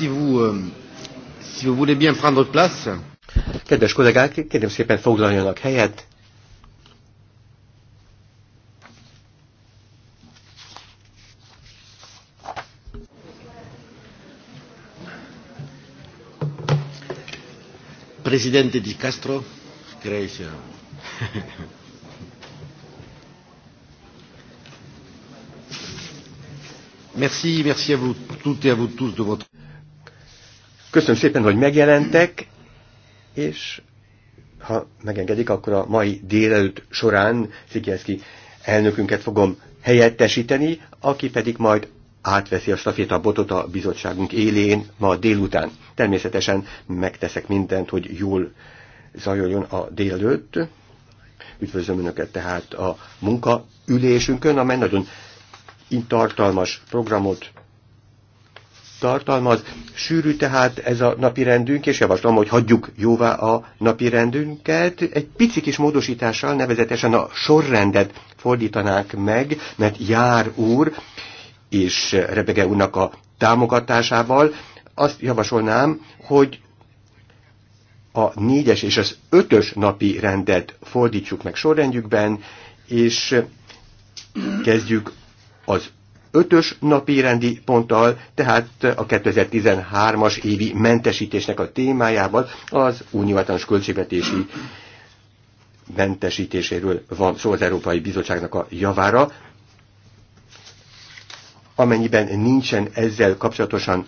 si vous, euh, si vous voulez bien prendre place. Kedves kollégák, kérem szépen foglaljanak helyet. Presidente Di Castro, Grecia. merci, merci à vous toutes et à vous tous de votre Köszönöm szépen, hogy megjelentek, és ha megengedik, akkor a mai délelőtt során Szigyelszki elnökünket fogom helyettesíteni, aki pedig majd átveszi a stafétabotot a bizottságunk élén ma délután. Természetesen megteszek mindent, hogy jól zajoljon a délelőtt. Üdvözlöm Önöket tehát a munkaülésünkön, amely nagyon intartalmas programot tartalmaz. Sűrű tehát ez a napi rendünk, és javaslom, hogy hagyjuk jóvá a napi rendünket. Egy pici kis módosítással, nevezetesen a sorrendet fordítanánk meg, mert Jár úr és Rebege úrnak a támogatásával azt javasolnám, hogy a négyes és az ötös napi rendet fordítsuk meg sorrendjükben, és kezdjük az ötös napi rendi ponttal, tehát a 2013-as évi mentesítésnek a témájában az unióáltalános költségvetési mentesítéséről van szó az Európai Bizottságnak a javára. Amennyiben nincsen ezzel kapcsolatosan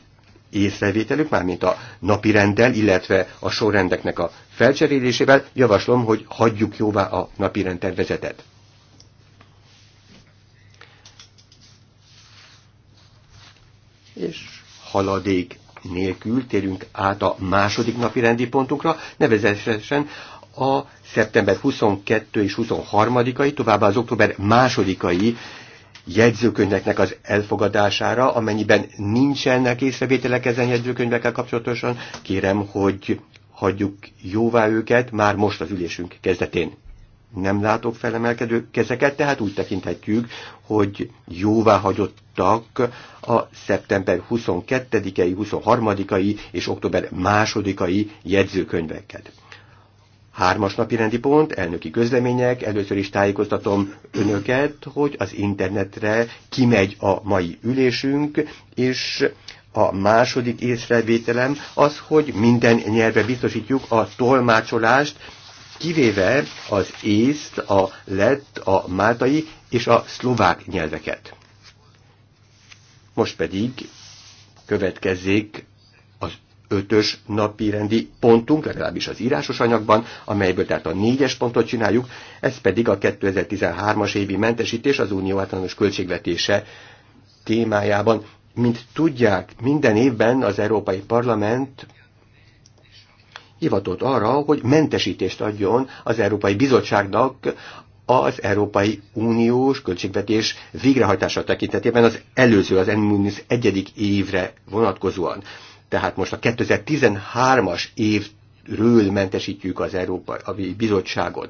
észrevételük, mármint a napi rendel, illetve a sorrendeknek a felcserélésével, javaslom, hogy hagyjuk jóvá a napi rendtervezetet. és haladék nélkül térünk át a második napi rendi pontunkra, nevezetesen a szeptember 22 és 23-ai, továbbá az október 2-ai jegyzőkönyveknek az elfogadására, amennyiben nincsenek észrevételek ezen jegyzőkönyvekkel kapcsolatosan, kérem, hogy hagyjuk jóvá őket már most az ülésünk kezdetén nem látok felemelkedő kezeket, tehát úgy tekinthetjük, hogy jóvá hagyottak a szeptember 22-i, 23-ai és október 2-ai jegyzőkönyveket. Hármas napi rendi pont, elnöki közlemények, először is tájékoztatom önöket, hogy az internetre kimegy a mai ülésünk, és a második észrevételem az, hogy minden nyelve biztosítjuk a tolmácsolást, kivéve az észt, a lett, a máltai és a szlovák nyelveket. Most pedig következzék az ötös napi rendi pontunk, legalábbis az írásos anyagban, amelyből tehát a négyes pontot csináljuk, ez pedig a 2013-as évi mentesítés az unió általános költségvetése témájában. Mint tudják, minden évben az Európai Parlament hivatott arra, hogy mentesítést adjon az Európai Bizottságnak az Európai Uniós költségvetés végrehajtása tekintetében az előző, az Enmunis egyedik évre vonatkozóan. Tehát most a 2013-as évről mentesítjük az Európai Bizottságot.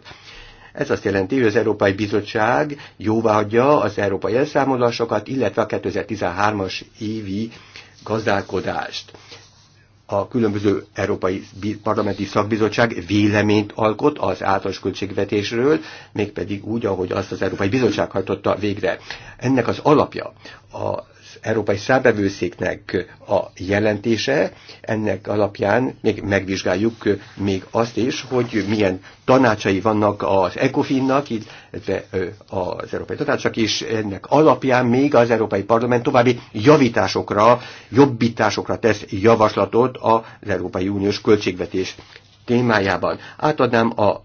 Ez azt jelenti, hogy az Európai Bizottság jóváhagyja az európai elszámolásokat, illetve a 2013-as évi gazdálkodást a különböző európai parlamenti szakbizottság véleményt alkot az általános költségvetésről, mégpedig úgy, ahogy azt az Európai Bizottság hajtotta végre. Ennek az alapja a Európai Szábevőszéknek a jelentése, ennek alapján még megvizsgáljuk még azt is, hogy milyen tanácsai vannak az ECOFIN-nak, illetve az Európai Tanácsnak is, ennek alapján még az Európai Parlament további javításokra, jobbításokra tesz javaslatot az Európai Uniós költségvetés témájában. Átadnám a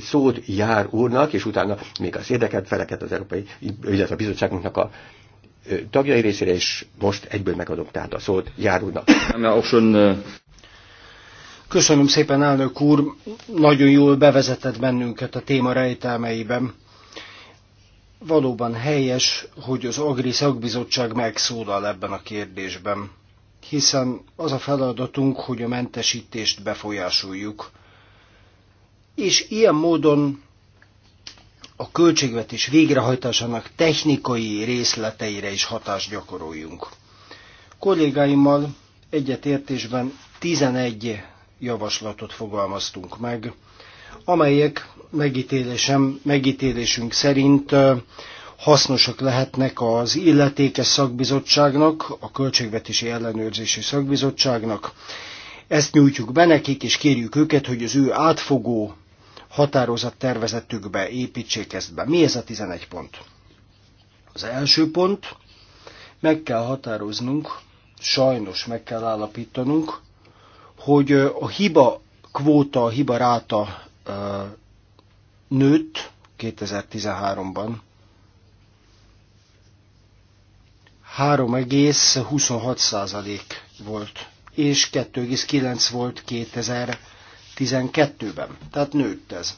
szót jár úrnak, és utána még az érdekelt feleket az Európai, illetve a bizottságunknak a tagjai részére, és most egyből megadom tehát a szót járulnak. Köszönöm szépen, elnök úr, nagyon jól bevezetett bennünket a téma rejtelmeiben. Valóban helyes, hogy az Agri Szakbizottság megszólal ebben a kérdésben, hiszen az a feladatunk, hogy a mentesítést befolyásoljuk. És ilyen módon a költségvetés végrehajtásának technikai részleteire is hatást gyakoroljunk. Kollégáimmal egyetértésben 11 javaslatot fogalmaztunk meg, amelyek megítélésem, megítélésünk szerint hasznosak lehetnek az illetékes szakbizottságnak, a Költségvetési Ellenőrzési Szakbizottságnak. Ezt nyújtjuk be nekik, és kérjük őket, hogy az ő átfogó határozat tervezetükbe építsék ezt be. Mi ez a 11 pont? Az első pont, meg kell határoznunk, sajnos meg kell állapítanunk, hogy a hiba kvóta, a hiba ráta nőtt 2013-ban 3,26 volt, és 2,9 volt 2000 12-ben. Tehát nőtt ez.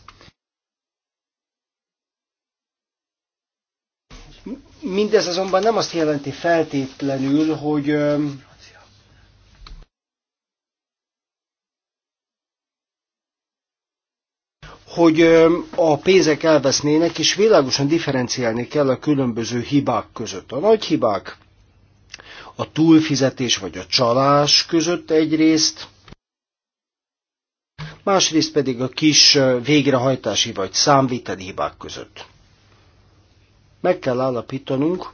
Mindez azonban nem azt jelenti feltétlenül, hogy hogy a pénzek elvesznének, és világosan differenciálni kell a különböző hibák között. A nagy hibák a túlfizetés vagy a csalás között egyrészt, másrészt pedig a kis végrehajtási vagy számviteli hibák között. Meg kell állapítanunk,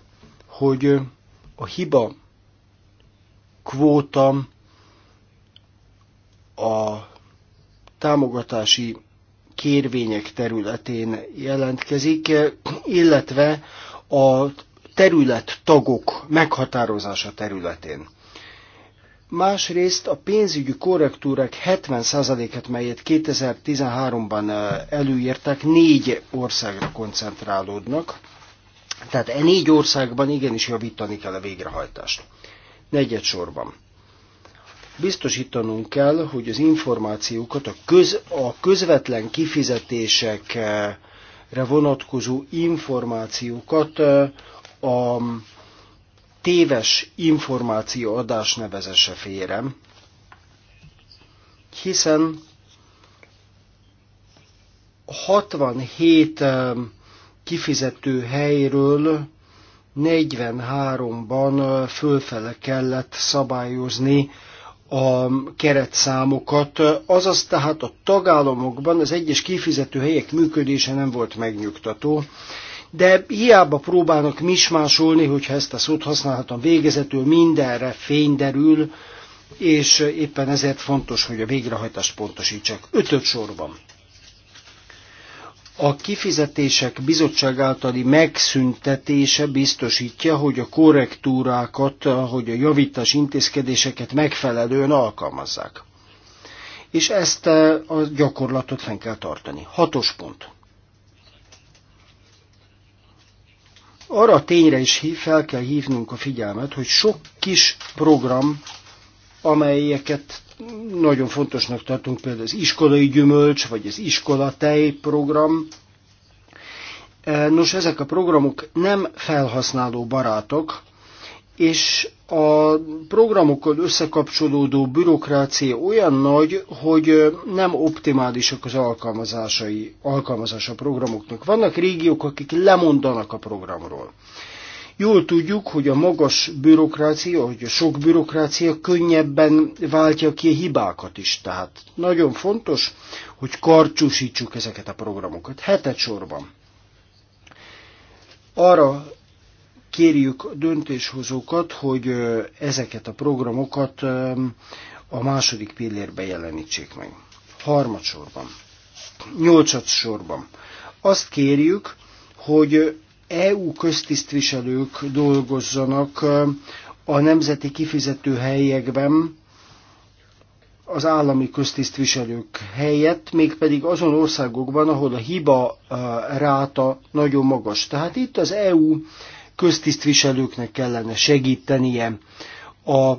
hogy a hiba kvóta a támogatási kérvények területén jelentkezik, illetve a terület tagok meghatározása területén. Másrészt a pénzügyi korrektúrák 70%-et, melyet 2013-ban előírtak, négy országra koncentrálódnak. Tehát e négy országban igenis javítani kell a végrehajtást. Negyed sorban. Biztosítanunk kell, hogy az információkat a, köz, a közvetlen kifizetésekre vonatkozó információkat a téves információadás nevezese férem, hiszen 67 kifizető helyről 43-ban fölfele kellett szabályozni a keretszámokat, azaz tehát a tagállamokban az egyes kifizető helyek működése nem volt megnyugtató, de hiába próbálnak mismásolni, hogyha ezt a szót használhatom végezetül, mindenre fény derül, és éppen ezért fontos, hogy a végrehajtást pontosítsák. Ötöt sorban. A kifizetések bizottság általi megszüntetése biztosítja, hogy a korrektúrákat, hogy a javítás intézkedéseket megfelelően alkalmazzák. És ezt a gyakorlatot fenn kell tartani. Hatos pont. arra a tényre is fel kell hívnunk a figyelmet, hogy sok kis program, amelyeket nagyon fontosnak tartunk, például az iskolai gyümölcs, vagy az tej program. Nos, ezek a programok nem felhasználó barátok, és a programokkal összekapcsolódó bürokrácia olyan nagy, hogy nem optimálisak az alkalmazásai, alkalmazása programoknak. Vannak régiók, akik lemondanak a programról. Jól tudjuk, hogy a magas bürokrácia, hogy a sok bürokrácia könnyebben váltja ki a hibákat is. Tehát nagyon fontos, hogy karcsúsítsuk ezeket a programokat. Hetet sorban. Arra kérjük a döntéshozókat, hogy ezeket a programokat a második pillérbe jelenítsék meg. Harmadsorban, nyolcadsorban. sorban. Azt kérjük, hogy EU köztisztviselők dolgozzanak a nemzeti kifizető helyekben, az állami köztisztviselők helyett, mégpedig azon országokban, ahol a hiba ráta nagyon magas. Tehát itt az EU köztisztviselőknek kellene segítenie a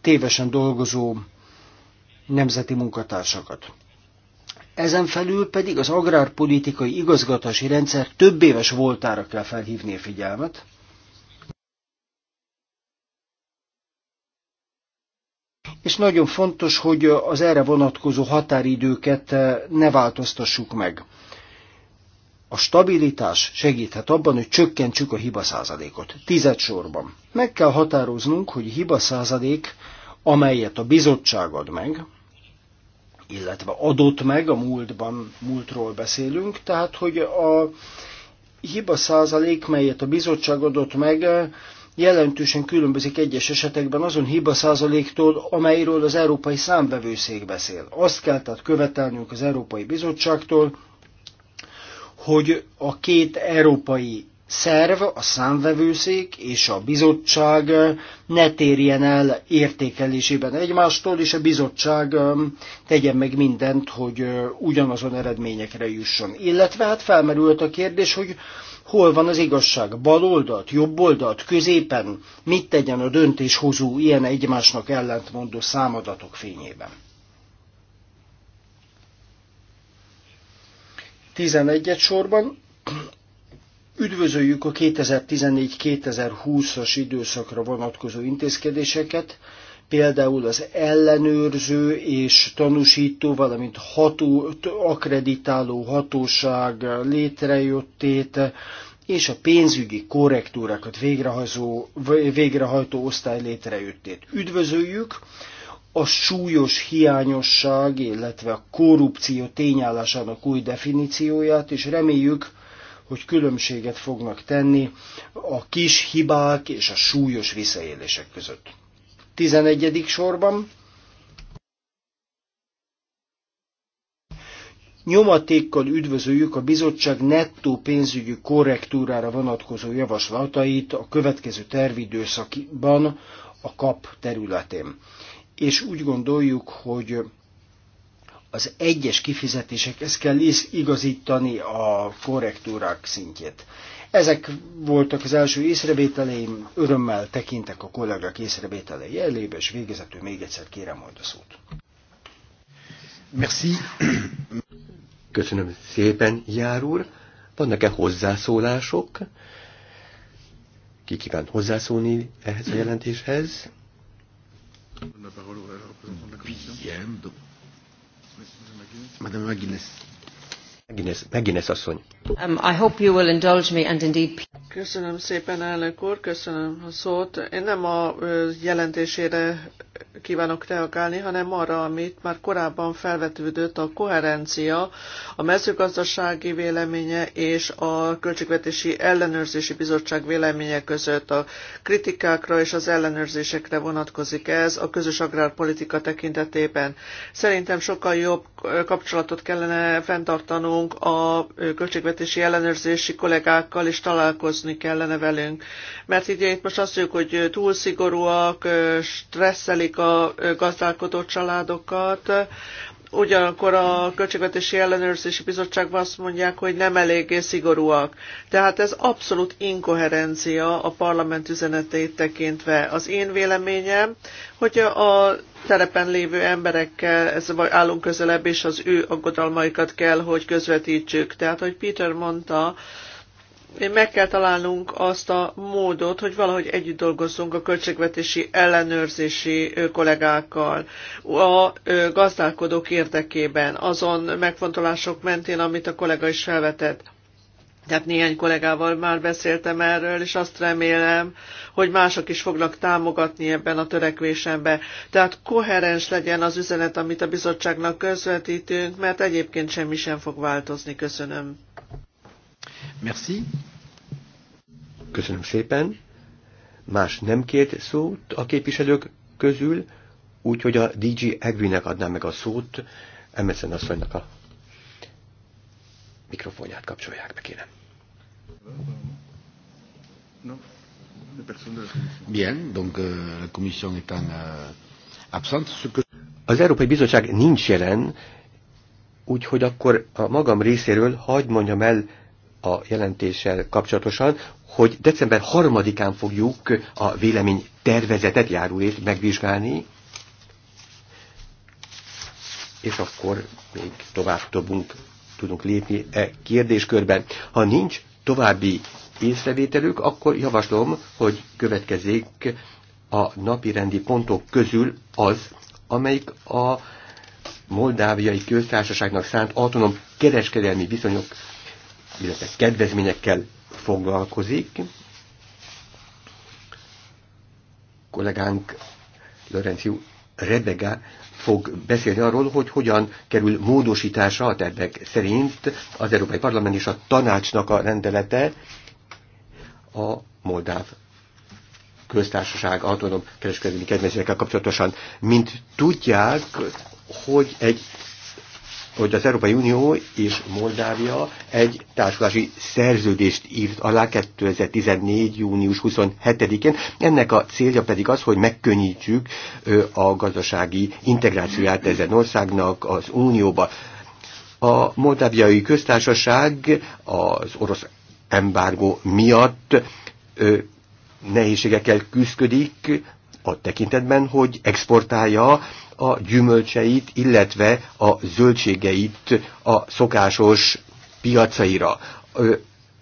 tévesen dolgozó nemzeti munkatársakat. Ezen felül pedig az agrárpolitikai igazgatási rendszer több éves voltára kell felhívni a figyelmet, és nagyon fontos, hogy az erre vonatkozó határidőket eh, ne változtassuk meg. A stabilitás segíthet abban, hogy csökkentsük a hiba százalékot. Tized sorban. Meg kell határoznunk, hogy hiba százalék, amelyet a bizottság ad meg, illetve adott meg, a múltban, múltról beszélünk, tehát hogy a hiba százalék, melyet a bizottság adott meg, jelentősen különbözik egyes esetekben azon hiba százaléktól, amelyről az Európai Számbevőszék beszél. Azt kell tehát követelnünk az Európai Bizottságtól, hogy a két európai szerv, a számvevőszék és a bizottság ne térjen el értékelésében egymástól, és a bizottság tegyen meg mindent, hogy ugyanazon eredményekre jusson. Illetve hát felmerült a kérdés, hogy hol van az igazság, bal oldalt, jobb oldalt, középen, mit tegyen a döntéshozó ilyen egymásnak ellentmondó számadatok fényében. 11-et sorban. Üdvözöljük a 2014-2020-as időszakra vonatkozó intézkedéseket, például az ellenőrző és tanúsító, valamint ható, akreditáló hatóság létrejöttét, és a pénzügyi korrektúrákat végrehajtó, végrehajtó osztály létrejöttét. Üdvözöljük! a súlyos hiányosság, illetve a korrupció tényállásának új definícióját, és reméljük, hogy különbséget fognak tenni a kis hibák és a súlyos visszaélések között. 11. sorban nyomatékkal üdvözöljük a bizottság nettó pénzügyi korrektúrára vonatkozó javaslatait a következő tervidőszakban a KAP területén és úgy gondoljuk, hogy az egyes kifizetésekhez kell igazítani a korrektúrák szintjét. Ezek voltak az első észrevételeim, örömmel tekintek a kollégák észrevételei elébe, és végezetül még egyszer kérem majd a szót. Merci. Köszönöm szépen, Jár úr. Vannak-e hozzászólások? Ki kíván hozzászólni ehhez a jelentéshez? Bien, donc. Madame McGuinness. Megines asszony. Um, I hope you will indulge me and indeed... Köszönöm szépen, elnök úr, köszönöm a szót. Én nem a jelentésére kívánok reagálni, hanem arra, amit már korábban felvetődött a koherencia, a mezőgazdasági véleménye és a Költségvetési Ellenőrzési Bizottság véleménye között a kritikákra és az ellenőrzésekre vonatkozik ez a közös agrárpolitika tekintetében. Szerintem sokkal jobb kapcsolatot kellene fenntartanunk a költségvetési ellenőrzési kollégákkal, és találkozni kellene velünk. Mert ugye itt most azt mondjuk, hogy túl szigorúak, stresszelik a gazdálkodó családokat, ugyanakkor a Költségvetési Ellenőrzési Bizottságban azt mondják, hogy nem eléggé szigorúak. Tehát ez abszolút inkoherencia a parlament üzenetét tekintve. Az én véleményem, hogy a terepen lévő emberekkel ez, vagy állunk közelebb, és az ő aggodalmaikat kell, hogy közvetítsük. Tehát, hogy Peter mondta, meg kell találnunk azt a módot, hogy valahogy együtt dolgozzunk a költségvetési ellenőrzési kollégákkal, a gazdálkodók érdekében, azon megfontolások mentén, amit a kollega is felvetett. Tehát néhány kollégával már beszéltem erről, és azt remélem, hogy mások is fognak támogatni ebben a törekvésembe. Tehát koherens legyen az üzenet, amit a bizottságnak közvetítünk, mert egyébként semmi sem fog változni. Köszönöm. Merci. Köszönöm szépen. Más nem kért szót a képviselők közül, úgyhogy a DG Agrinek adnám meg a szót, Emerson asszonynak a mikrofonját kapcsolják be, kérem. Bien, donc euh, la commission étant euh, absente, ce que... Az Európai Bizottság nincs jelen, úgyhogy akkor a magam részéről hagyd mondjam el a jelentéssel kapcsolatosan, hogy december 3-án fogjuk a vélemény tervezetet, járulét megvizsgálni, és akkor még tovább tudunk, tudunk lépni e kérdéskörben. Ha nincs további észrevételük, akkor javaslom, hogy következzék a napi rendi pontok közül az, amelyik a Moldáviai Köztársaságnak szánt autonóm kereskedelmi viszonyok illetve kedvezményekkel foglalkozik. Kollégánk Lorenziu Rebega fog beszélni arról, hogy hogyan kerül módosításra a tervek szerint az Európai Parlament és a tanácsnak a rendelete a Moldáv köztársaság autonóm kereskedelmi kedvezményekkel kapcsolatosan. Mint tudják, hogy egy hogy az Európai Unió és Moldávia egy társulási szerződést írt alá 2014. június 27-én. Ennek a célja pedig az, hogy megkönnyítsük a gazdasági integrációját ezen országnak az Unióba. A moldáviai köztársaság az orosz embargó miatt nehézségekkel küzdik, a tekintetben, hogy exportálja a gyümölcseit, illetve a zöldségeit a szokásos piacaira.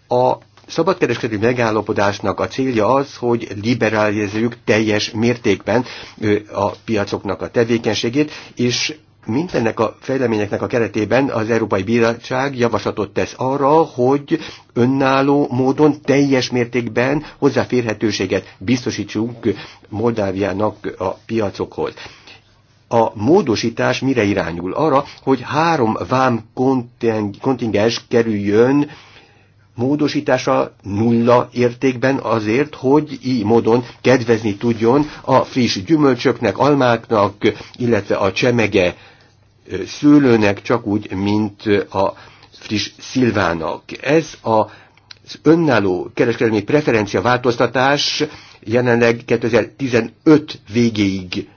A szabadkereskedő megállapodásnak a célja az, hogy liberalizáljuk teljes mértékben a piacoknak a tevékenységét, és mindennek a fejleményeknek a keretében az Európai Bíróság javaslatot tesz arra, hogy önálló módon teljes mértékben hozzáférhetőséget biztosítsunk Moldáviának a piacokhoz. A módosítás mire irányul? Arra, hogy három vám kontingens kerüljön módosítása nulla értékben azért, hogy így módon kedvezni tudjon a friss gyümölcsöknek, almáknak, illetve a csemege szőlőnek csak úgy, mint a friss szilvának. Ez a az önálló kereskedelmi preferencia változtatás jelenleg 2015 végéig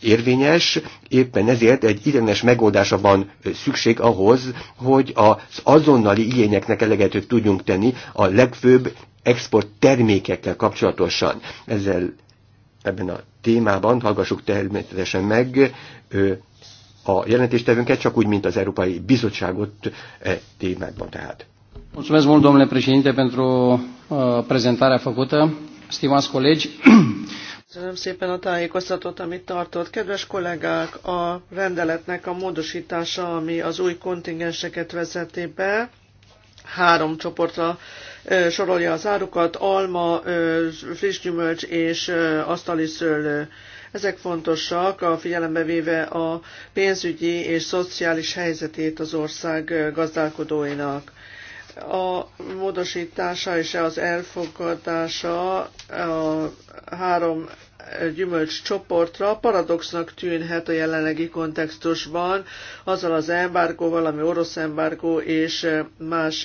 érvényes, éppen ezért egy idegenes megoldása van szükség ahhoz, hogy az azonnali igényeknek eleget tudjunk tenni a legfőbb export termékekkel kapcsolatosan. Ezzel ebben a témában hallgassuk természetesen meg a jelentéstevőnket, csak úgy, mint az Európai Bizottságot e témákban tehát. Mulțumesc mult, domnule președinte, pentru e, prezentarea făcută. Stimați colegi, Köszönöm szépen a tájékoztatót, amit tartott. Kedves kollégák, a rendeletnek a módosítása, ami az új kontingenseket vezeti be, három csoportra e, sorolja az árukat, alma, e, friss gyümölcs és asztali szőlő ezek fontosak, a figyelembe véve a pénzügyi és szociális helyzetét az ország gazdálkodóinak a módosítása és az elfogadása a három gyümölcs csoportra paradoxnak tűnhet a jelenlegi kontextusban, azzal az embargóval, ami orosz embargó és más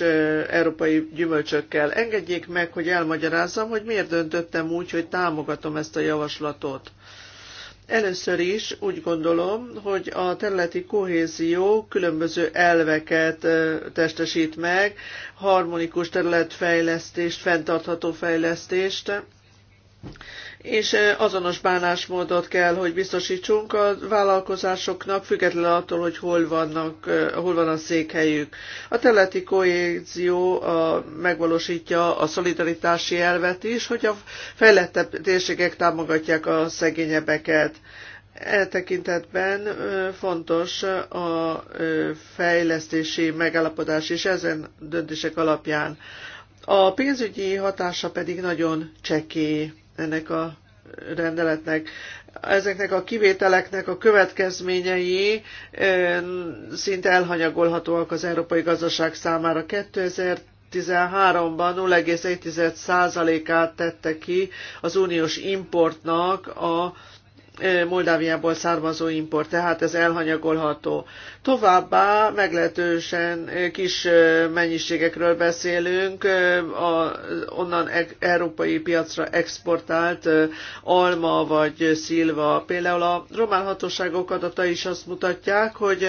európai gyümölcsökkel. Engedjék meg, hogy elmagyarázzam, hogy miért döntöttem úgy, hogy támogatom ezt a javaslatot. Először is úgy gondolom, hogy a területi kohézió különböző elveket testesít meg, harmonikus területfejlesztést, fenntartható fejlesztést, és azonos bánásmódot kell, hogy biztosítsunk a vállalkozásoknak, függetlenül attól, hogy hol, vannak, hol van a székhelyük. A teleti kohézió a, megvalósítja a szolidaritási elvet is, hogy a fejlettebb térségek támogatják a szegényebbeket. E tekintetben fontos a fejlesztési megállapodás is ezen döntések alapján. A pénzügyi hatása pedig nagyon csekély ennek a rendeletnek. Ezeknek a kivételeknek a következményei szinte elhanyagolhatóak az európai gazdaság számára. 2013-ban 0,1%-át tette ki az uniós importnak a Moldáviából származó import, tehát ez elhanyagolható. Továbbá meglehetősen kis mennyiségekről beszélünk, a, onnan e, európai piacra exportált alma vagy szilva. Például a román hatóságok adata is azt mutatják, hogy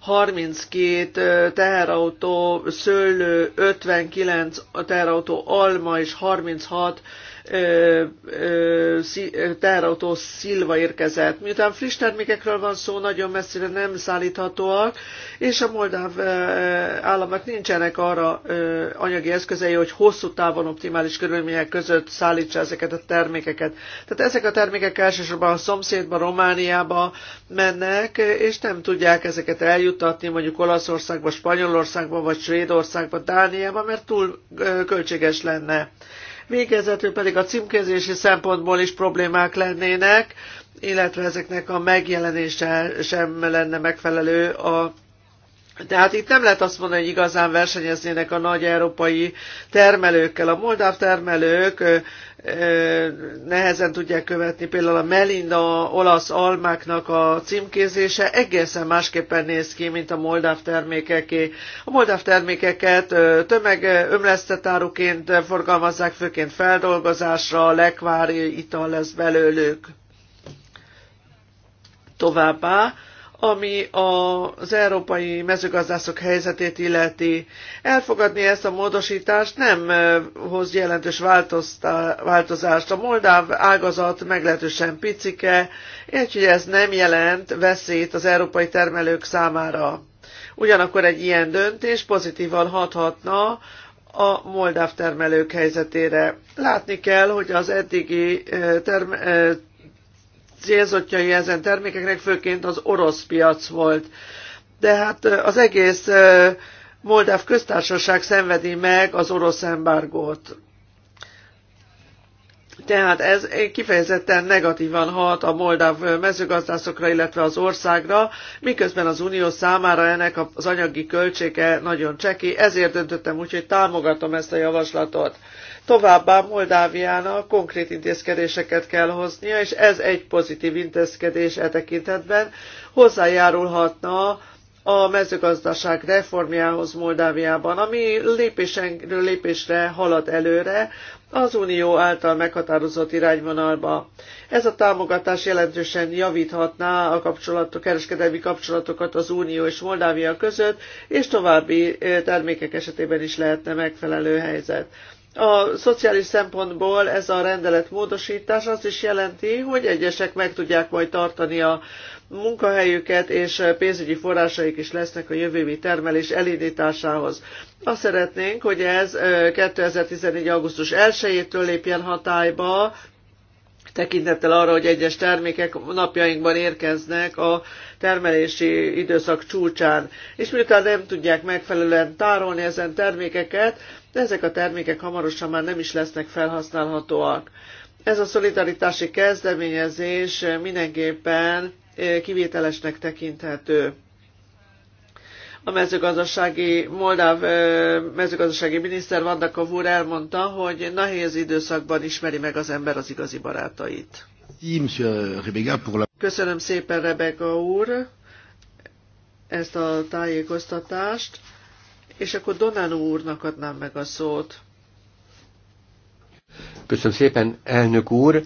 32 teherautó szőlő, 59 teherautó alma és 36 teherautó szilva érkezett. Miután friss termékekről van szó, nagyon messzire nem szállíthatóak, és a moldáv államnak nincsenek arra anyagi eszközei, hogy hosszú távon optimális körülmények között szállítsa ezeket a termékeket. Tehát ezek a termékek elsősorban a szomszédba, Romániába mennek, és nem tudják ezeket eljutatni mondjuk Olaszországba, Spanyolországba, vagy Svédországba, Dániába, mert túl költséges lenne végezetül pedig a címkézési szempontból is problémák lennének, illetve ezeknek a megjelenése sem lenne megfelelő a tehát itt nem lehet azt mondani, hogy igazán versenyeznének a nagy európai termelőkkel. A moldáv termelők nehezen tudják követni. Például a Melinda olasz almáknak a címkézése egészen másképpen néz ki, mint a moldáv termékeké. A moldáv termékeket tömeg áruként forgalmazzák, főként feldolgozásra, lekvári ital lesz belőlük. Továbbá ami az európai mezőgazdászok helyzetét illeti. Elfogadni ezt a módosítást nem hoz jelentős változást. A moldáv ágazat meglehetősen picike, úgyhogy ez nem jelent veszélyt az európai termelők számára. Ugyanakkor egy ilyen döntés pozitívan hathatna a moldáv termelők helyzetére. Látni kell, hogy az eddigi term- célzottjai ezen termékeknek főként az orosz piac volt. De hát az egész Moldáv köztársaság szenvedi meg az orosz embargót. Tehát ez kifejezetten negatívan hat a moldáv mezőgazdászokra, illetve az országra, miközben az unió számára ennek az anyagi költsége nagyon cseki, ezért döntöttem úgy, hogy támogatom ezt a javaslatot. Továbbá Moldáviának konkrét intézkedéseket kell hoznia, és ez egy pozitív intézkedés e tekintetben hozzájárulhatna a mezőgazdaság reformjához Moldáviában, ami lépésenről lépésre halad előre az Unió által meghatározott irányvonalba. Ez a támogatás jelentősen javíthatná a kapcsolatok, kereskedelmi kapcsolatokat az Unió és Moldávia között, és további eh, termékek esetében is lehetne megfelelő helyzet. A szociális szempontból ez a rendelet módosítás azt is jelenti, hogy egyesek meg tudják majd tartani a munkahelyüket, és pénzügyi forrásaik is lesznek a jövővi termelés elindításához. Azt szeretnénk, hogy ez 2014. augusztus 1-től lépjen hatályba, tekintettel arra, hogy egyes termékek napjainkban érkeznek a termelési időszak csúcsán. És miután nem tudják megfelelően tárolni ezen termékeket, de ezek a termékek hamarosan már nem is lesznek felhasználhatóak. Ez a szolidaritási kezdeményezés mindenképpen eh, kivételesnek tekinthető. A mezőgazdasági, Moldáv eh, mezőgazdasági miniszter Vanda úr elmondta, hogy nehéz időszakban ismeri meg az ember az igazi barátait. Köszönöm szépen, Rebeka úr, ezt a tájékoztatást és akkor Donánó úrnak adnám meg a szót. Köszönöm szépen, elnök úr!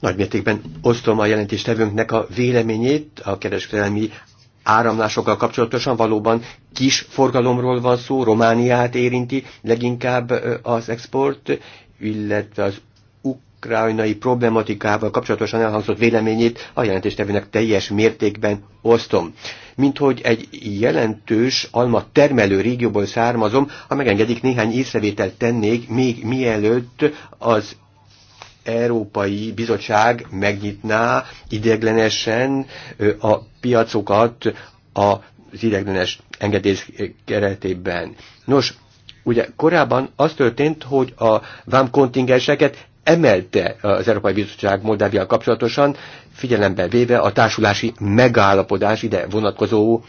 Nagymértékben osztom a jelentéstevőnknek a véleményét a kereskedelmi áramlásokkal kapcsolatosan valóban kis forgalomról van szó, Romániát érinti leginkább az export, illetve az ukrajnai problematikával kapcsolatosan elhangzott véleményét a jelentéstevőnek teljes mértékben osztom. Mint hogy egy jelentős alma termelő régióból származom, ha megengedik néhány észrevételt tennék, még mielőtt az Európai Bizottság megnyitná ideglenesen a piacokat az ideglenes engedés keretében. Nos, ugye korábban az történt, hogy a vámkontingenseket emelte az Európai Bizottság Moldávia kapcsolatosan, figyelembe véve a társulási megállapodás ide vonatkozó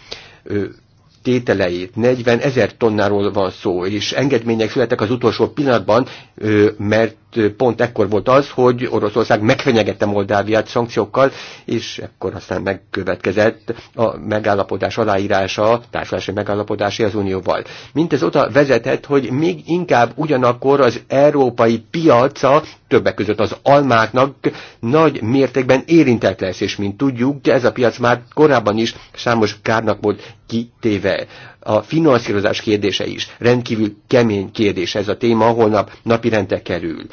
tételeit. 40 ezer tonnáról van szó, és engedmények születtek az utolsó pillanatban, mert pont ekkor volt az, hogy Oroszország megfenyegette Moldáviát szankciókkal, és ekkor aztán megkövetkezett a megállapodás aláírása, társadalmi megállapodási az Unióval. Mindez oda vezetett, hogy még inkább ugyanakkor az európai piaca, többek között az almáknak nagy mértékben érintett lesz, és mint tudjuk, ez a piac már korábban is számos kárnak volt kitéve a finanszírozás kérdése is rendkívül kemény kérdés ez a téma, holnap napirendre kerül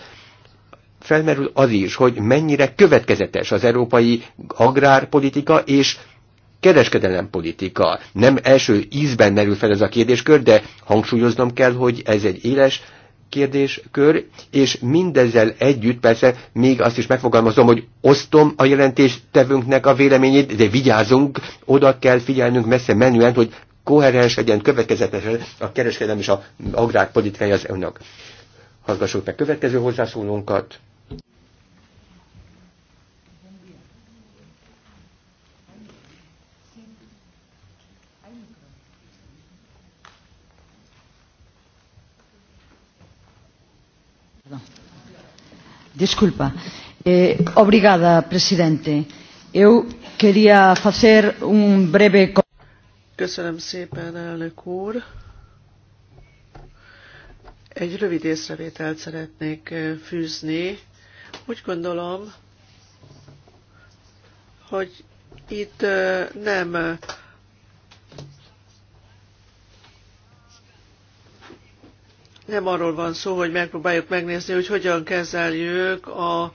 felmerül az is, hogy mennyire következetes az európai agrárpolitika és kereskedelempolitika. Nem első ízben merül fel ez a kérdéskör, de hangsúlyoznom kell, hogy ez egy éles kérdéskör, és mindezzel együtt persze még azt is megfogalmazom, hogy osztom a jelentéstevőnknek a véleményét, de vigyázunk, oda kell figyelnünk messze menően, hogy koherens legyen, következetesen a kereskedelem és a agrárpolitikai az önök Hallgassuk meg következő hozzászólónkat. Disculpa. Eh, obrigada, presidente. Eu queria facer un breve Köszönöm szépen, elnök úr. Egy rövid észrevételt szeretnék fűzni. Úgy gondolom, hogy itt nem nem arról van szó, hogy megpróbáljuk megnézni, hogy hogyan kezeljük a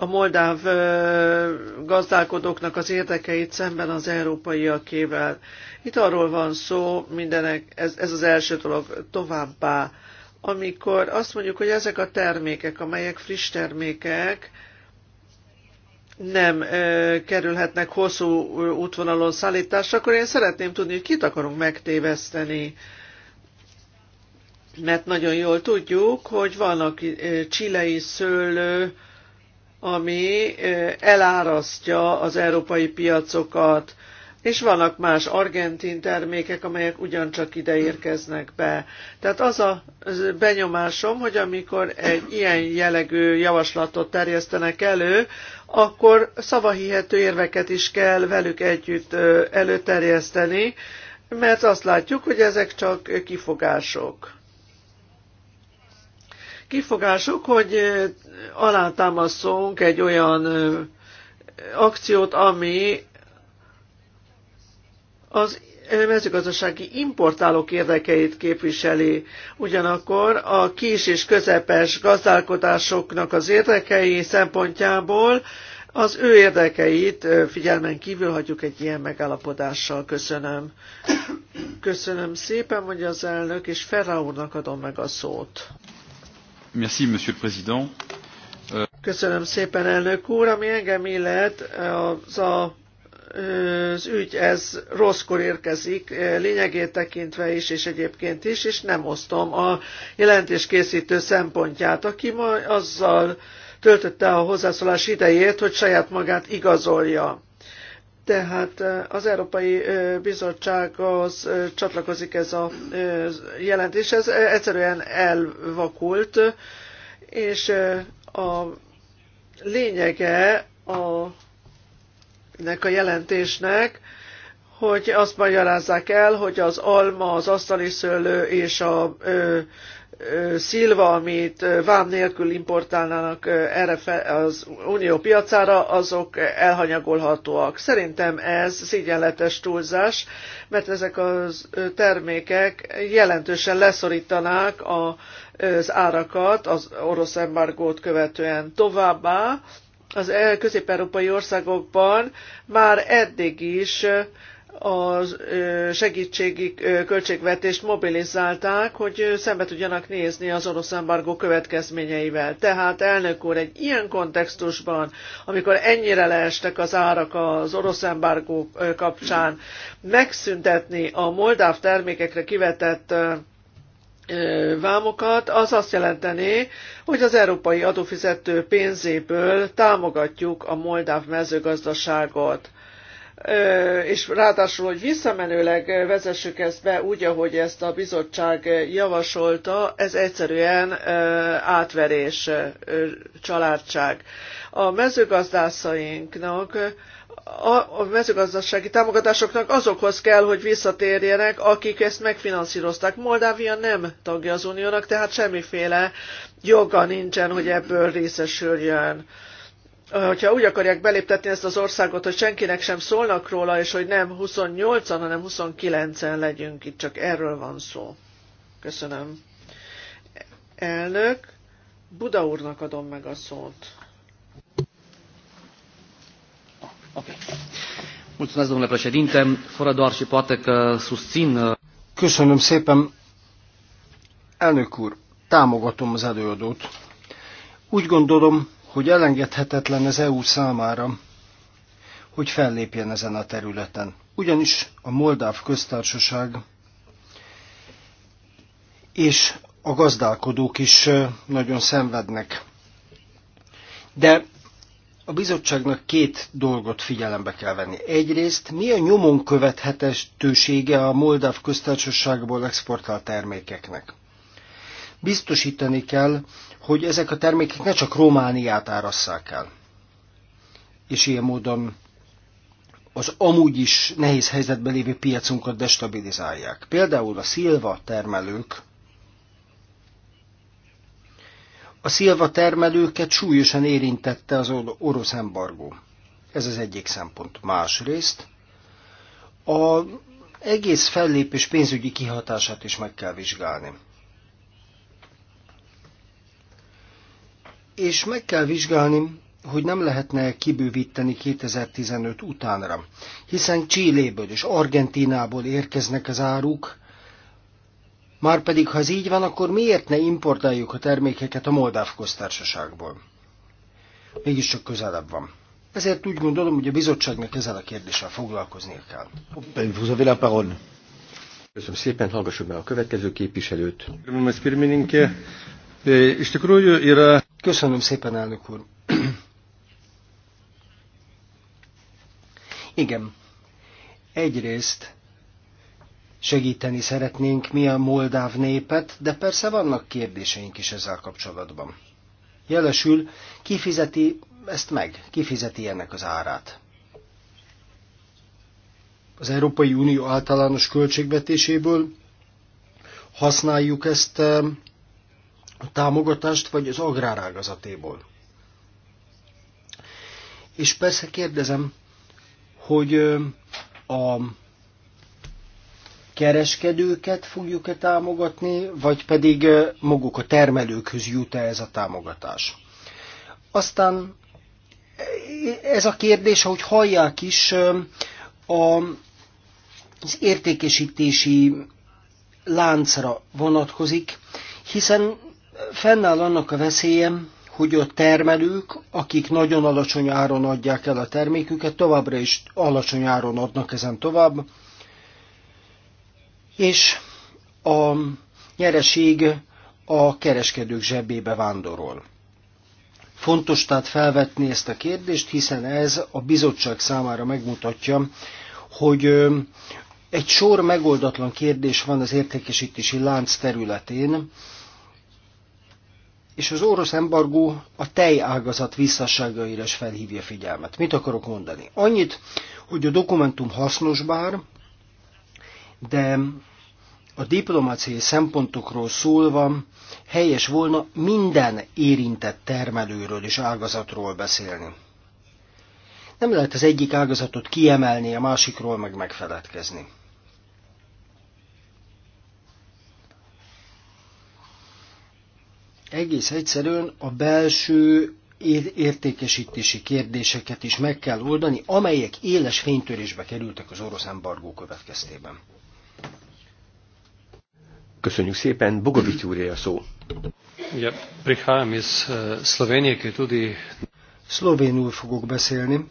a moldáv gazdálkodóknak az érdekeit szemben az európaiakével. Itt arról van szó, mindenek, ez, ez az első dolog továbbá, amikor azt mondjuk, hogy ezek a termékek, amelyek friss termékek, nem ö, kerülhetnek hosszú útvonalon szállításra, akkor én szeretném tudni, hogy kit akarunk megtéveszteni. Mert nagyon jól tudjuk, hogy vannak ö, csilei szőlő, ami elárasztja az európai piacokat, és vannak más argentin termékek, amelyek ugyancsak ide érkeznek be. Tehát az a benyomásom, hogy amikor egy ilyen jellegű javaslatot terjesztenek elő, akkor szavahihető érveket is kell velük együtt előterjeszteni, mert azt látjuk, hogy ezek csak kifogások kifogások, hogy alátámaszunk egy olyan akciót, ami az mezőgazdasági importálók érdekeit képviseli. Ugyanakkor a kis és közepes gazdálkodásoknak az érdekei szempontjából az ő érdekeit figyelmen kívül hagyjuk egy ilyen megállapodással. Köszönöm. Köszönöm szépen, mondja az elnök, és Ferra úrnak adom meg a szót. Monsieur le Président. Euh, Köszönöm szépen, elnök úr. Ami engem illet, az a az ügy ez rosszkor érkezik, lényegét tekintve is, és egyébként is, és nem osztom a jelentéskészítő szempontját, aki ma azzal töltötte a hozzászólás idejét, hogy saját magát igazolja. Tehát az Európai Bizottsághoz csatlakozik ez a jelentés. Ez egyszerűen elvakult, és a lényege a, ennek a jelentésnek hogy azt magyarázzák el, hogy az alma, az asztali szőlő és a ö, ö, szilva, amit vám nélkül importálnának erre fe, az unió piacára, azok elhanyagolhatóak. Szerintem ez szégyenletes túlzás, mert ezek a termékek jelentősen leszorítanák a, az árakat az orosz embargót követően továbbá. Az e- közép-európai országokban már eddig is a segítségi költségvetést mobilizálták, hogy szembe tudjanak nézni az orosz embargó következményeivel. Tehát elnök úr, egy ilyen kontextusban, amikor ennyire leestek az árak az orosz embargó kapcsán, megszüntetni a moldáv termékekre kivetett vámokat, az azt jelenteni, hogy az európai adófizető pénzéből támogatjuk a moldáv mezőgazdaságot és ráadásul, hogy visszamenőleg vezessük ezt be úgy, ahogy ezt a bizottság javasolta, ez egyszerűen átverés, családság. A mezőgazdászainknak a mezőgazdasági támogatásoknak azokhoz kell, hogy visszatérjenek, akik ezt megfinanszírozták. Moldávia nem tagja az uniónak, tehát semmiféle joga nincsen, hogy ebből részesüljön hogyha úgy akarják beléptetni ezt az országot, hogy senkinek sem szólnak róla, és hogy nem 28-an, hanem 29-en legyünk itt, csak erről van szó. Köszönöm. Elnök, Buda úrnak adom meg a szót. Uh, Köszönöm szépen. Elnök úr, támogatom az előadót. Úgy gondolom, hogy elengedhetetlen az EU számára, hogy fellépjen ezen a területen. Ugyanis a Moldáv köztársaság és a gazdálkodók is nagyon szenvednek. De a bizottságnak két dolgot figyelembe kell venni. Egyrészt, mi a nyomon követhetősége a Moldáv köztársaságból exportált termékeknek? Biztosítani kell, hogy ezek a termékek ne csak Romániát árasszák el. És ilyen módon az amúgy is nehéz helyzetben lévő piacunkat destabilizálják. Például a szilva termelők, a szilva termelőket súlyosan érintette az orosz embargó. Ez az egyik szempont. Másrészt a egész fellépés pénzügyi kihatását is meg kell vizsgálni. és meg kell vizsgálni, hogy nem lehetne kibővíteni 2015 utánra, hiszen Csilléből és Argentinából érkeznek az áruk, Márpedig, ha ez így van, akkor miért ne importáljuk a termékeket a Moldáv köztársaságból? Mégiscsak közelebb van. Ezért úgy gondolom, hogy a bizottságnak ezzel a kérdéssel foglalkozni kell. Köszönöm szépen, hallgassuk meg a következő képviselőt. Gerbiamas pirmininkė, iš tikrųjų yra Köszönöm szépen, elnök úr. Igen. Egyrészt segíteni szeretnénk mi a moldáv népet, de persze vannak kérdéseink is ezzel kapcsolatban. Jelesül, kifizeti ezt meg, kifizeti ennek az árát. Az Európai Unió általános költségvetéséből használjuk ezt eh, támogatást, vagy az agrárágazatéból. És persze kérdezem, hogy a kereskedőket fogjuk-e támogatni, vagy pedig maguk a termelőkhöz jut-e ez a támogatás. Aztán e, ez a kérdés, ahogy hallják is, a, az értékesítési láncra vonatkozik, hiszen Fennáll annak a veszélyem, hogy a termelők, akik nagyon alacsony áron adják el a terméküket, továbbra is alacsony áron adnak ezen tovább, és a nyereség a kereskedők zsebébe vándorol. Fontos tehát felvetni ezt a kérdést, hiszen ez a bizottság számára megmutatja, hogy egy sor megoldatlan kérdés van az értékesítési lánc területén, és az orosz embargó a tejágazat visszasságaira is felhívja figyelmet. Mit akarok mondani? Annyit, hogy a dokumentum hasznos bár, de a diplomáciai szempontokról szólva helyes volna minden érintett termelőről és ágazatról beszélni. Nem lehet az egyik ágazatot kiemelni, a másikról meg megfeledkezni. Egész egyszerűen a belső értékesítési kérdéseket is meg kell oldani, amelyek éles fénytörésbe kerültek az orosz embargó következtében. Köszönjük szépen, Bogovics úr a szó. Ja, prihajam iz eh, Szlovénie, tudi... Szlovénul fogok beszélni,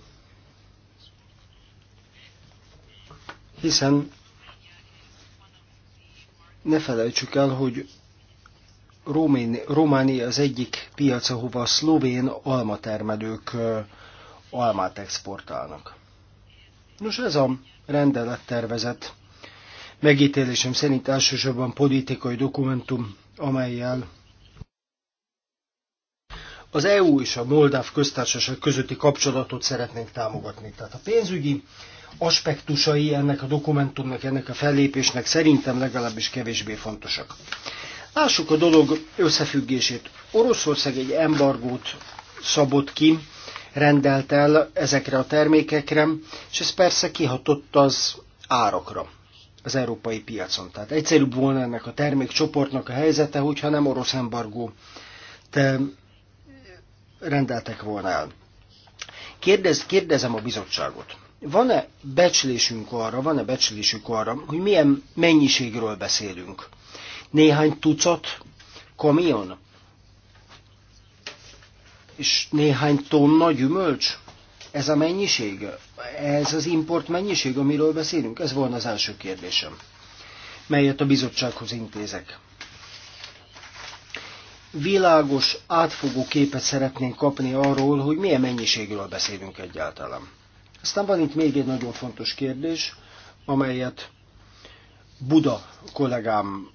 hiszen ne felejtsük el, hogy Románia az egyik piac, ahova a szlovén almatermelők almát exportálnak. Nos, ez a rendelettervezet megítélésem szerint elsősorban politikai dokumentum, amelyel az EU és a Moldáv köztársaság közötti kapcsolatot szeretnénk támogatni. Tehát a pénzügyi aspektusai ennek a dokumentumnak, ennek a fellépésnek szerintem legalábbis kevésbé fontosak. Lássuk a dolog összefüggését. Oroszország egy embargót szabott ki, rendelt el ezekre a termékekre, és ez persze kihatott az árakra az európai piacon. Tehát egyszerűbb volna ennek a termékcsoportnak a helyzete, hogyha nem orosz embargó te rendeltek volna el. Kérdez, kérdezem a bizottságot. Van-e becslésünk arra, van-e becslésük arra, hogy milyen mennyiségről beszélünk? néhány tucat kamion, és néhány tonna gyümölcs. Ez a mennyiség? Ez az import mennyiség, amiről beszélünk? Ez volna az első kérdésem, melyet a bizottsághoz intézek. Világos, átfogó képet szeretnénk kapni arról, hogy milyen mennyiségről beszélünk egyáltalán. Aztán van itt még egy nagyon fontos kérdés, amelyet Buda kollégám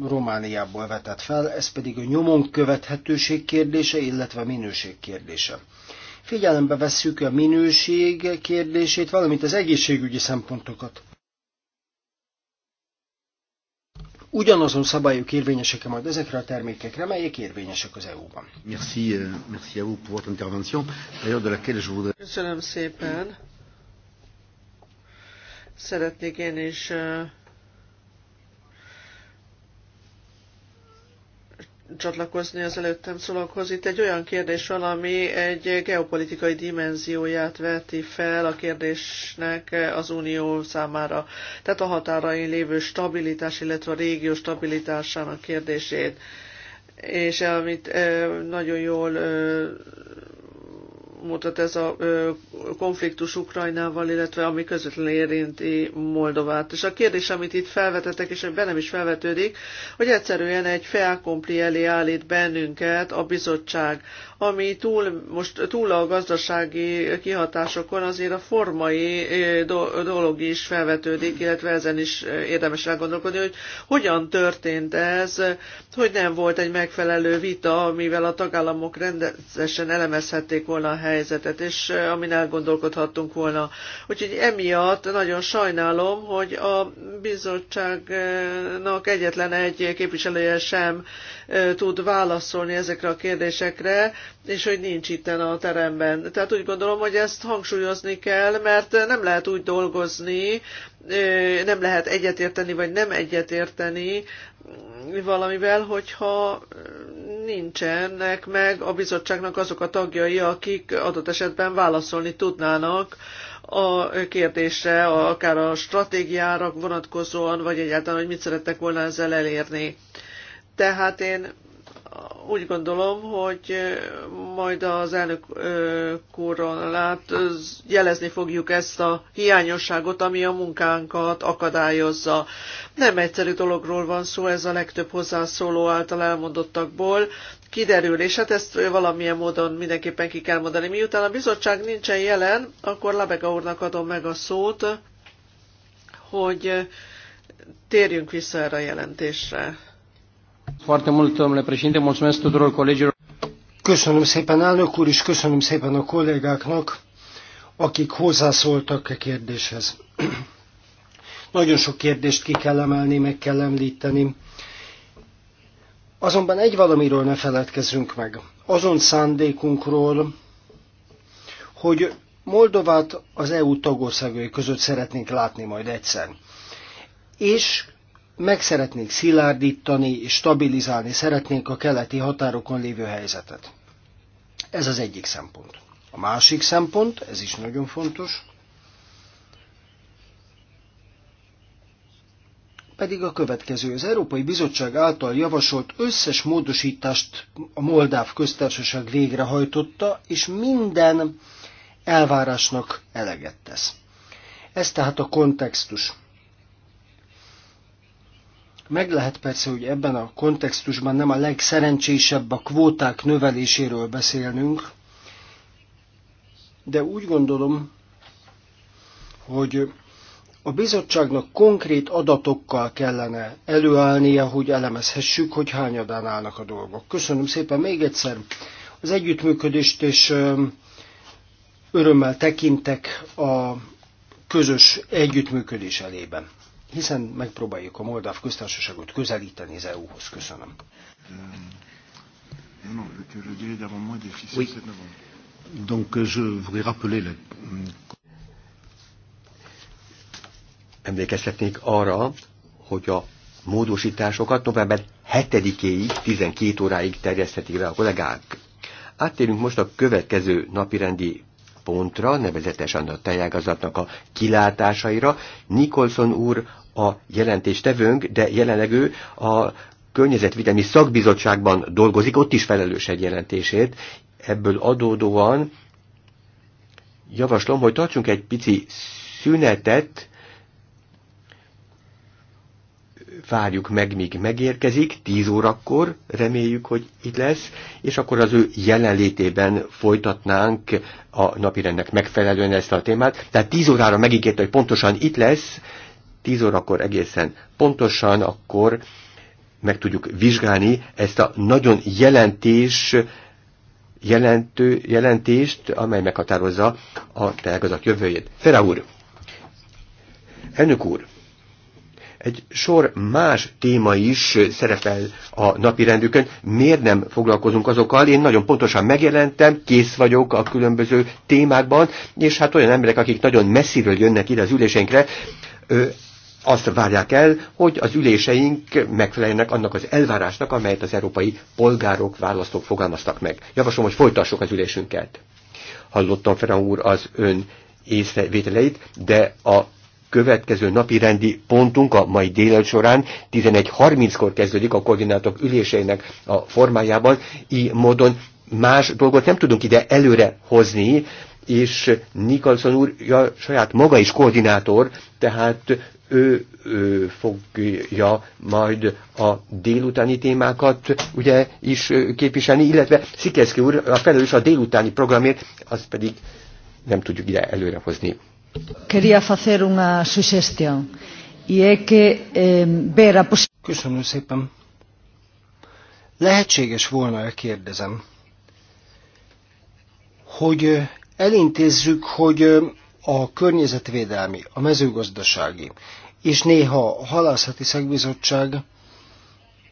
Romániából vetett fel, ez pedig a nyomon követhetőség kérdése, illetve a minőség kérdése. Figyelembe vesszük a minőség kérdését, valamint az egészségügyi szempontokat. Ugyanazon szabályok érvényesek -e majd ezekre a termékekre, melyek érvényesek az EU-ban. Euh, Köszönöm szépen. Szeretnék én is euh, csatlakozni az előttem szólókhoz. Itt egy olyan kérdés van, ami egy geopolitikai dimenzióját veti fel a kérdésnek az Unió számára. Tehát a határain lévő stabilitás, illetve a régió stabilitásának kérdését és amit eh, nagyon jól eh, mutat ez a konfliktus Ukrajnával, illetve ami közvetlenül érinti Moldovát. És a kérdés, amit itt felvetettek, és ami bennem is felvetődik, hogy egyszerűen egy felkompli elé állít bennünket a bizottság ami túl, most túl a gazdasági kihatásokon, azért a formai dolog is felvetődik, illetve ezen is érdemes elgondolkodni, hogy hogyan történt ez, hogy nem volt egy megfelelő vita, amivel a tagállamok rendesen elemezhették volna a helyzetet, és amin elgondolkodhattunk volna. Úgyhogy emiatt nagyon sajnálom, hogy a bizottságnak egyetlen egy képviselője sem tud válaszolni ezekre a kérdésekre, és hogy nincs itt a teremben. Tehát úgy gondolom, hogy ezt hangsúlyozni kell, mert nem lehet úgy dolgozni, nem lehet egyetérteni, vagy nem egyetérteni valamivel, hogyha nincsenek meg a bizottságnak azok a tagjai, akik adott esetben válaszolni tudnának a kérdésre, akár a stratégiára vonatkozóan, vagy egyáltalán, hogy mit szerettek volna ezzel elérni. Tehát én úgy gondolom, hogy majd az elnök úron lát, jelezni fogjuk ezt a hiányosságot, ami a munkánkat akadályozza. Nem egyszerű dologról van szó, ez a legtöbb hozzászóló által elmondottakból kiderül, és hát ezt valamilyen módon mindenképpen ki kell mondani. Miután a bizottság nincsen jelen, akkor Labega úrnak adom meg a szót, hogy térjünk vissza erre a jelentésre. Köszönöm szépen, elnök úr, és köszönöm szépen a kollégáknak, akik hozzászóltak a e kérdéshez. Nagyon sok kérdést ki kell emelni, meg kell említeni. Azonban egy valamiről ne feledkezzünk meg. Azon szándékunkról, hogy Moldovát az EU tagországai között szeretnénk látni majd egyszer. És meg szeretnénk szilárdítani és stabilizálni szeretnénk a keleti határokon lévő helyzetet. Ez az egyik szempont. A másik szempont, ez is nagyon fontos, pedig a következő. Az Európai Bizottság által javasolt összes módosítást a Moldáv köztársaság végrehajtotta, és minden elvárásnak eleget tesz. Ez tehát a kontextus. Meg lehet persze, hogy ebben a kontextusban nem a legszerencsésebb a kvóták növeléséről beszélnünk, de úgy gondolom, hogy a bizottságnak konkrét adatokkal kellene előállnia, hogy elemezhessük, hogy hányadán állnak a dolgok. Köszönöm szépen még egyszer az együttműködést, és örömmel tekintek a közös együttműködés elében hiszen megpróbáljuk a Moldáv köztársaságot közelíteni az EU-hoz. Köszönöm. Euh, oui. Euh, Emlékeztetnék arra, hogy a módosításokat november 7-éig, 12 óráig terjeszthetik le a kollégák. Áttérünk most a következő napirendi pontra, nevezetesen a tejágazatnak a kilátásaira. Nikolson úr a jelentéstevőnk, de jelenleg ő a környezetvédelmi szakbizottságban dolgozik, ott is felelős egy jelentését. Ebből adódóan javaslom, hogy tartsunk egy pici szünetet, várjuk meg, míg megérkezik, 10 órakor reméljük, hogy itt lesz, és akkor az ő jelenlétében folytatnánk a napirendnek megfelelően ezt a témát. Tehát 10 órára megígérte, hogy pontosan itt lesz, 10 órakor egészen pontosan, akkor meg tudjuk vizsgálni ezt a nagyon jelentés, jelentő, jelentést, amely meghatározza a telgazat jövőjét. Fera úr, elnök úr, egy sor más téma is szerepel a napi rendükön. Miért nem foglalkozunk azokkal? Én nagyon pontosan megjelentem, kész vagyok a különböző témákban, és hát olyan emberek, akik nagyon messziről jönnek ide az üléseinkre, azt várják el, hogy az üléseink megfeleljenek annak az elvárásnak, amelyet az európai polgárok, választók fogalmaztak meg. Javaslom, hogy folytassuk az ülésünket. Hallottam, Ferran úr, az ön észrevételeit, de a következő napi rendi pontunk a mai délelőtt során 11.30-kor kezdődik a koordinátok üléseinek a formájában, így módon más dolgot nem tudunk ide előre hozni, és Nicholson úr ja, saját maga is koordinátor, tehát ő, ő fogja majd a délutáni témákat ugye is képviselni, illetve Szikeszki úr a felelős a délutáni programért, azt pedig nem tudjuk ide előrehozni. Quería hacer una sugestión, y es que eh, ver a Köszönöm szépen. Lehetséges volna, kérdezem, hogy elintézzük, hogy a környezetvédelmi, a mezőgazdasági és néha a halászati szakbizottság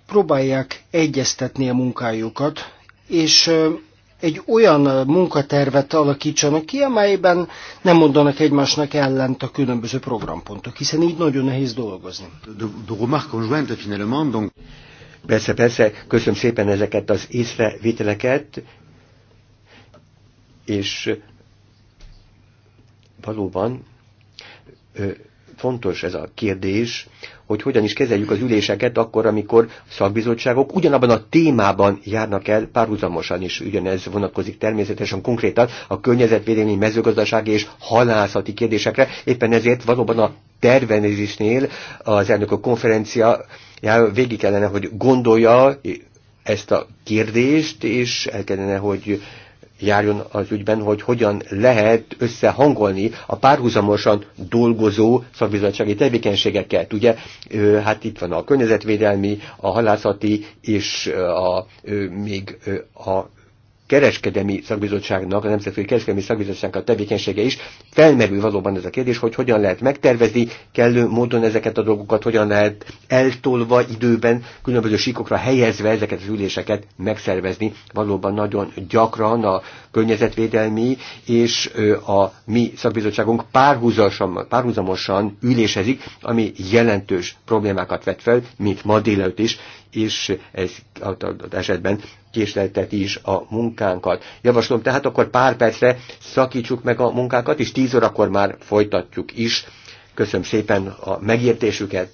próbálják egyeztetni a munkájukat, és egy olyan munkatervet alakítsanak ki, amelyben nem mondanak egymásnak ellent a különböző programpontok, hiszen így nagyon nehéz dolgozni. Persze, persze, köszönöm szépen ezeket az észrevételeket, és valóban fontos ez a kérdés, hogy hogyan is kezeljük az üléseket akkor, amikor szakbizottságok ugyanabban a témában járnak el párhuzamosan is. Ugyanez vonatkozik természetesen konkrétan a környezetvédelmi, mezőgazdasági és halászati kérdésekre. Éppen ezért valóban a tervezésnél az elnökök konferencia végig kellene, hogy gondolja ezt a kérdést, és el kellene, hogy járjon az ügyben, hogy hogyan lehet összehangolni a párhuzamosan dolgozó szakbizottsági tevékenységeket. Ugye, hát itt van a környezetvédelmi, a halászati és a, még a kereskedelmi szakbizottságnak, a Nemzetközi Kereskedelmi Szakbizottságnak a tevékenysége is felmerül valóban ez a kérdés, hogy hogyan lehet megtervezni kellő módon ezeket a dolgokat, hogyan lehet eltolva időben, különböző síkokra helyezve ezeket az üléseket megszervezni. Valóban nagyon gyakran a környezetvédelmi és a mi szakbizottságunk párhuzamosan, párhuzamosan ülésezik, ami jelentős problémákat vet fel, mint ma délelőtt is és ez adott esetben késlelteti is a munkánkat. Javaslom tehát akkor pár percre szakítsuk meg a munkákat, és tíz órakor már folytatjuk is. Köszönöm szépen a megértésüket!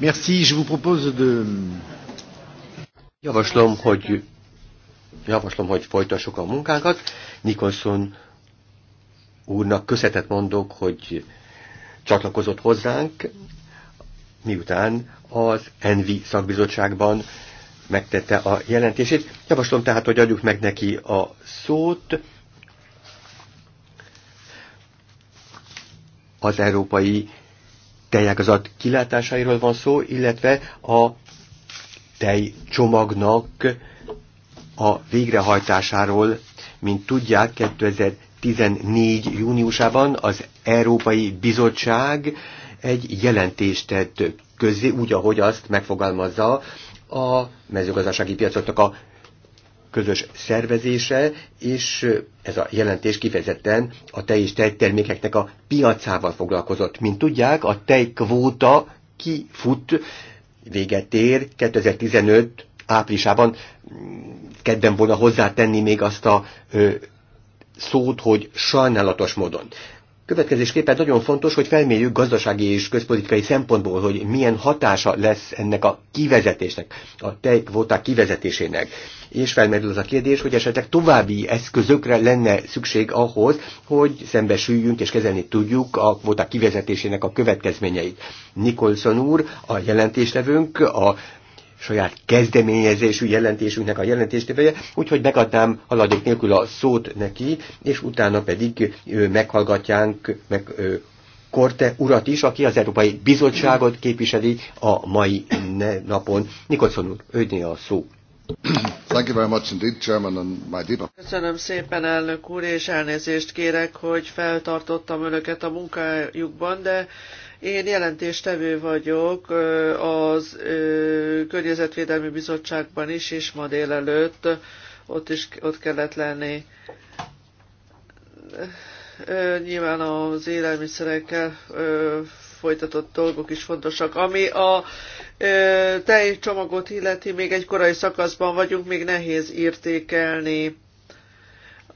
Merci, je vous propose de... Javaslom, hogy, javaslom, hogy folytassuk a munkánkat. Nikolson úrnak köszetet mondok, hogy csatlakozott hozzánk, miután az Envi szakbizottságban megtette a jelentését. Javaslom tehát, hogy adjuk meg neki a szót. Az Európai tejágazat kilátásairól van szó, illetve a tejcsomagnak a végrehajtásáról, mint tudják, 2014. júniusában az Európai Bizottság egy jelentést tett közé, úgy, ahogy azt megfogalmazza a mezőgazdasági piacoknak a közös szervezése, és ez a jelentés kifejezetten a tej és tejtermékeknek a piacával foglalkozott. Mint tudják, a tejkvóta kifut, véget ér 2015 áprilisában. Kedden volna hozzátenni még azt a ö, szót, hogy sajnálatos módon. Következésképpen nagyon fontos, hogy felmérjük gazdasági és közpolitikai szempontból, hogy milyen hatása lesz ennek a kivezetésnek, a tejkvóták kivezetésének. És felmerül az a kérdés, hogy esetleg további eszközökre lenne szükség ahhoz, hogy szembesüljünk és kezelni tudjuk a kvóták kivezetésének a következményeit. Nikolson úr, a jelentéslevőnk, a saját kezdeményezésű jelentésünknek a jelentéstéveje, úgyhogy megadnám haladék nélkül a szót neki, és utána pedig meghallgatjánk meg Korte urat is, aki az Európai Bizottságot képviseli a mai napon. Nikolson úr, őné a szó. Thank you very much indeed, Chairman and my dear. Köszönöm szépen, elnök úr, és elnézést kérek, hogy feltartottam önöket a munkájukban, de én jelentéstevő vagyok az Környezetvédelmi Bizottságban is, és ma délelőtt ott is ott kellett lenni. Nyilván az élelmiszerekkel folytatott dolgok is fontosak. Ami a tejcsomagot illeti, még egy korai szakaszban vagyunk, még nehéz értékelni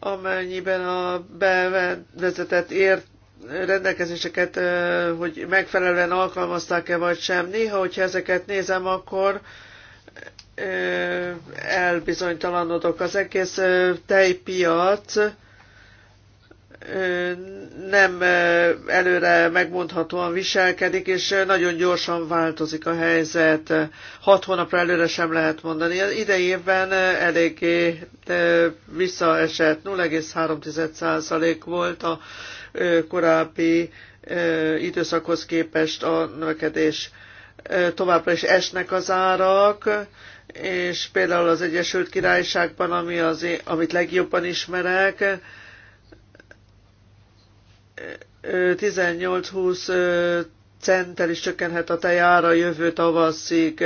amennyiben a bevezetett ért rendelkezéseket, hogy megfelelően alkalmazták-e vagy sem. Néha, hogyha ezeket nézem, akkor elbizonytalanodok. Az egész tejpiac nem előre megmondhatóan viselkedik, és nagyon gyorsan változik a helyzet. Hat hónapra előre sem lehet mondani. Az idei évben eléggé visszaesett, 0,3% volt a korábbi időszakhoz képest a növekedés. Továbbra is esnek az árak, és például az Egyesült Királyságban, ami az én, amit legjobban ismerek, 18-20 centtel is csökkenhet a tejára jövő tavaszig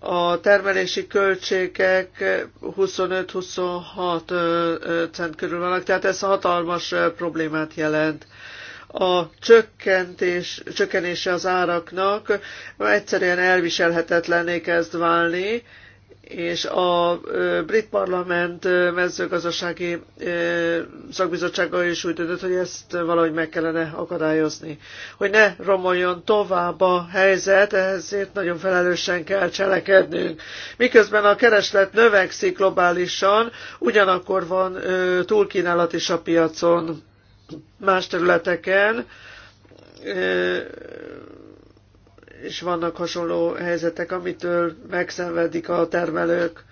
a termelési költségek 25-26 cent körül vannak, tehát ez hatalmas problémát jelent. A csökkentés, csökkenése az áraknak egyszerűen elviselhetetlenné kezd válni, és a brit parlament mezőgazdasági szakbizottsága is úgy döntött, hogy ezt valahogy meg kellene akadályozni. Hogy ne romoljon tovább a helyzet, ezért nagyon felelősen kell cselekednünk. Miközben a kereslet növekszik globálisan, ugyanakkor van túlkínálat is a piacon más területeken, és vannak hasonló helyzetek, amitől megszenvedik a termelők.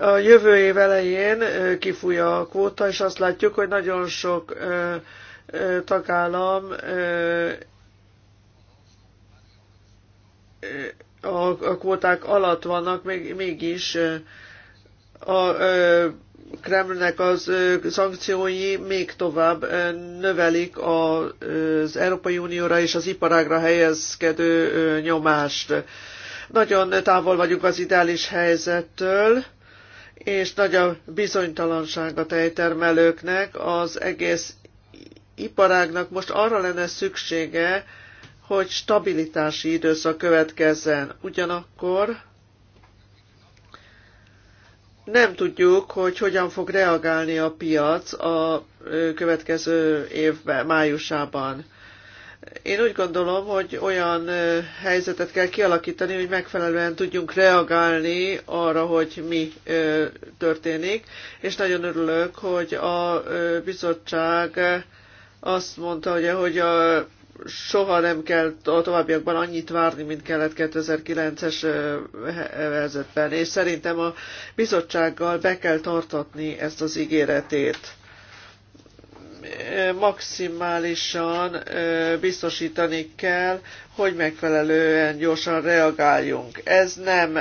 A jövő év elején kifúj a kvóta, és azt látjuk, hogy nagyon sok tagállam a kvóták alatt vannak, mégis a Kremlnek az szankciói még tovább növelik az Európai Unióra és az iparágra helyezkedő nyomást. Nagyon távol vagyunk az ideális helyzettől, és nagy a bizonytalanság a tejtermelőknek, az egész iparágnak most arra lenne szüksége, hogy stabilitási időszak következzen. Ugyanakkor nem tudjuk, hogy hogyan fog reagálni a piac a következő évben, májusában. Én úgy gondolom, hogy olyan helyzetet kell kialakítani, hogy megfelelően tudjunk reagálni arra, hogy mi történik, és nagyon örülök, hogy a bizottság azt mondta, hogy a soha nem kell a továbbiakban annyit várni, mint kellett 2009-es helyzetben, és szerintem a bizottsággal be kell tartatni ezt az ígéretét maximálisan biztosítani kell, hogy megfelelően gyorsan reagáljunk. Ez nem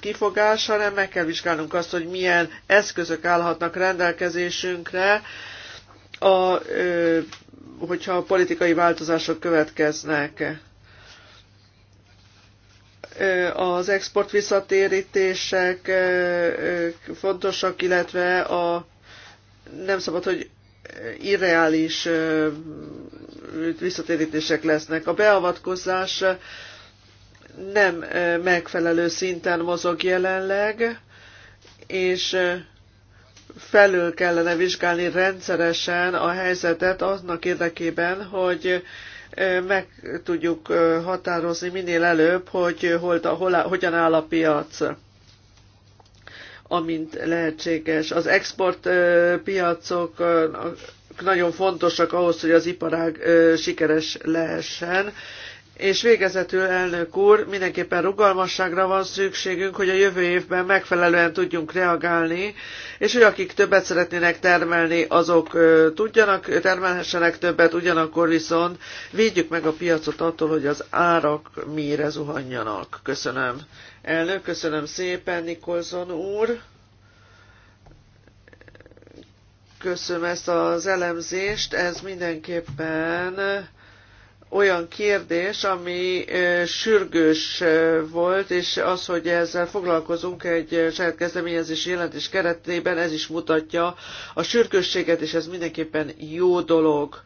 kifogás, hanem meg kell vizsgálnunk azt, hogy milyen eszközök állhatnak rendelkezésünkre, a, hogyha a politikai változások következnek az export visszatérítések fontosak, illetve a nem szabad, hogy irreális visszatérítések lesznek. A beavatkozás nem megfelelő szinten mozog jelenleg, és felül kellene vizsgálni rendszeresen a helyzetet annak érdekében, hogy meg tudjuk határozni minél előbb, hogy hol, hol, hogyan áll a piac amint lehetséges. Az export piacok nagyon fontosak ahhoz, hogy az iparág sikeres lehessen, és végezetül, elnök úr, mindenképpen rugalmasságra van szükségünk, hogy a jövő évben megfelelően tudjunk reagálni, és hogy akik többet szeretnének termelni, azok tudjanak, termelhessenek többet, ugyanakkor viszont védjük meg a piacot attól, hogy az árak mire zuhanjanak. Köszönöm. Elnök, köszönöm szépen, Nikolson úr. Köszönöm ezt az elemzést, ez mindenképpen olyan kérdés, ami sürgős volt, és az, hogy ezzel foglalkozunk egy saját kezdeményezés jelentés keretében, ez is mutatja a sürgősséget, és ez mindenképpen jó dolog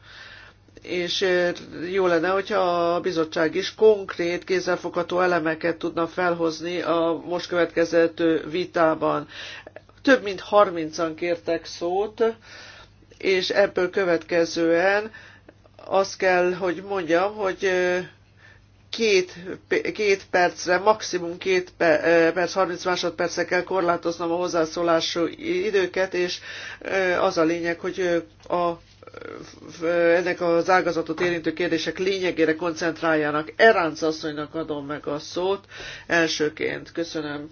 és jó lenne, hogyha a bizottság is konkrét, kézzelfogható elemeket tudna felhozni a most következő vitában. Több mint 30-an kértek szót, és ebből következően azt kell, hogy mondjam, hogy két, két percre, maximum két perc, 30 másodpercre kell korlátoznom a hozzászólású időket, és az a lényeg, hogy a ennek az ágazatot érintő kérdések lényegére koncentráljanak. Eránc asszonynak adom meg a szót elsőként. Köszönöm.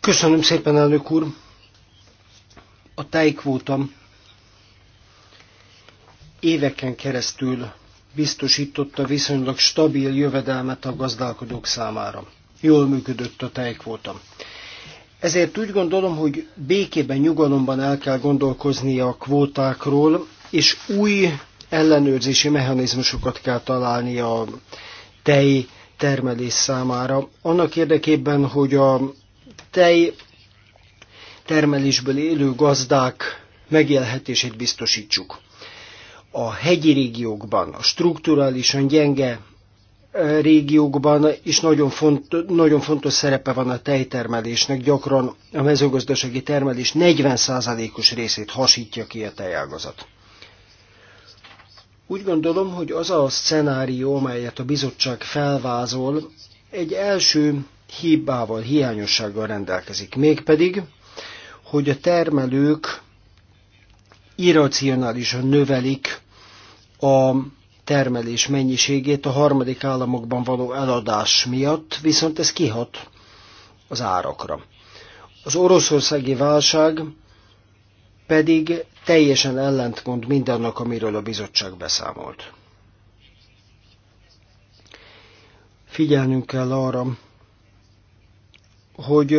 Köszönöm szépen, elnök úr. A tejkvótam éveken keresztül biztosította viszonylag stabil jövedelmet a gazdálkodók számára. Jól működött a tejkvóta. Ezért úgy gondolom, hogy békében, nyugalomban el kell gondolkoznia a kvótákról, és új ellenőrzési mechanizmusokat kell találni a tej termelés számára. Annak érdekében, hogy a tej termelésből élő gazdák megélhetését biztosítsuk a hegyi régiókban, a strukturálisan gyenge régiókban is nagyon, font, nagyon fontos szerepe van a tejtermelésnek, gyakran a mezőgazdasági termelés 40%-os részét hasítja ki a tejágazat. Úgy gondolom, hogy az a szenárió, amelyet a bizottság felvázol, egy első hibával, hiányossággal rendelkezik. Mégpedig, hogy a termelők irracionálisan növelik a termelés mennyiségét a harmadik államokban való eladás miatt, viszont ez kihat az árakra. Az oroszországi válság pedig teljesen ellentmond mindannak, amiről a bizottság beszámolt. Figyelnünk kell arra, hogy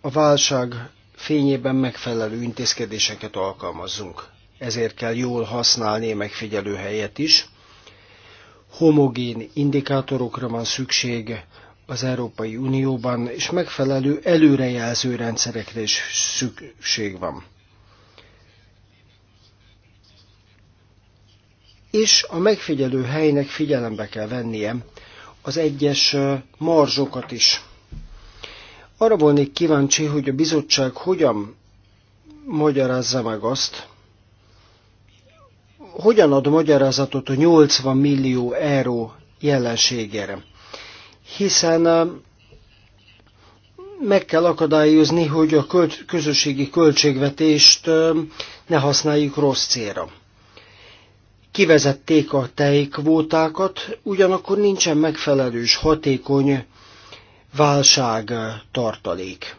a válság fényében megfelelő intézkedéseket alkalmazzunk ezért kell jól használni a megfigyelő helyet is. Homogén indikátorokra van szükség az Európai Unióban, és megfelelő előrejelző rendszerekre is szükség van. És a megfigyelő helynek figyelembe kell vennie az egyes marzsokat is. Arra volnék kíváncsi, hogy a bizottság hogyan magyarázza meg azt, hogyan ad magyarázatot a 80 millió euró jelenségére? Hiszen meg kell akadályozni, hogy a közösségi költségvetést ne használjuk rossz célra. Kivezették a tejkvótákat, ugyanakkor nincsen megfelelős hatékony válság tartalék.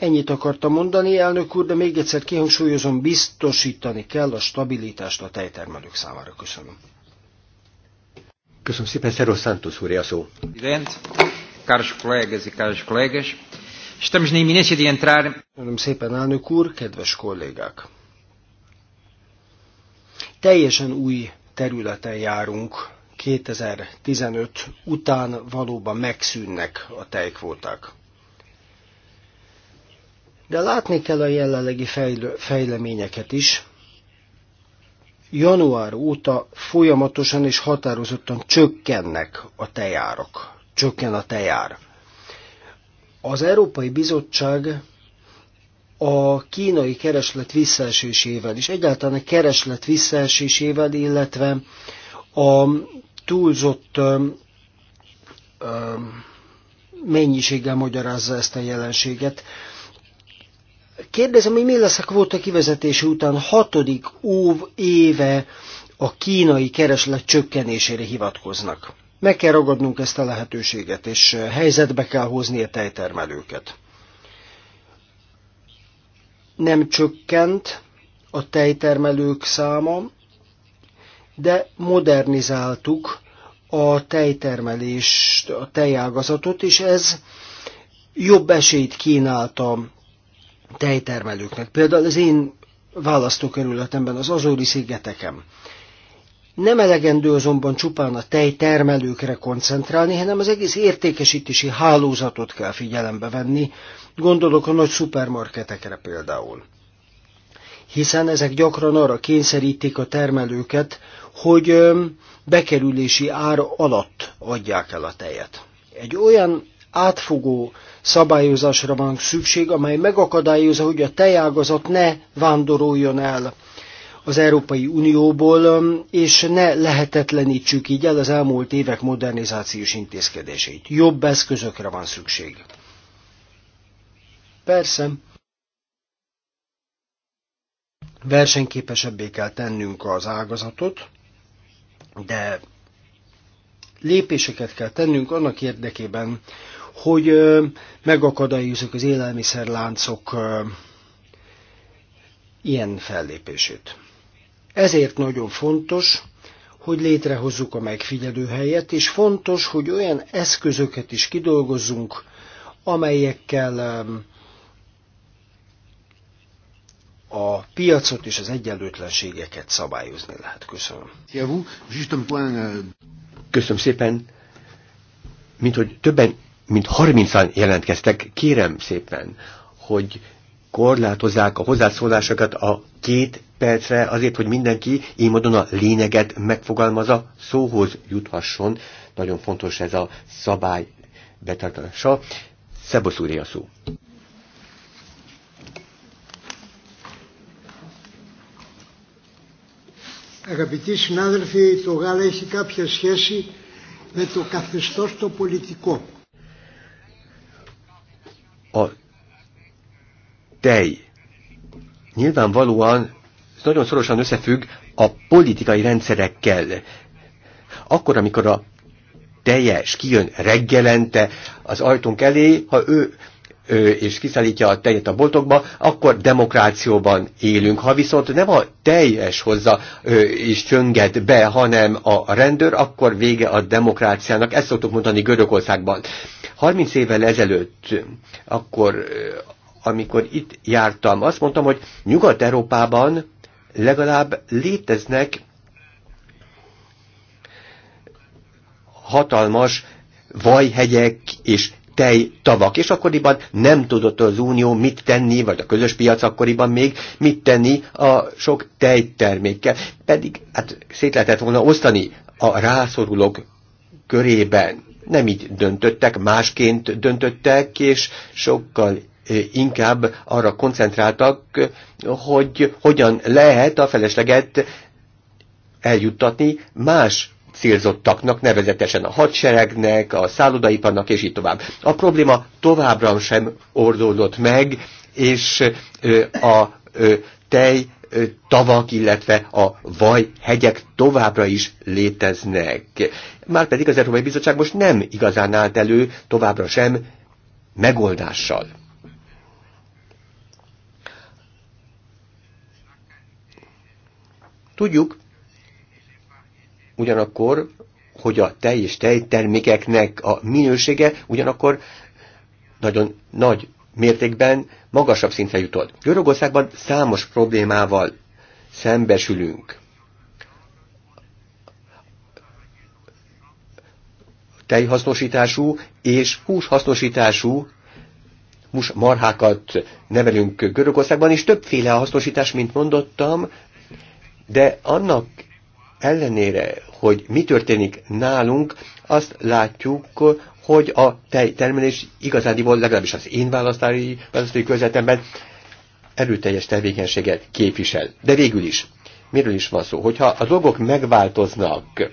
Ennyit akartam mondani, elnök úr, de még egyszer kihangsúlyozom, biztosítani kell a stabilitást a tejtermelők számára. Köszönöm. Köszönöm szépen, Szeró Santos úr, a szó. E Köszönöm szépen, elnök úr, kedves kollégák. Teljesen új területen járunk, 2015 után valóban megszűnnek a tejkvóták. De látni kell a jelenlegi fejl fejleményeket is. Január óta folyamatosan és határozottan csökkennek a tejárak. Csökken a tejár. Az Európai Bizottság a kínai kereslet visszaesésével is, egyáltalán a kereslet visszaesésével, illetve a túlzott ö, ö, mennyiséggel magyarázza ezt a jelenséget. Kérdezem, hogy mi lesz a kvóta kivezetése után hatodik óv éve a kínai kereslet csökkenésére hivatkoznak. Meg kell ragadnunk ezt a lehetőséget, és helyzetbe kell hozni a tejtermelőket. Nem csökkent a tejtermelők száma, de modernizáltuk a tejtermelést, a tejágazatot, és ez jobb esélyt kínálta tejtermelőknek. Például az én választókerületemben, az Azóri szigeteken. Nem elegendő azonban csupán a tejtermelőkre koncentrálni, hanem az egész értékesítési hálózatot kell figyelembe venni, gondolok a nagy szupermarketekre például. Hiszen ezek gyakran arra kényszerítik a termelőket, hogy bekerülési ár alatt adják el a tejet. Egy olyan átfogó szabályozásra van szükség, amely megakadályozza, hogy a tejágazat ne vándoroljon el az Európai Unióból, um, és ne lehetetlenítsük így el az elmúlt évek modernizációs intézkedéseit. Jobb eszközökre van szükség. Persze, versenyképesebbé kell tennünk az ágazatot, de lépéseket kell tennünk annak érdekében, hogy megakadályozzuk az élelmiszerláncok ilyen fellépését. Ezért nagyon fontos, hogy létrehozzuk a megfigyelőhelyet, és fontos, hogy olyan eszközöket is kidolgozzunk, amelyekkel a piacot és az egyenlőtlenségeket szabályozni lehet. Köszönöm. Euh, Köszönöm szépen, mint hogy többen, mint 30-an jelentkeztek, kérem szépen, hogy korlátozzák a hozzászólásokat a két percre azért, hogy mindenki így módon a lényeget megfogalmazza, szóhoz juthasson. Nagyon fontos ez a szabály betartása. Szebosz úr, a szó. Αγαπητοί συνάδελφοι, το γάλα έχει κάποια σχέση με το καθεστώς το πολιτικό. A tej nyilvánvalóan nagyon szorosan összefügg a politikai rendszerekkel. Akkor, amikor a teljes kijön reggelente az ajtónk elé, ha ő és kiszállítja a tejet a boltokba, akkor demokrációban élünk. Ha viszont nem a teljes hozza és csönget be, hanem a rendőr, akkor vége a demokráciának. Ezt szoktuk mondani Görögországban. 30 évvel ezelőtt, akkor amikor itt jártam, azt mondtam, hogy Nyugat-Európában legalább léteznek hatalmas vajhegyek és tejtavak, és akkoriban nem tudott az Unió mit tenni, vagy a közös piac akkoriban még mit tenni a sok tejtermékkel, pedig hát szét lehetett volna osztani a rászorulók körében. Nem így döntöttek, másként döntöttek, és sokkal inkább arra koncentráltak, hogy hogyan lehet a felesleget eljuttatni más célzottaknak, nevezetesen a hadseregnek, a szállodaiparnak, és így tovább. A probléma továbbra sem oldódott meg, és a tej tavak, illetve a vaj hegyek továbbra is léteznek. Márpedig az Európai Bizottság most nem igazán állt elő továbbra sem megoldással. Tudjuk, ugyanakkor, hogy a tej és tejtermékeknek a minősége ugyanakkor nagyon nagy mértékben magasabb szintre jutott. Görögországban számos problémával szembesülünk. Tejhasznosítású és húshasznosítású most marhákat nevelünk Görögországban, és többféle a hasznosítás, mint mondottam, de annak ellenére, hogy mi történik nálunk, azt látjuk, hogy a tejtermelés igazándiból legalábbis az én választási, választói közvetemben erőteljes tevékenységet képvisel. De végül is, miről is van szó? Hogyha a dolgok megváltoznak,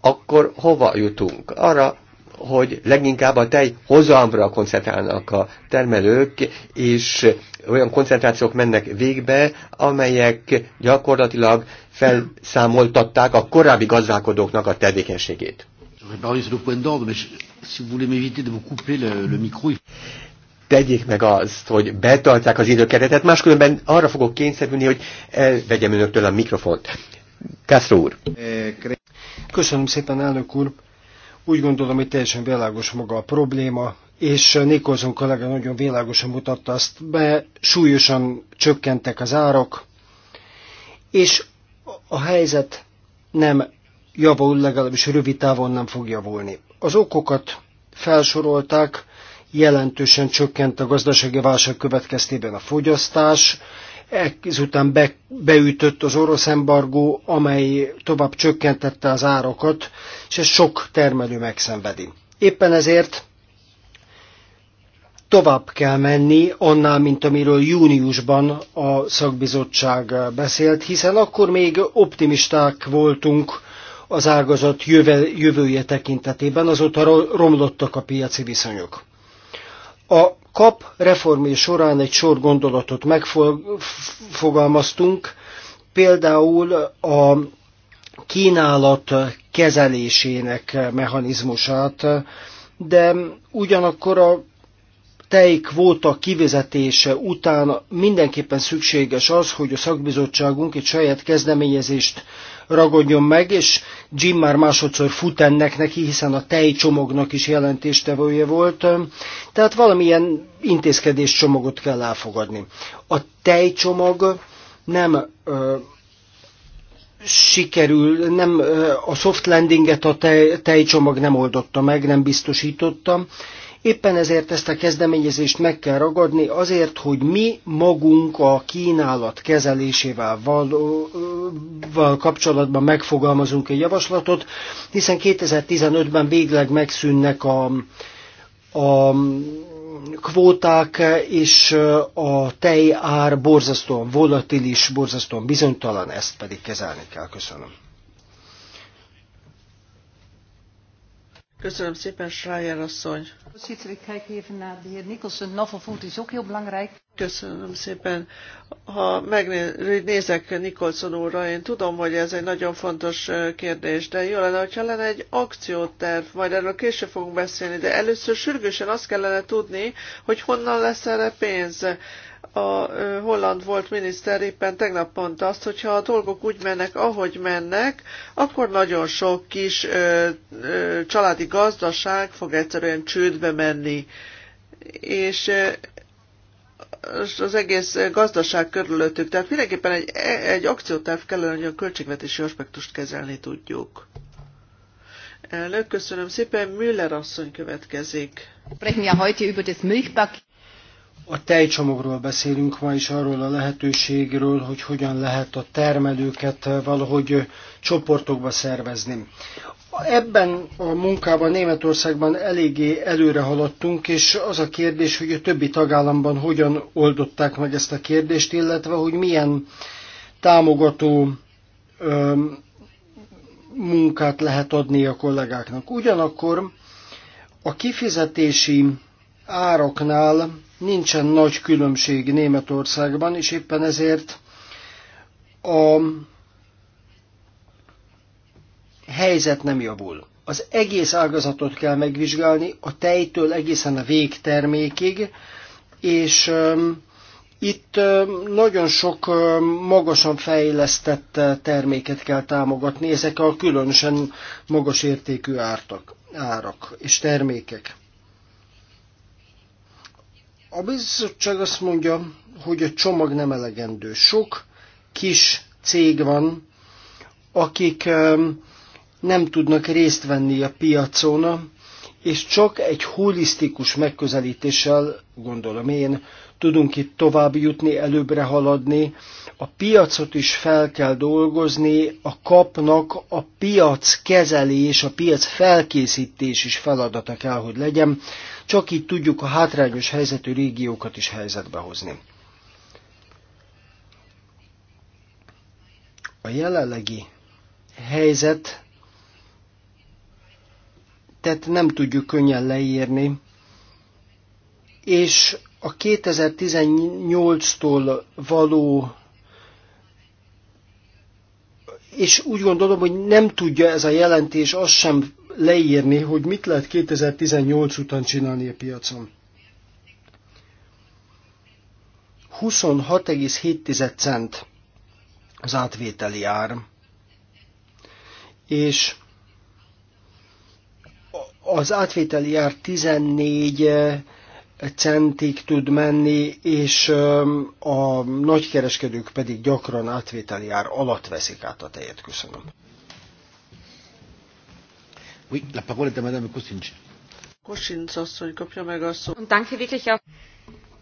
akkor hova jutunk? Arra hogy leginkább a tej hozamra koncentrálnak a termelők, és olyan koncentrációk mennek végbe, amelyek gyakorlatilag felszámoltatták a korábbi gazdálkodóknak a tevékenységét. Tegyék meg azt, hogy betartják az időkeretet, máskülönben arra fogok kényszerülni, hogy elvegyem önöktől a mikrofont. Castro úr. Köszönöm szépen, elnök úr. Úgy gondolom, hogy teljesen világos maga a probléma, és Nikolson kollega nagyon világosan mutatta azt be, súlyosan csökkentek az árak, és a helyzet nem javul, legalábbis rövid távon nem fog javulni. Az okokat felsorolták, jelentősen csökkent a gazdasági válság következtében a fogyasztás, ezután be, beütött az orosz embargó, amely tovább csökkentette az árakat, és ezt sok termelő megszenvedi. Éppen ezért tovább kell menni annál, mint amiről júniusban a szakbizottság beszélt, hiszen akkor még optimisták voltunk az ágazat jöve, jövője tekintetében, azóta romlottak a piaci viszonyok. A kap reformé során egy sor gondolatot megfogalmaztunk, például a kínálat kezelésének mechanizmusát, de ugyanakkor a tejkvóta kivezetése után mindenképpen szükséges az, hogy a szakbizottságunk egy saját kezdeményezést ragadjon meg, és Jim már másodszor fut ennek neki, hiszen a tejcsomagnak is jelentéstevője volt, tehát valamilyen intézkedés csomagot kell elfogadni. A tejcsomag nem ö, sikerül, nem ö, a soft landinget a tej, tejcsomag nem oldotta meg, nem biztosította, Éppen ezért ezt a kezdeményezést meg kell ragadni, azért, hogy mi magunk a kínálat kezelésével való, val kapcsolatban megfogalmazunk egy javaslatot, hiszen 2015-ben végleg megszűnnek a, a kvóták és a tej ár borzasztóan volatilis, borzasztóan bizonytalan, ezt pedig kezelni kell. Köszönöm. Köszönöm szépen, Schreier asszony. Köszönöm szépen. Ha megnézek Nicholson úrra, én tudom, hogy ez egy nagyon fontos kérdés, de jó lenne, hogyha lenne egy akcióterv, majd erről később fogunk beszélni, de először sürgősen azt kellene tudni, hogy honnan lesz erre pénz a holland volt miniszter éppen tegnap mondta azt, hogy ha a dolgok úgy mennek, ahogy mennek, akkor nagyon sok kis ö, ö, családi gazdaság fog egyszerűen csődbe menni. És ö, az egész gazdaság körülöttük. Tehát mindenképpen egy, egy akcióterv kellene, hogy a költségvetési aspektust kezelni tudjuk. Elnök, köszönöm szépen. Müller asszony következik. Sprechen ja heute über das Milchpaket. A tejcsomagról beszélünk ma is arról a lehetőségről, hogy hogyan lehet a termelőket valahogy csoportokba szervezni. Ebben a munkában Németországban eléggé előre haladtunk, és az a kérdés, hogy a többi tagállamban hogyan oldották meg ezt a kérdést, illetve hogy milyen támogató ö, munkát lehet adni a kollégáknak. Ugyanakkor a kifizetési áraknál nincsen nagy különbség Németországban, és éppen ezért a helyzet nem javul. Az egész ágazatot kell megvizsgálni, a tejtől egészen a végtermékig, és itt nagyon sok magasan fejlesztett terméket kell támogatni, ezek a különösen magas értékű ártak, árak és termékek. A bizottság azt mondja, hogy a csomag nem elegendő. Sok kis cég van, akik nem tudnak részt venni a piacon, és csak egy holisztikus megközelítéssel, gondolom én, tudunk itt tovább jutni, előbbre haladni. A piacot is fel kell dolgozni, a kapnak a piac kezelés, a piac felkészítés is feladata kell, hogy legyen. Csak így tudjuk a hátrányos helyzetű régiókat is helyzetbe hozni. A jelenlegi helyzet tehát nem tudjuk könnyen leírni, és a 2018-tól való és úgy gondolom, hogy nem tudja ez a jelentés azt sem leírni, hogy mit lehet 2018 után csinálni a piacon. 26,7 cent az átvételi ár, és az átvételi ár 14 eh, centig tud menni, és eh, a nagykereskedők pedig gyakran átvételi ár alatt veszik át a tejet. Köszönöm. Oui, la parole est à Madame Kosincs. Kosincs asszony kapja meg a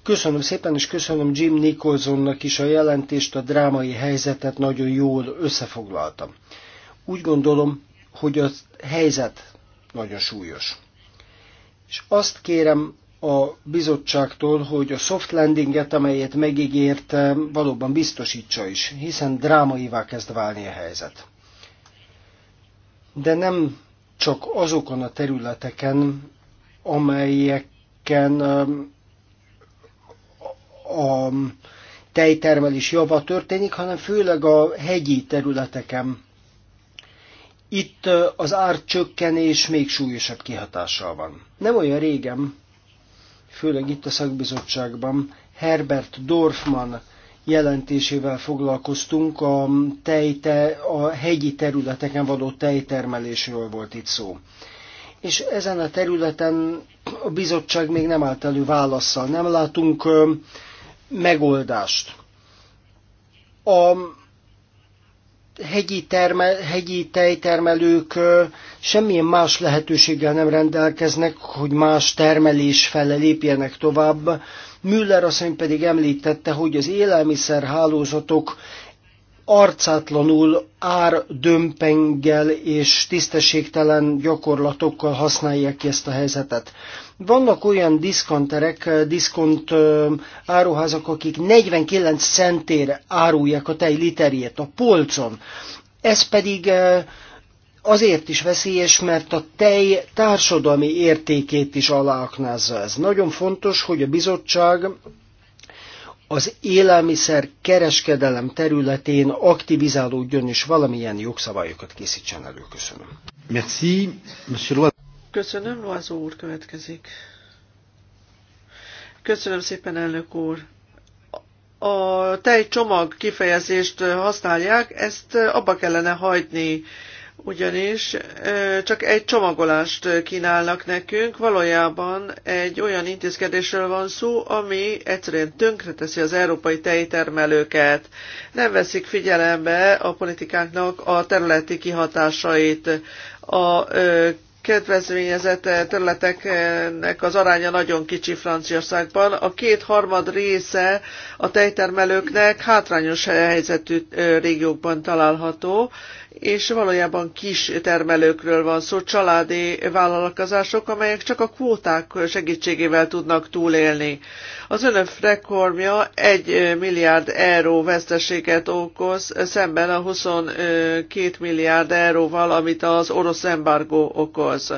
Köszönöm szépen, és köszönöm Jim Nicholsonnak is a jelentést, a drámai helyzetet nagyon jól összefoglaltam. Úgy gondolom, hogy a helyzet nagyon súlyos. És azt kérem a bizottságtól, hogy a soft landinget, amelyet megígért, valóban biztosítsa is, hiszen drámaivá kezd válni a helyzet. De nem csak azokon a területeken, amelyeken um, a tejtermelés java történik, hanem főleg a hegyi területeken. Itt uh, az árcsökkenés még súlyosabb kihatással van. Nem olyan régen, főleg itt a szakbizottságban, Herbert Dorfman jelentésével foglalkoztunk, a, tejte, a hegyi területeken való tejtermelésről volt itt szó. És ezen a területen a bizottság még nem állt elő válaszsal, nem látunk ö, megoldást. A hegyi, terme, hegyi tejtermelők ö, semmilyen más lehetőséggel nem rendelkeznek, hogy más termelés fele lépjenek tovább, Müller asszony pedig említette, hogy az élelmiszerhálózatok arcátlanul árdömpengel és tisztességtelen gyakorlatokkal használják ki ezt a helyzetet. Vannak olyan diszkonterek, diszkont áruházak, akik 49 centér árulják a tej literjét a polcon. Ez pedig azért is veszélyes, mert a tej társadalmi értékét is aláaknázza. Ez nagyon fontos, hogy a bizottság az élelmiszer kereskedelem területén aktivizálódjon és valamilyen jogszabályokat készítsen elő. Köszönöm. Merci, monsieur Köszönöm, Loazó úr következik. Köszönöm szépen, elnök úr a tejcsomag kifejezést használják, ezt abba kellene hagyni ugyanis csak egy csomagolást kínálnak nekünk, valójában egy olyan intézkedésről van szó, ami egyszerűen tönkreteszi az európai tejtermelőket. Nem veszik figyelembe a politikánknak a területi kihatásait. A kedvezményezett területeknek az aránya nagyon kicsi Franciaországban. A két harmad része a tejtermelőknek hátrányos helyzetű régiókban található, és valójában kis termelőkről van szó, családi vállalkozások, amelyek csak a kvóták segítségével tudnak túlélni. Az önök rekordja 1 milliárd euró veszteséget okoz, szemben a 22 milliárd euróval, amit az orosz embargó okoz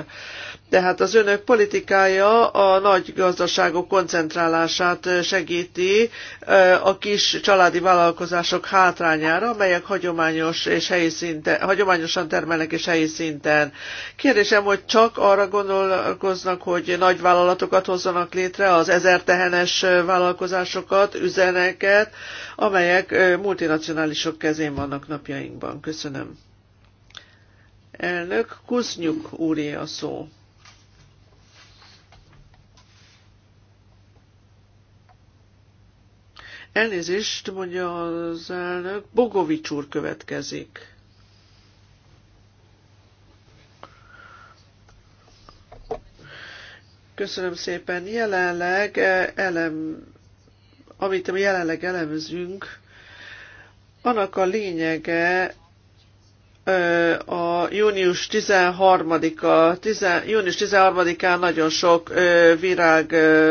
hát az önök politikája a nagy gazdaságok koncentrálását segíti a kis családi vállalkozások hátrányára, amelyek hagyományos és helyi szinten, hagyományosan termelnek és helyi szinten. Kérdésem, hogy csak arra gondolkoznak, hogy nagy vállalatokat hozzanak létre, az ezer tehenes vállalkozásokat, üzeneket, amelyek multinacionálisok kezén vannak napjainkban. Köszönöm. Elnök Kuznyuk úri a szó. Elnézést, mondja az elnök, Bogovics úr következik. Köszönöm szépen. Jelenleg eh, elem, amit jelenleg elemzünk, annak a lényege eh, a június 13-a, június 13-án nagyon sok eh, virág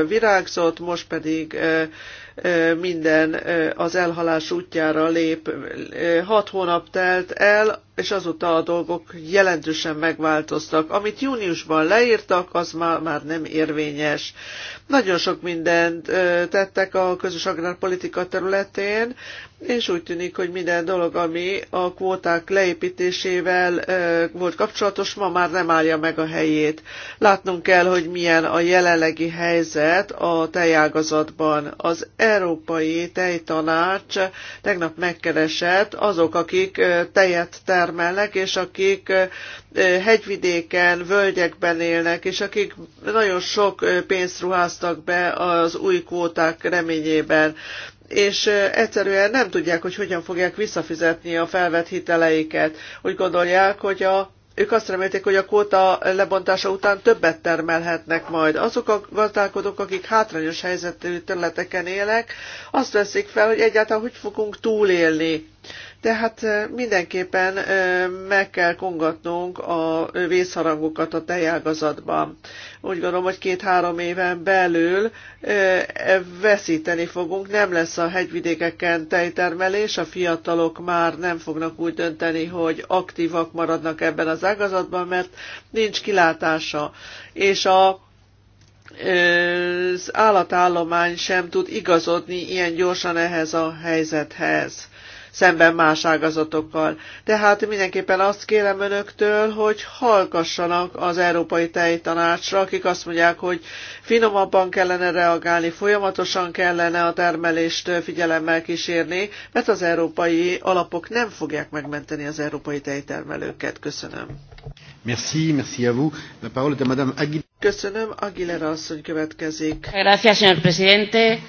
virágzott, most pedig minden az elhalás útjára lép. Hat hónap telt el, és azóta a dolgok jelentősen megváltoztak. Amit júniusban leírtak, az már, már nem érvényes. Nagyon sok mindent tettek a közös agrárpolitika területén, és úgy tűnik, hogy minden dolog, ami a kvóták leépítésével volt kapcsolatos, ma már nem állja meg a helyét. Látnunk kell, hogy milyen a jelenlegi helyzet a tejágazatban. Az Európai Tejtanács tegnap megkeresett azok, akik tejet termelnek, és akik hegyvidéken, völgyekben élnek, és akik nagyon sok pénzt ruháztak be az új kvóták reményében, és egyszerűen nem tudják, hogy hogyan fogják visszafizetni a felvett hiteleiket. Úgy gondolják, hogy a ők azt remélték, hogy a kóta lebontása után többet termelhetnek majd. Azok a gazdálkodók, akik hátrányos helyzetű területeken élek, azt veszik fel, hogy egyáltalán hogy fogunk túlélni de hát mindenképpen meg kell kongatnunk a vészharangokat a tejágazatban. Úgy gondolom, hogy két-három éven belül veszíteni fogunk, nem lesz a hegyvidékeken tejtermelés, a fiatalok már nem fognak úgy dönteni, hogy aktívak maradnak ebben az ágazatban, mert nincs kilátása. És a az állatállomány sem tud igazodni ilyen gyorsan ehhez a helyzethez szemben más ágazatokkal. Tehát mindenképpen azt kérem önöktől, hogy hallgassanak az Európai Tejtanácsra, akik azt mondják, hogy finomabban kellene reagálni, folyamatosan kellene a termelést figyelemmel kísérni, mert az európai alapok nem fogják megmenteni az európai tejtermelőket. Köszönöm. Merci, merci à vous. La parole est à Madame Aguilera. Köszönöm, Aguilera asszony következik. Gracias, señor presidente.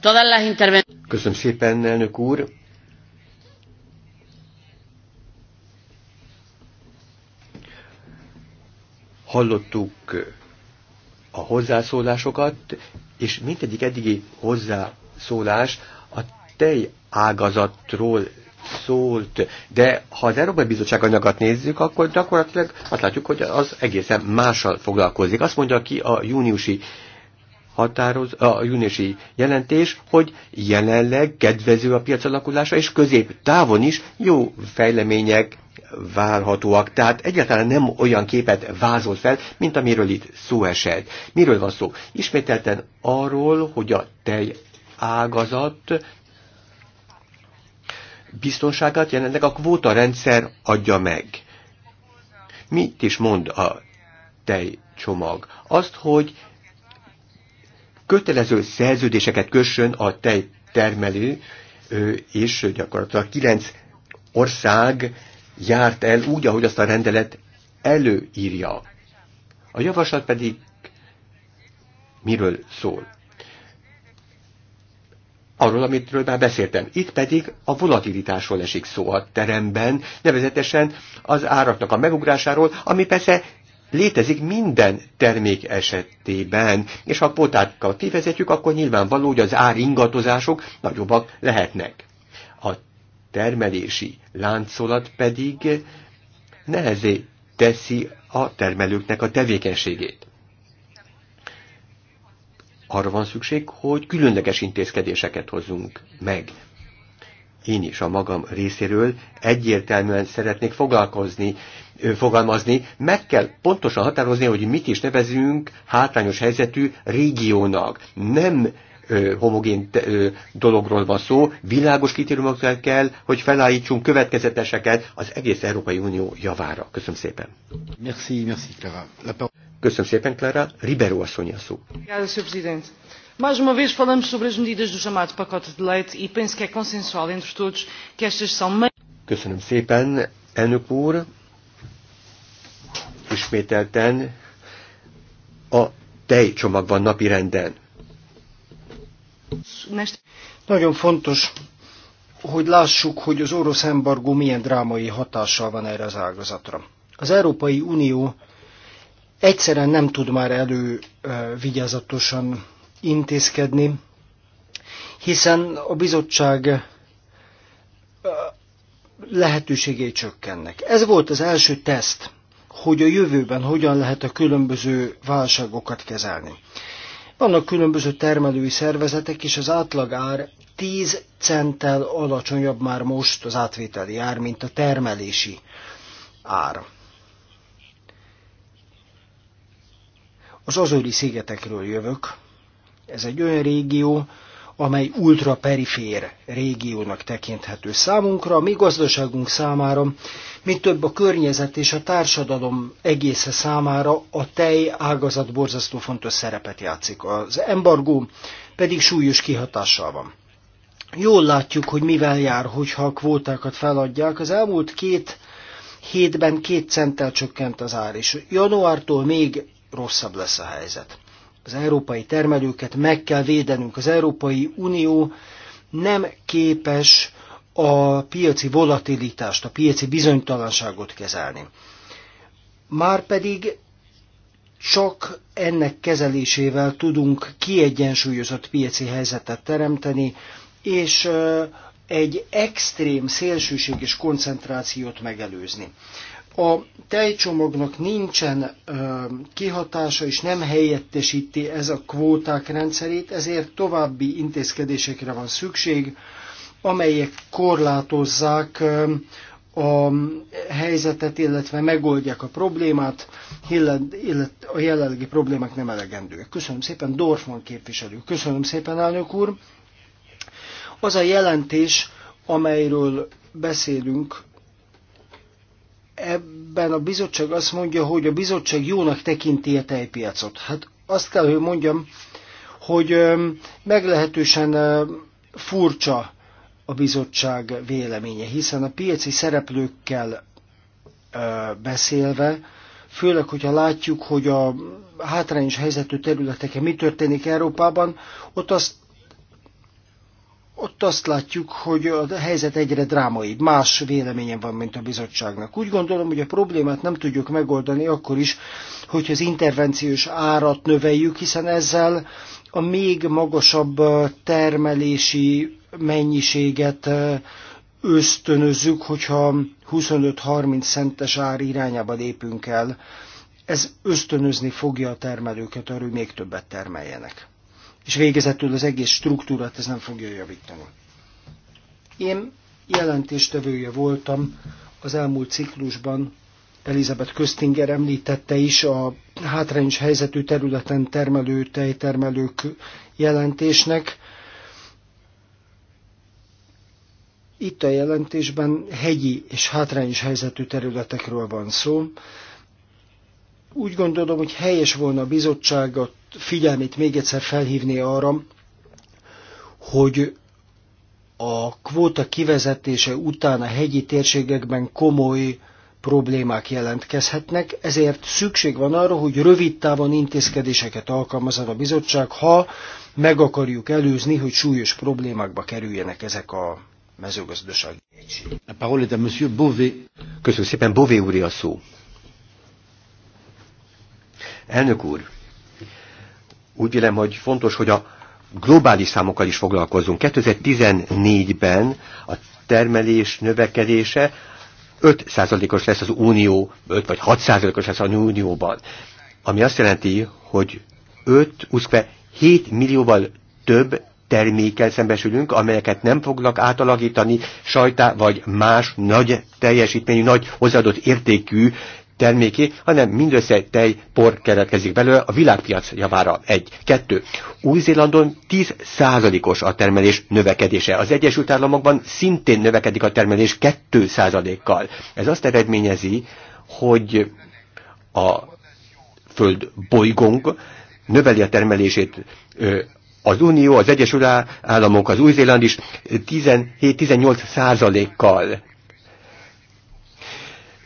Todas las intervenciones. Köszönöm szépen, elnök úr. hallottuk a hozzászólásokat, és mindegyik eddigi hozzászólás a tej ágazatról szólt, de ha az Európai Bizottság anyagat nézzük, akkor gyakorlatilag azt látjuk, hogy az egészen mással foglalkozik. Azt mondja ki a júniusi határoz, a júniusi jelentés, hogy jelenleg kedvező a piac alakulása, és távon is jó fejlemények várhatóak. Tehát egyáltalán nem olyan képet vázol fel, mint amiről itt szó esett. Miről van szó? Ismételten arról, hogy a tej ágazat biztonságát jelenleg a kvóta rendszer adja meg. Mit is mond a tej csomag? Azt, hogy kötelező szerződéseket kössön a tejtermelő, és gyakorlatilag kilenc ország járt el úgy, ahogy azt a rendelet előírja. A javaslat pedig miről szól? arról, amitről már beszéltem. Itt pedig a volatilitásról esik szó a teremben, nevezetesen az áraknak a megugrásáról, ami persze létezik minden termék esetében, és ha a potákkal kivezetjük, akkor nyilvánvaló, hogy az áringatozások nagyobbak lehetnek termelési láncolat pedig nehezé teszi a termelőknek a tevékenységét. Arra van szükség, hogy különleges intézkedéseket hozzunk meg. Én is a magam részéről egyértelműen szeretnék foglalkozni, fogalmazni, meg kell pontosan határozni, hogy mit is nevezünk hátrányos helyzetű régiónak. Nem homogén dologról van szó, világos kritériumokkal kell, hogy felállítsunk következeteseket az egész Európai Unió javára. Köszönöm szépen. Merci, merci, Clara. Köszönöm szépen, Clara. Ribero asszony a szó. Köszönöm, mais uma vez falamos sobre as medidas do chamado pacote de leite e penso que é consensual entre todos que estas são. Köszönöm szépen, elnök úr. Ismételten a tejcsomag van napirenden. Nagyon fontos, hogy lássuk, hogy az orosz embargó milyen drámai hatással van erre az ágazatra. Az Európai Unió egyszerűen nem tud már elővigyázatosan intézkedni, hiszen a bizottság lehetőségei csökkennek. Ez volt az első teszt, hogy a jövőben hogyan lehet a különböző válságokat kezelni. Vannak különböző termelői szervezetek, és az átlagár 10 centtel alacsonyabb már most az átvételi ár, mint a termelési ár. Az Azori szigetekről jövök. Ez egy olyan régió, amely ultraperifér régiónak tekinthető számunkra, a mi gazdaságunk számára, mi több a környezet és a társadalom egésze számára a tej ágazat borzasztó fontos szerepet játszik. Az embargó pedig súlyos kihatással van. Jól látjuk, hogy mivel jár, hogyha a kvótákat feladják. Az elmúlt két hétben két centtel csökkent az ár, és januártól még rosszabb lesz a helyzet az európai termelőket meg kell védenünk. Az Európai Unió nem képes a piaci volatilitást, a piaci bizonytalanságot kezelni. Márpedig csak ennek kezelésével tudunk kiegyensúlyozott piaci helyzetet teremteni, és egy extrém szélsőséges koncentrációt megelőzni. A tejcsomagnak nincsen kihatása és nem helyettesíti ez a kvóták rendszerét, ezért további intézkedésekre van szükség, amelyek korlátozzák a helyzetet, illetve megoldják a problémát, illetve a jelenlegi problémák nem elegendőek. Köszönöm szépen, Dorfman képviselő. Köszönöm szépen, elnök úr. Az a jelentés, amelyről beszélünk, ebben a bizottság azt mondja, hogy a bizottság jónak tekinti a tejpiacot. Hát azt kell, hogy mondjam, hogy meglehetősen furcsa a bizottság véleménye, hiszen a piaci szereplőkkel beszélve, főleg, hogyha látjuk, hogy a hátrányos helyzetű területeken mi történik Európában, ott azt ott azt látjuk, hogy a helyzet egyre drámaibb. Más véleményem van, mint a bizottságnak. Úgy gondolom, hogy a problémát nem tudjuk megoldani akkor is, hogyha az intervenciós árat növeljük, hiszen ezzel a még magasabb termelési mennyiséget ösztönözzük, hogyha 25-30 centes ár irányába lépünk el. Ez ösztönözni fogja a termelőket arra, hogy még többet termeljenek és végezetül az egész struktúrát ez nem fogja javítani. Én jelentéstevője voltam az elmúlt ciklusban, Elizabeth Köztinger említette is a hátrányos helyzetű területen termelő tejtermelők jelentésnek. Itt a jelentésben hegyi és hátrányos helyzetű területekről van szó. Úgy gondolom, hogy helyes volna a bizottságot figyelmét még egyszer felhívni arra, hogy a kvóta kivezetése után a hegyi térségekben komoly problémák jelentkezhetnek, ezért szükség van arra, hogy rövid távon intézkedéseket alkalmazzon a bizottság, ha meg akarjuk előzni, hogy súlyos problémákba kerüljenek ezek a mezőgazdasági egységek. Bové. Köszönöm szépen, Bové úr a szó. Elnök úr, úgy vélem, hogy fontos, hogy a globális számokkal is foglalkozunk. 2014-ben a termelés növekedése 5%-os lesz az Unió, 5 vagy 6%-os lesz az Unióban. Ami azt jelenti, hogy 5, 7 millióval több termékkel szembesülünk, amelyeket nem fognak átalakítani sajtá vagy más nagy teljesítményű, nagy hozzáadott értékű terméké, hanem mindössze tej, por keretkezik belőle a világpiac javára. Egy. Kettő. Új-Zélandon 10 os a termelés növekedése. Az Egyesült Államokban szintén növekedik a termelés 2 százalékkal. Ez azt eredményezi, hogy a föld bolygónk növeli a termelését az Unió, az Egyesült Államok, az Új-Zéland is 17-18 százalékkal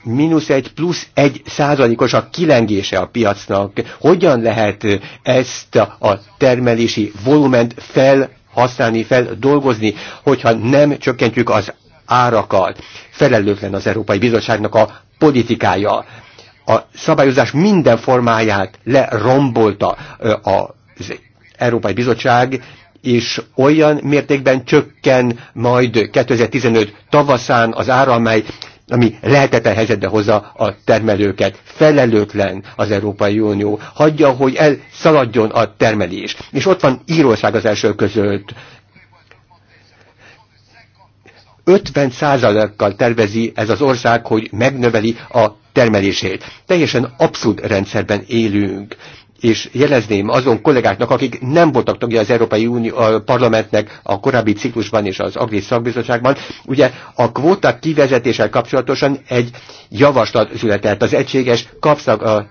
mínusz egy plusz egy százalékos a kilengése a piacnak. Hogyan lehet ezt a termelési volument felhasználni, feldolgozni, hogyha nem csökkentjük az árakat? Felelőtlen az Európai Bizottságnak a politikája. A szabályozás minden formáját lerombolta az Európai Bizottság, és olyan mértékben csökken majd 2015 tavaszán az ára, amely ami lehetetlen helyzetbe hozza a termelőket. Felelőtlen az Európai Unió. Hagyja, hogy elszaladjon a termelés. És ott van Írország az első között. 50%-kal tervezi ez az ország, hogy megnöveli a termelését. Teljesen abszurd rendszerben élünk és jelezném azon kollégáknak, akik nem voltak tagja az Európai Unió a parlamentnek a korábbi ciklusban és az Agri Szakbizottságban, ugye a kvóták kivezetéssel kapcsolatosan egy javaslat született az egységes kapszak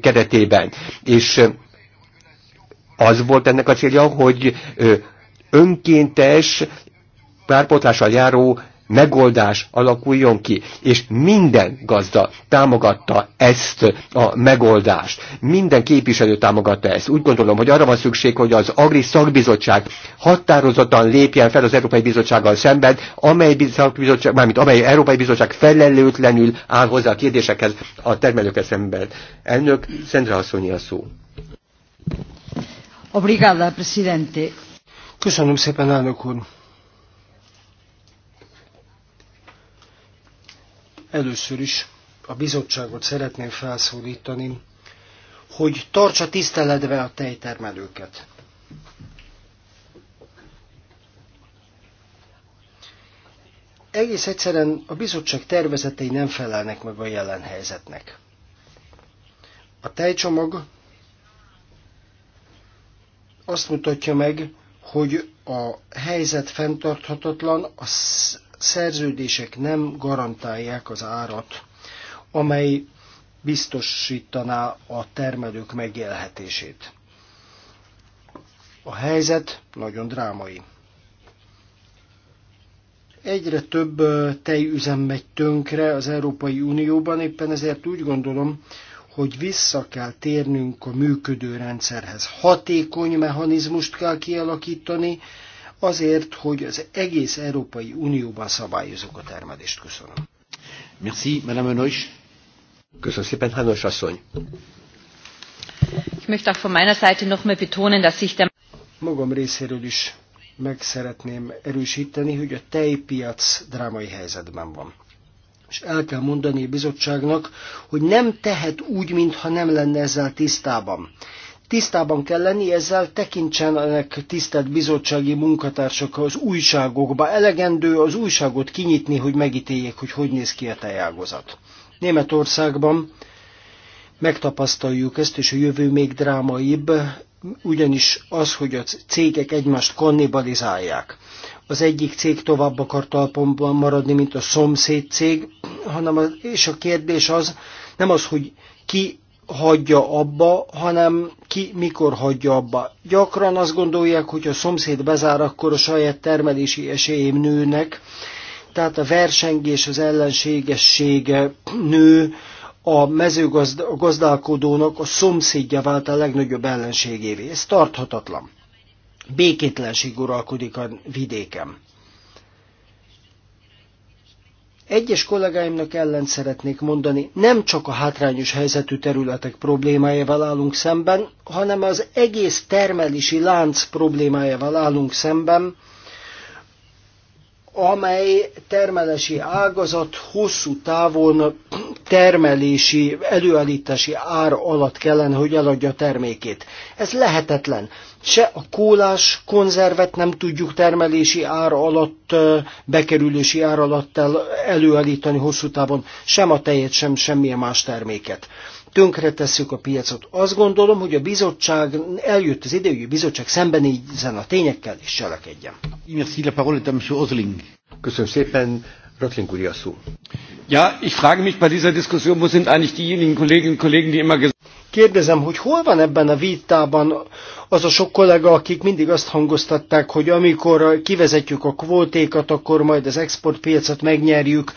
keretében, és az volt ennek a célja, hogy önkéntes párpotlással járó megoldás alakuljon ki, és minden gazda támogatta ezt a megoldást. Minden képviselő támogatta ezt. Úgy gondolom, hogy arra van szükség, hogy az Agri Szakbizottság határozottan lépjen fel az Európai Bizottsággal szemben, amely, bizottság, mármint amely Európai Bizottság felelőtlenül áll hozzá a kérdésekhez a termelők szemben. Elnök, Szentre asszonyi a szó. Obrigada, Presidente. Köszönöm szépen, elnök úr. Először is a bizottságot szeretném felszólítani, hogy tartsa tiszteletbe a tejtermelőket. Egész egyszerűen a bizottság tervezetei nem felelnek meg a jelen helyzetnek. A tejcsomag azt mutatja meg, hogy a helyzet fenntarthatatlan, a szerződések nem garantálják az árat, amely biztosítaná a termelők megélhetését. A helyzet nagyon drámai. Egyre több tejüzem megy tönkre az Európai Unióban, éppen ezért úgy gondolom, hogy vissza kell térnünk a működő rendszerhez. Hatékony mechanizmust kell kialakítani, azért, hogy az egész Európai Unióban szabályozok a termelést. Köszönöm. Merci, Madame Önös. Köszönöm szépen, Hános asszony. Ich möchte auch von meiner Seite mal betonen, dass ich der Magam részéről is meg szeretném erősíteni, hogy a tejpiac drámai helyzetben van. És el kell mondani a bizottságnak, hogy nem tehet úgy, mintha nem lenne ezzel tisztában. Tisztában kell lenni, ezzel tekintsenek tisztelt bizottsági munkatársak az újságokba. Elegendő az újságot kinyitni, hogy megítéljék, hogy hogy néz ki a tejágazat. Németországban megtapasztaljuk ezt, és a jövő még drámaibb, ugyanis az, hogy a cégek egymást kannibalizálják. Az egyik cég tovább akar talpomban maradni, mint a szomszéd cég, hanem az, és a kérdés az nem az, hogy ki hagyja abba, hanem ki mikor hagyja abba. Gyakran azt gondolják, hogy a szomszéd bezár, akkor a saját termelési esélyém nőnek, tehát a versengés, az ellenségesség nő, a mezőgazdálkodónak a szomszédja vált a legnagyobb ellenségévé. Ez tarthatatlan. Békétlenség uralkodik a vidéken. Egyes kollégáimnak ellent szeretnék mondani, nem csak a hátrányos helyzetű területek problémájával állunk szemben, hanem az egész termelési lánc problémájával állunk szemben, amely termelési ágazat hosszú távon termelési, előállítási ár alatt kellene, hogy eladja a termékét. Ez lehetetlen se a kólás konzervet nem tudjuk termelési ára alatt, bekerülési ára alatt előállítani hosszú távon, sem a tejet, sem semmilyen más terméket. Tönkre tesszük a piacot. Azt gondolom, hogy a bizottság, eljött az idő, hogy a bizottság szembenézzen a tényekkel és cselekedjen. Köszönöm szépen, Röttling úr, Ja, ich frage mich bei dieser Diskussion, wo sind eigentlich diejenigen Kolleginnen und Kollegen, die immer gesagt kérdezem, hogy hol van ebben a vitában az a sok kollega, akik mindig azt hangoztatták, hogy amikor kivezetjük a kvótékat, akkor majd az exportpiacot megnyerjük,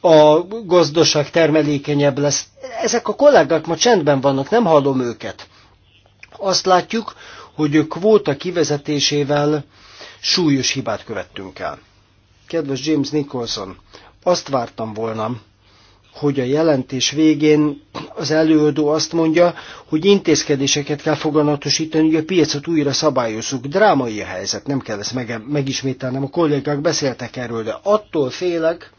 a gazdaság termelékenyebb lesz. Ezek a kollégák ma csendben vannak, nem hallom őket. Azt látjuk, hogy a kvóta kivezetésével súlyos hibát követtünk el. Kedves James Nicholson, azt vártam volna, hogy a jelentés végén az előadó azt mondja, hogy intézkedéseket kell foganatosítani, hogy a piacot újra szabályozzuk. Drámai a helyzet, nem kell ezt megismételnem, a kollégák beszéltek erről, de attól félek,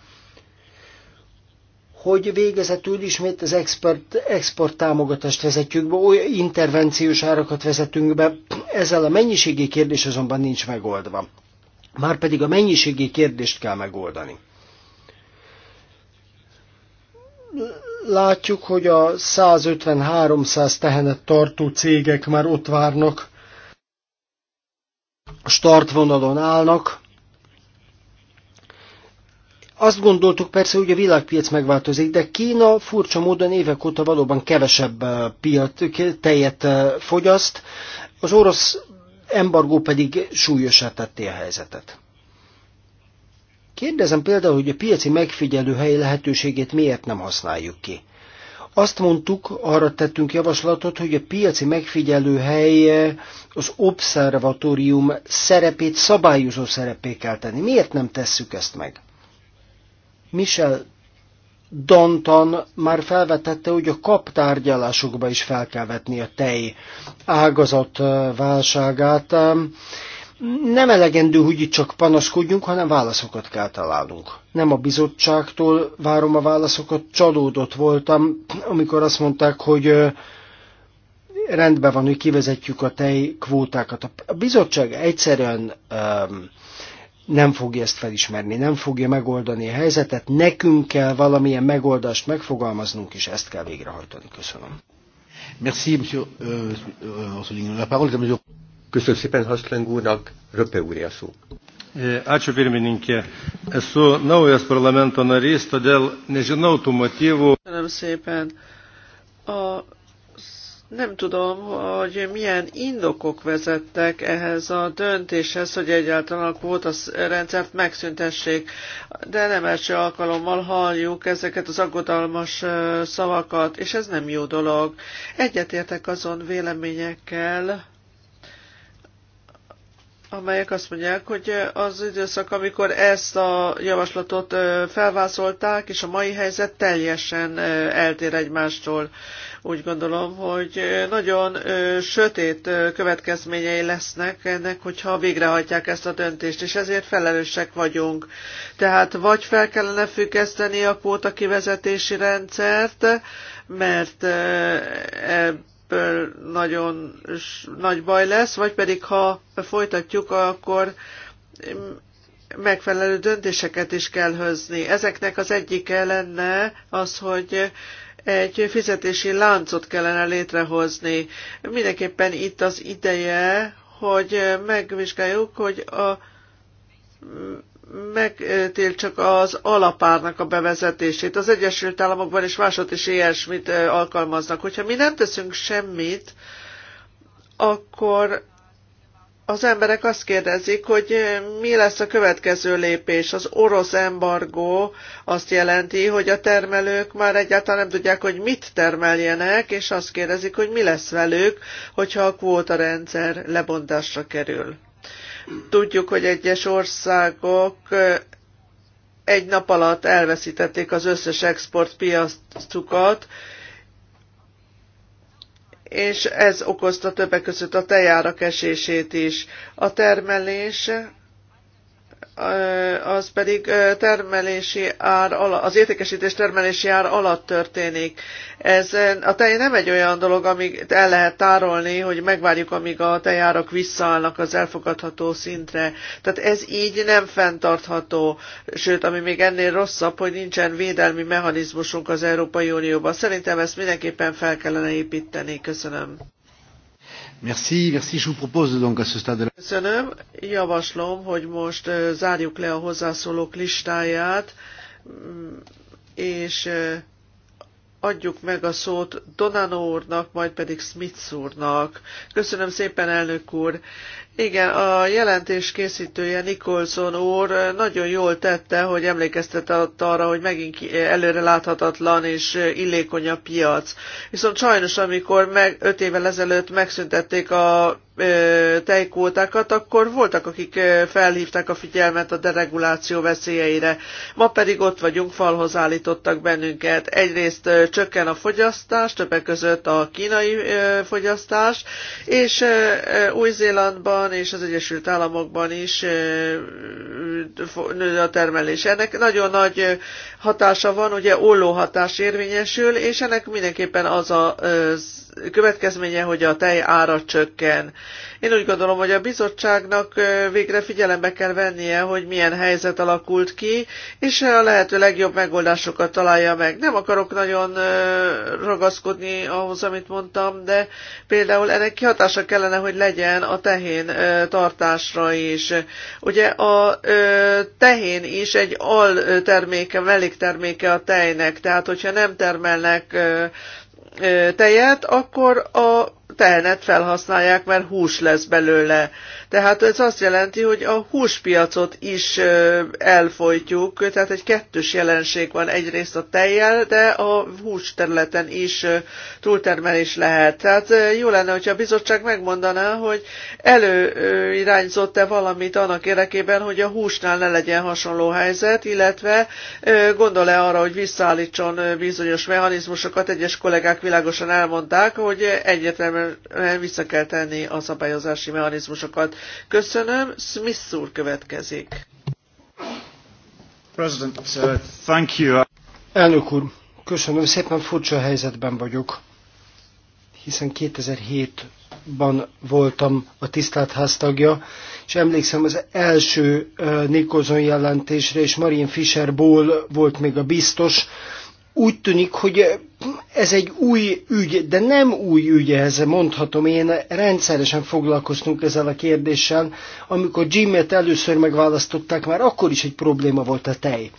hogy végezetül ismét az export, export támogatást vezetjük be, olyan intervenciós árakat vezetünk be, ezzel a mennyiségi kérdés azonban nincs megoldva. Márpedig a mennyiségi kérdést kell megoldani látjuk, hogy a 150-300 tehenet tartó cégek már ott várnak, a startvonalon állnak. Azt gondoltuk persze, hogy a világpiac megváltozik, de Kína furcsa módon évek óta valóban kevesebb eh, piac, tejet eh, fogyaszt, az orosz embargó pedig súlyosá tette a helyzetet. Kérdezem például, hogy a piaci megfigyelőhely lehetőségét miért nem használjuk ki. Azt mondtuk, arra tettünk javaslatot, hogy a piaci megfigyelőhely eh, az obszervatórium szerepét szabályozó szerepé kell tenni. Miért nem tesszük ezt meg? Michel Danton már felvetette, hogy a kap tárgyalásokba is fel kell vetni a tej ágazat eh, válságát, eh, nem elegendő, hogy itt csak panaszkodjunk, hanem válaszokat kell találnunk. Nem a bizottságtól várom a válaszokat, csalódott voltam, amikor azt mondták, hogy rendben van, hogy kivezetjük a tej kvótákat. A bizottság egyszerűen nem fogja ezt felismerni, nem fogja megoldani a helyzetet, nekünk kell valamilyen megoldást megfogalmaznunk, és ezt kell végrehajtani. Köszönöm. Merci, monsieur. Euh, euh, la parole est à monsieur. Köszönöm szépen Haszleng úrnak, Röpe úr a szó. Ačiū pirmininkė. Esu naujas parlamento narys, todėl nežinau tų motyvų. szépen. nem tudom, hogy milyen indokok vezettek ehhez a döntéshez, hogy egyáltalán a kvóta rendszert megszüntessék, de nem első alkalommal halljuk ezeket az aggodalmas szavakat, és ez nem jó dolog. Egyetértek azon véleményekkel, amelyek azt mondják, hogy az időszak, amikor ezt a javaslatot felvázolták, és a mai helyzet teljesen eltér egymástól. Úgy gondolom, hogy nagyon sötét következményei lesznek ennek, hogyha végrehajtják ezt a döntést, és ezért felelősek vagyunk. Tehát vagy fel kellene függeszteni a kvóta kivezetési rendszert, mert e, ebből nagyon nagy baj lesz, vagy pedig ha folytatjuk, akkor megfelelő döntéseket is kell hozni. Ezeknek az egyike lenne az, hogy egy fizetési láncot kellene létrehozni. Mindenképpen itt az ideje, hogy megvizsgáljuk, hogy a csak az alapárnak a bevezetését. Az Egyesült Államokban és másod is ilyesmit alkalmaznak. Hogyha mi nem teszünk semmit, akkor az emberek azt kérdezik, hogy mi lesz a következő lépés. Az orosz embargó azt jelenti, hogy a termelők már egyáltalán nem tudják, hogy mit termeljenek, és azt kérdezik, hogy mi lesz velük, hogyha a rendszer lebontásra kerül. Tudjuk, hogy egyes országok egy nap alatt elveszítették az összes exportpiacukat, és ez okozta többek között a tejárak esését is. A termelés az pedig termelési ár, az értékesítés termelési ár alatt történik. Ez a tej nem egy olyan dolog, amit el lehet tárolni, hogy megvárjuk, amíg a tejárak visszaállnak az elfogadható szintre. Tehát ez így nem fenntartható. Sőt, ami még ennél rosszabb, hogy nincsen védelmi mechanizmusunk az Európai Unióban. Szerintem ezt mindenképpen fel kellene építeni. Köszönöm. Merci, merci. Je vous propose donc à ce stade... Köszönöm. Javaslom, hogy most zárjuk le a hozzászólók listáját, mm, és adjuk meg a szót Donano úrnak, majd pedig Smith úrnak. Köszönöm szépen, elnök úr. Igen, a jelentés készítője Nicholson úr nagyon jól tette, hogy emlékeztetett arra, hogy megint előre láthatatlan és illékony a piac. Viszont sajnos, amikor meg, öt évvel ezelőtt megszüntették a tejkótákat, akkor voltak, akik felhívták a figyelmet a dereguláció veszélyeire. Ma pedig ott vagyunk, falhoz állítottak bennünket. Egyrészt csökken a fogyasztás, többek között a kínai fogyasztás, és Új-Zélandban és az Egyesült Államokban is nő a termelés. Ennek nagyon nagy hatása van, ugye olló hatás érvényesül, és ennek mindenképpen az a következménye, hogy a tej ára csökken. Én úgy gondolom, hogy a bizottságnak végre figyelembe kell vennie, hogy milyen helyzet alakult ki, és a lehető legjobb megoldásokat találja meg. Nem akarok nagyon ragaszkodni ahhoz, amit mondtam, de például ennek kihatása kellene, hogy legyen a tehén tartásra is. Ugye a tehén is egy alterméke, mellékterméke a tejnek, tehát hogyha nem termelnek tejet, akkor a tehenet felhasználják, mert hús lesz belőle. Tehát ez azt jelenti, hogy a húspiacot is elfolytjuk, tehát egy kettős jelenség van egyrészt a tejjel, de a hús területen is túltermelés lehet. Tehát jó lenne, hogyha a bizottság megmondaná, hogy előirányzott-e valamit annak érdekében, hogy a húsnál ne legyen hasonló helyzet, illetve gondol-e arra, hogy visszaállítson bizonyos mechanizmusokat, egyes kollégák világosan elmondták, hogy egyértelműen kell, vissza kell tenni a szabályozási mechanizmusokat. Köszönöm, Smith úr következik. President, uh, thank you. Elnök úr, köszönöm szépen, furcsa helyzetben vagyok, hiszen 2007-ban voltam a tisztelt háztagja, és emlékszem az első uh, Nikozon jelentésre, és Marian ból volt még a biztos, úgy tűnik, hogy eh, ez egy új ügy, de nem új ügy ez, mondhatom én, rendszeresen foglalkoztunk ezzel a kérdéssel. Amikor Jimmet először megválasztották, már akkor is egy probléma volt a tej.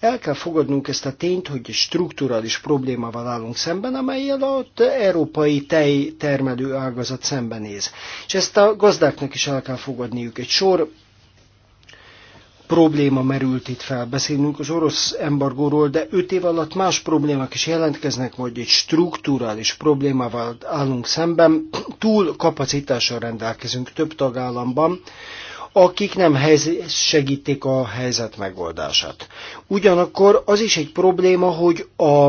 El kell fogadnunk ezt a tényt, hogy strukturális problémával állunk szemben, amelyel az európai tejtermelő ágazat szembenéz. És ezt a gazdáknak is el kell fogadniuk. Egy sor probléma merült itt fel. Beszélünk az orosz embargóról, de öt év alatt más problémák is jelentkeznek, majd egy struktúrális problémával állunk szemben. Túl kapacitással rendelkezünk több tagállamban, akik nem segítik a helyzet megoldását. Ugyanakkor az is egy probléma, hogy a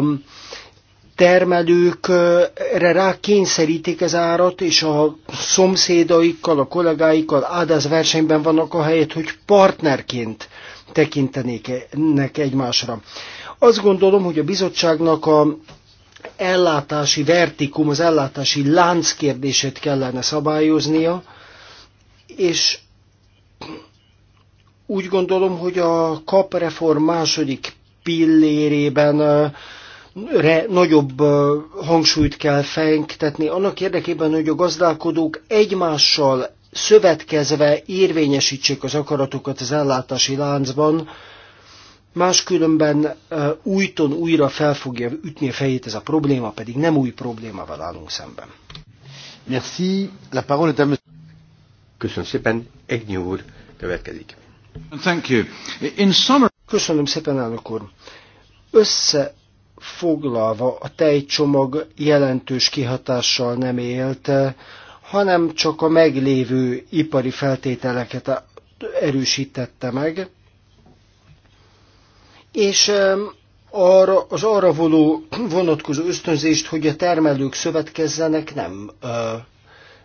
termelőkre rá kényszerítik az árat, és a szomszédaikkal, a kollégáikkal áldáz versenyben vannak a helyet, hogy partnerként tekintenének egymásra. Azt gondolom, hogy a bizottságnak a ellátási vertikum, az ellátási lánc kérdését kellene szabályoznia, és úgy gondolom, hogy a kapreform második pillérében re nagyobb hangsúlyt kell fektetni annak érdekében, hogy a gazdálkodók egymással szövetkezve érvényesítsék az akaratokat az ellátási láncban, máskülönben újton újra fel fogja ütni a fejét ez a probléma, pedig nem új problémával állunk szemben. Merci. La parole est à Köszönöm szépen, Egnyi úr következik. Thank you. In summer... Köszönöm szépen, elnök úr. Össze foglalva a tejcsomag jelentős kihatással nem élt, hanem csak a meglévő ipari feltételeket erősítette meg, és arra, az arra voló vonatkozó ösztönzést, hogy a termelők szövetkezzenek, nem ö,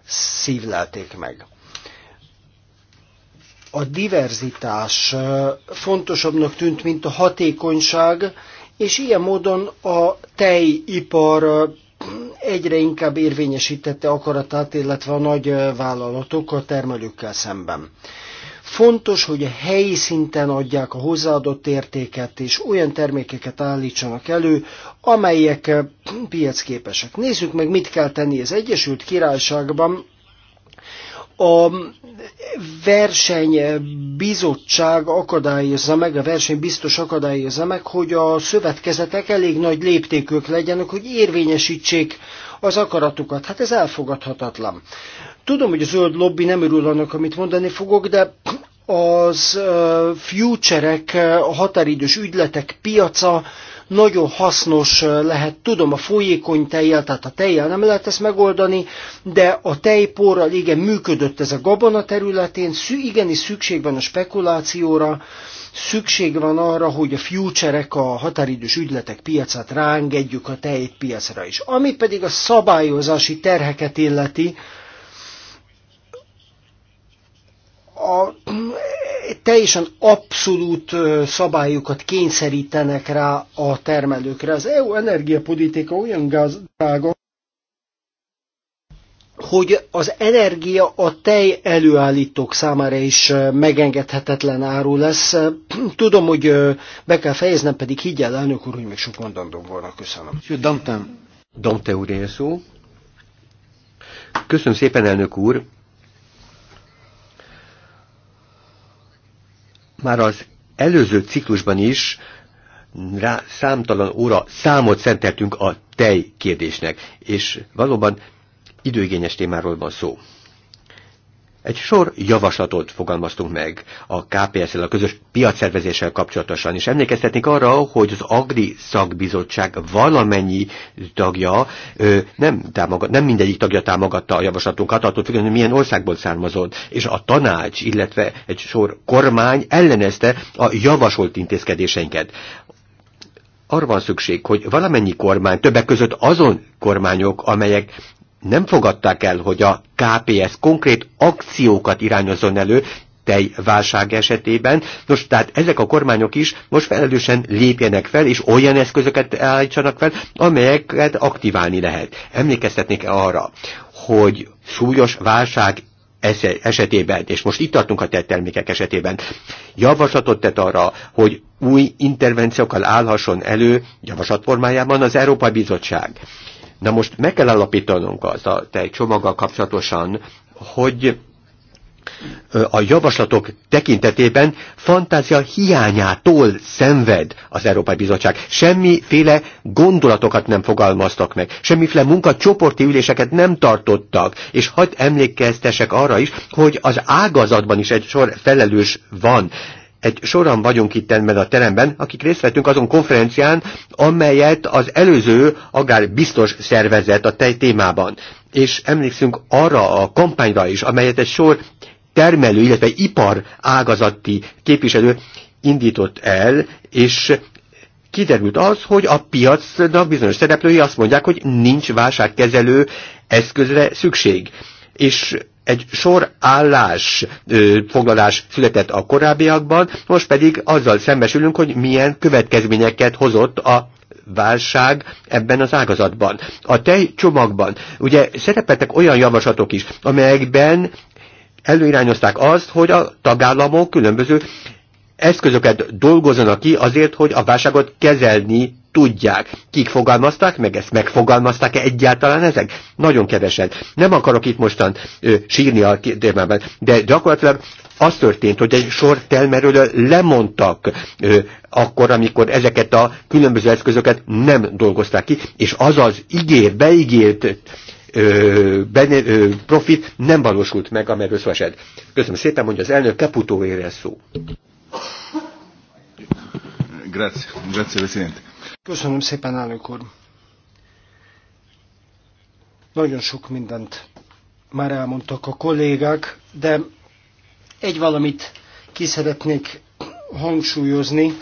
szívlelték meg. A diverzitás fontosabbnak tűnt, mint a hatékonyság, és ilyen módon a tejipar egyre inkább érvényesítette akaratát, illetve a nagy vállalatok a termelőkkel szemben. Fontos, hogy a helyi szinten adják a hozzáadott értéket, és olyan termékeket állítsanak elő, amelyek piacképesek. Nézzük meg, mit kell tenni az Egyesült Királyságban. A versenybizottság akadályozza meg, a versenybiztos akadályozza meg, hogy a szövetkezetek elég nagy léptékök legyenek, hogy érvényesítsék az akaratukat. Hát ez elfogadhatatlan. Tudom, hogy a zöld lobby nem örül annak, amit mondani fogok, de az futurek, a határidős ügyletek piaca nagyon hasznos lehet. Tudom, a folyékony tejjel, tehát a tejjel nem lehet ezt megoldani, de a tejporral igen működött ez a gabona területén, igenis szükség van a spekulációra, szükség van arra, hogy a futurek, a határidős ügyletek piacát ráengedjük a tejpiacra is. Ami pedig a szabályozási terheket illeti, a, teljesen abszolút szabályokat kényszerítenek rá a termelőkre. Az EU energiapolitika olyan gazdága, hogy az energia a tej előállítók számára is megengedhetetlen áru lesz. Tudom, hogy be kell fejeznem, pedig higgyel, elnök úr, hogy még sok mondandóm volna. Köszönöm. Damte úr, szó. Köszönöm szépen, elnök úr. már az előző ciklusban is rá számtalan óra számot szenteltünk a tej kérdésnek, és valóban időigényes témáról van szó egy sor javaslatot fogalmaztunk meg a KPSZ-el, a közös piacszervezéssel kapcsolatosan, és emlékeztetnék arra, hogy az Agri szakbizottság valamennyi tagja ö, nem, támogat, nem mindegyik tagja támogatta a javaslatunkat, attól függően, hogy milyen országból származott, és a tanács, illetve egy sor kormány ellenezte a javasolt intézkedéseinket arra van szükség, hogy valamennyi kormány, többek között azon kormányok, amelyek nem fogadták el, hogy a KPS konkrét akciókat irányozzon elő, válság esetében. Nos, tehát ezek a kormányok is most felelősen lépjenek fel, és olyan eszközöket állítsanak fel, amelyeket aktiválni lehet. Emlékeztetnék arra, hogy súlyos válság esetében, és most itt tartunk a termékek esetében, javaslatot tett arra, hogy új intervenciókkal állhasson elő javaslatformájában az Európai Bizottság. Na most meg kell állapítanunk az a tej csomaggal kapcsolatosan, hogy a javaslatok tekintetében fantázia hiányától szenved az Európai Bizottság. Semmiféle gondolatokat nem fogalmaztak meg, semmiféle munkacsoporti üléseket nem tartottak, és hadd emlékeztesek arra is, hogy az ágazatban is egy sor felelős van egy soran vagyunk itt ebben a teremben, akik részt vettünk azon konferencián, amelyet az előző, akár biztos szervezett a tej témában. És emlékszünk arra a kampányra is, amelyet egy sor termelő, illetve ipar ágazati képviselő indított el, és kiderült az, hogy a piacnak bizonyos szereplői azt mondják, hogy nincs válságkezelő eszközre szükség. És egy sor állás ö, foglalás született a korábbiakban, most pedig azzal szembesülünk, hogy milyen következményeket hozott a válság ebben az ágazatban. A tejcsomagban ugye szerepeltek olyan javaslatok is, amelyekben előirányozták azt, hogy a tagállamok különböző eszközöket dolgozzanak ki azért, hogy a válságot kezelni tudják, kik fogalmazták meg ezt, megfogalmazták-e egyáltalán ezek? Nagyon kevesen. Nem akarok itt mostan ö, sírni a témában, de gyakorlatilag az történt, hogy egy sor telmerülő lemondtak ö, akkor, amikor ezeket a különböző eszközöket nem dolgozták ki, és az az ígér, beígért ö, bene, ö, profit nem valósult meg, amiről szó esett. Köszönöm szépen, mondja az elnök, Caputo ére szó. Grazie, grazie Presidente. Köszönöm szépen, elnök úr. Nagyon sok mindent már elmondtak a kollégák, de egy valamit ki szeretnék hangsúlyozni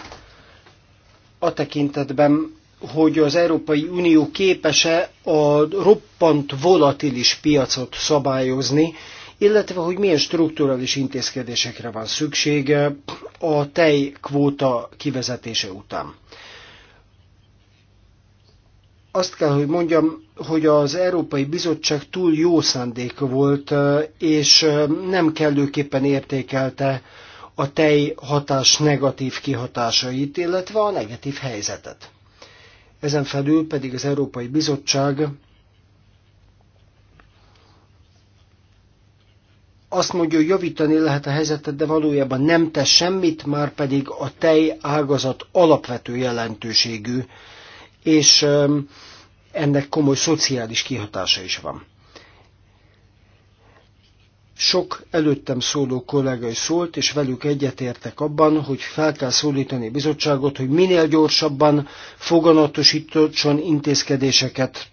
a tekintetben, hogy az Európai Unió képes-e a roppant volatilis piacot szabályozni, illetve hogy milyen strukturális intézkedésekre van szüksége a tejkvóta kivezetése után azt kell, hogy mondjam, hogy az Európai Bizottság túl jó szándéka volt, és nem kellőképpen értékelte a tej hatás negatív kihatásait, illetve a negatív helyzetet. Ezen felül pedig az Európai Bizottság azt mondja, hogy javítani lehet a helyzetet, de valójában nem tesz semmit, már pedig a tej ágazat alapvető jelentőségű és ennek komoly szociális kihatása is van. Sok előttem szóló kollega is szólt, és velük egyetértek abban, hogy fel kell szólítani a bizottságot, hogy minél gyorsabban foganatosítson intézkedéseket,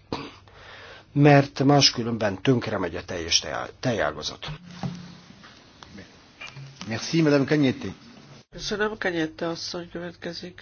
mert máskülönben tönkre megy a teljes tejágazat. Merci, Madame Cagnette. Köszönöm, Cagnette asszony következik.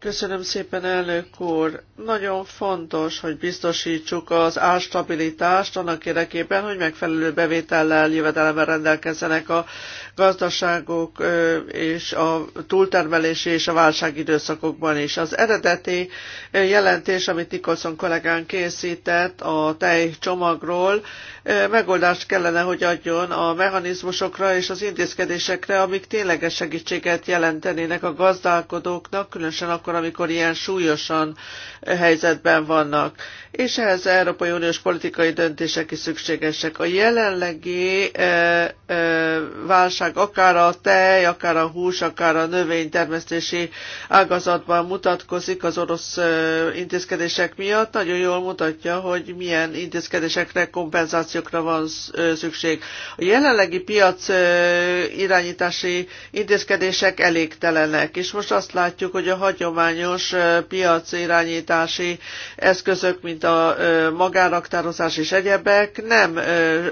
Köszönöm szépen, elnök úr. Nagyon fontos, hogy biztosítsuk az árstabilitást annak érdekében, hogy megfelelő bevétellel, jövedelemmel rendelkezzenek a gazdaságok és a túltermelési és a válság időszakokban is. Az eredeti jelentés, amit Nikolson kollégán készített a tejcsomagról, megoldást kellene, hogy adjon a mechanizmusokra és az intézkedésekre, amik tényleges segítséget jelentenének a gazdálkodóknak, különösen akkor, akkor, amikor ilyen súlyosan helyzetben vannak. És ehhez Európai Uniós politikai döntések is szükségesek. A jelenlegi e, e, válság akár a tej, akár a hús, akár a növénytermesztési ágazatban mutatkozik az orosz e, intézkedések miatt. Nagyon jól mutatja, hogy milyen intézkedésekre, kompenzációkra van szükség. A jelenlegi piac irányítási intézkedések elégtelenek, és most azt látjuk, hogy a hagyomány hagyományos piacirányítási eszközök, mint a magáraktározás és egyebek nem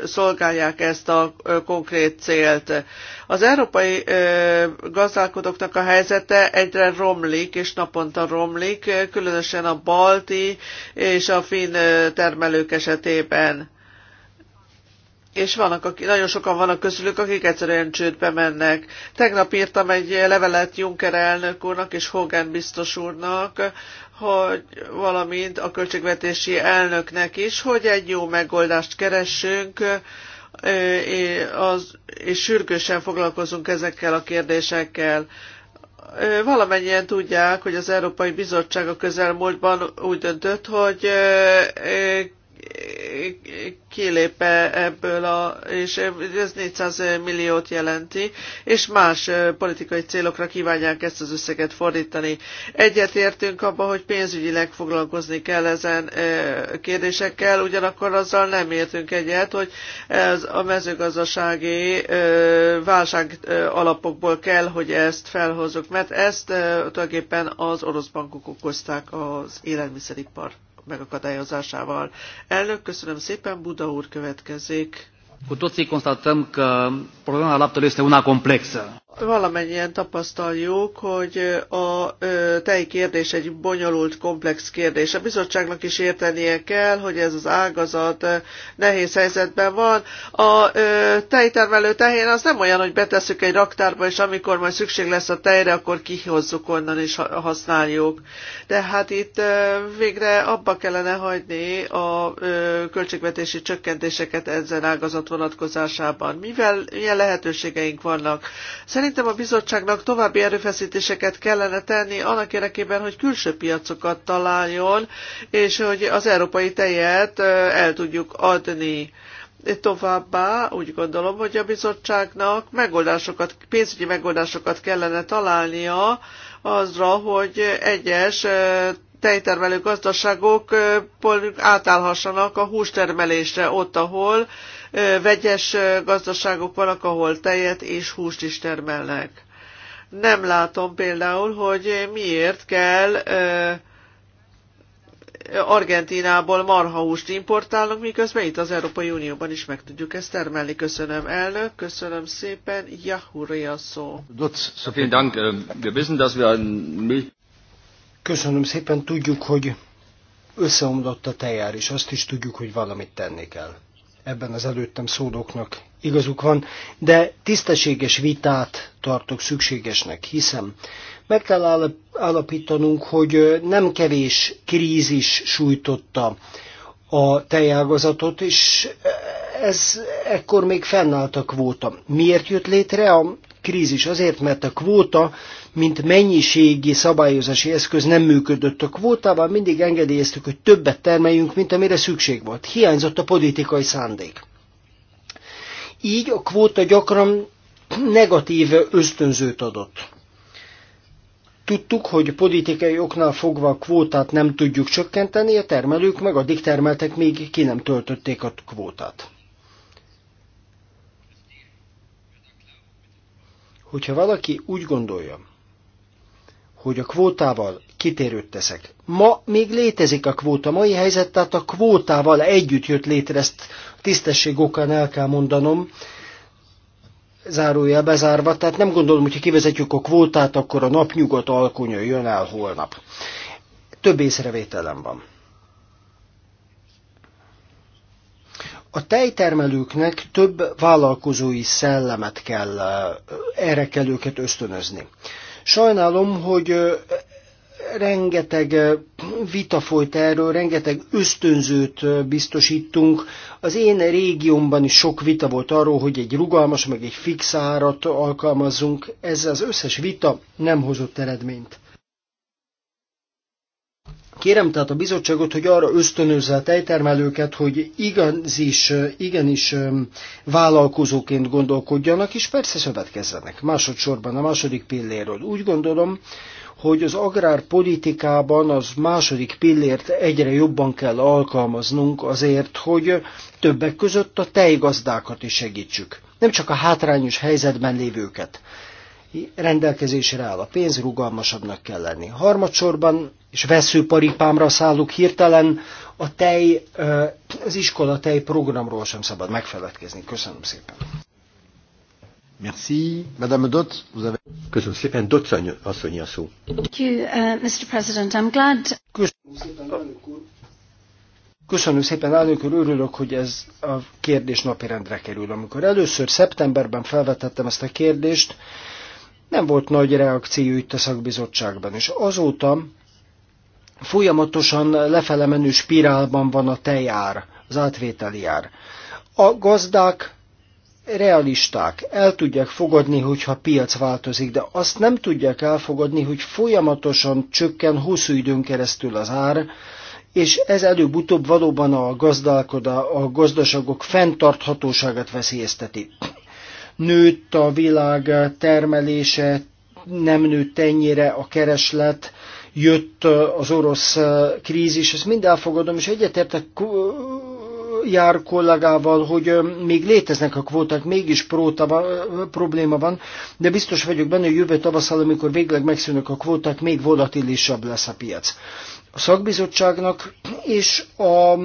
szolgálják ezt a konkrét célt. Az európai gazdálkodóknak a helyzete egyre romlik, és naponta romlik, különösen a balti és a finn termelők esetében és vannak, nagyon sokan vannak közülük, akik egyszerűen csődbe mennek. Tegnap írtam egy levelet Juncker elnök úrnak és Hogan biztos úrnak, hogy valamint a költségvetési elnöknek is, hogy egy jó megoldást keressünk, és sürgősen foglalkozunk ezekkel a kérdésekkel. Valamennyien tudják, hogy az Európai Bizottság a közelmúltban úgy döntött, hogy kilépe ebből, a, és ez 400 milliót jelenti, és más e, politikai célokra kívánják ezt az összeget fordítani. Egyetértünk abba, hogy pénzügyileg foglalkozni kell ezen e, kérdésekkel, ugyanakkor azzal nem értünk egyet, hogy ez a mezőgazdasági e, válság alapokból kell, hogy ezt felhozzuk, mert ezt tulajdonképpen az orosz bankok okozták az élelmiszeripar megakadályozásával. Elnök, köszönöm szépen, Buda úr következik. Cu toții constatăm că problema laptelui este una complexă valamennyien tapasztaljuk, hogy a tej kérdés egy bonyolult, komplex kérdés. A bizottságnak is értenie kell, hogy ez az ágazat nehéz helyzetben van. A tejtermelő tehén az nem olyan, hogy betesszük egy raktárba, és amikor majd szükség lesz a tejre, akkor kihozzuk onnan és használjuk. De hát itt végre abba kellene hagyni a költségvetési csökkentéseket ezen ágazat vonatkozásában. Mivel ilyen lehetőségeink vannak? Szerint Szerintem a bizottságnak további erőfeszítéseket kellene tenni annak érdekében, hogy külső piacokat találjon, és hogy az európai tejet el tudjuk adni. Továbbá úgy gondolom, hogy a bizottságnak megoldásokat, pénzügyi megoldásokat kellene találnia azra, hogy egyes tejtermelő gazdaságok átállhassanak a hústermelésre ott, ahol vegyes gazdaságok vannak, ahol tejet és húst is termelnek. Nem látom például, hogy miért kell Argentinából marhahúst importálnunk, miközben itt az Európai Unióban is meg tudjuk ezt termelni. Köszönöm elnök, köszönöm szépen, Jahuri szó. Äh, köszönöm szépen, tudjuk, hogy összeomlott a tejár, és azt is tudjuk, hogy valamit tenni kell ebben az előttem szólóknak igazuk van, de tisztességes vitát tartok szükségesnek, hiszem meg kell állapítanunk, hogy nem kevés krízis sújtotta a tejágazatot, és ez ekkor még fennállt a kvóta. Miért jött létre a krízis? Azért, mert a kvóta, mint mennyiségi szabályozási eszköz nem működött a kvótával, mindig engedélyeztük, hogy többet termeljünk, mint amire szükség volt. Hiányzott a politikai szándék. Így a kvóta gyakran negatív ösztönzőt adott. Tudtuk, hogy politikai oknál fogva a kvótát nem tudjuk csökkenteni, a termelők meg addig termeltek, még ki nem töltötték a kvótát. Hogyha valaki úgy gondolja, hogy a kvótával kitérőt teszek. Ma még létezik a kvóta. Mai helyzet, tehát a kvótával együtt jött létre, ezt tisztesség okán el kell mondanom, zárójel bezárva, tehát nem gondolom, hogyha kivezetjük a kvótát, akkor a napnyugat alkonya jön el holnap. Több észrevételem van. A tejtermelőknek több vállalkozói szellemet kell, erre kell őket ösztönözni. Sajnálom, hogy rengeteg vita folyt erről, rengeteg ösztönzőt biztosítunk. Az én régiómban is sok vita volt arról, hogy egy rugalmas, meg egy fix árat alkalmazzunk. Ez az összes vita nem hozott eredményt. Kérem tehát a bizottságot, hogy arra ösztönözze a tejtermelőket, hogy igaz is, igenis vállalkozóként gondolkodjanak, és persze szövetkezzenek. Másodszorban a második pilléről. Úgy gondolom, hogy az agrárpolitikában az második pillért egyre jobban kell alkalmaznunk azért, hogy többek között a tejgazdákat is segítsük. Nem csak a hátrányos helyzetben lévőket rendelkezésre áll a pénz, rugalmasabbnak kell lenni. Harmadsorban, és veszőparipámra szállok hirtelen, a tej, az iskola tej programról sem szabad megfeledkezni. Köszönöm szépen. Merci. Madame Dot, vous avez... Köszönöm szépen, Dott asszony a szó. Thank you, uh, Mr. President. I'm glad... Köszönöm szépen, elnök úr. Köszönöm szépen, elnök úr, örülök, hogy ez a kérdés napirendre kerül. Amikor először szeptemberben felvetettem ezt a kérdést, nem volt nagy reakció itt a szakbizottságban, és azóta folyamatosan lefele menő spirálban van a tejár, az átvételi ár. A gazdák realisták, el tudják fogadni, hogyha piac változik, de azt nem tudják elfogadni, hogy folyamatosan csökken hosszú időn keresztül az ár, és ez előbb-utóbb valóban a, a gazdaságok fenntarthatóságát veszélyezteti nőtt a világ termelése, nem nőtt ennyire a kereslet, jött az orosz krízis, ezt mind elfogadom, és egyetértek jár kollégával, hogy még léteznek a kvóták, mégis próta, probléma van, de biztos vagyok benne, hogy jövő tavasszal, amikor végleg megszűnök a kvóták, még volatilisabb lesz a piac. A szakbizottságnak és a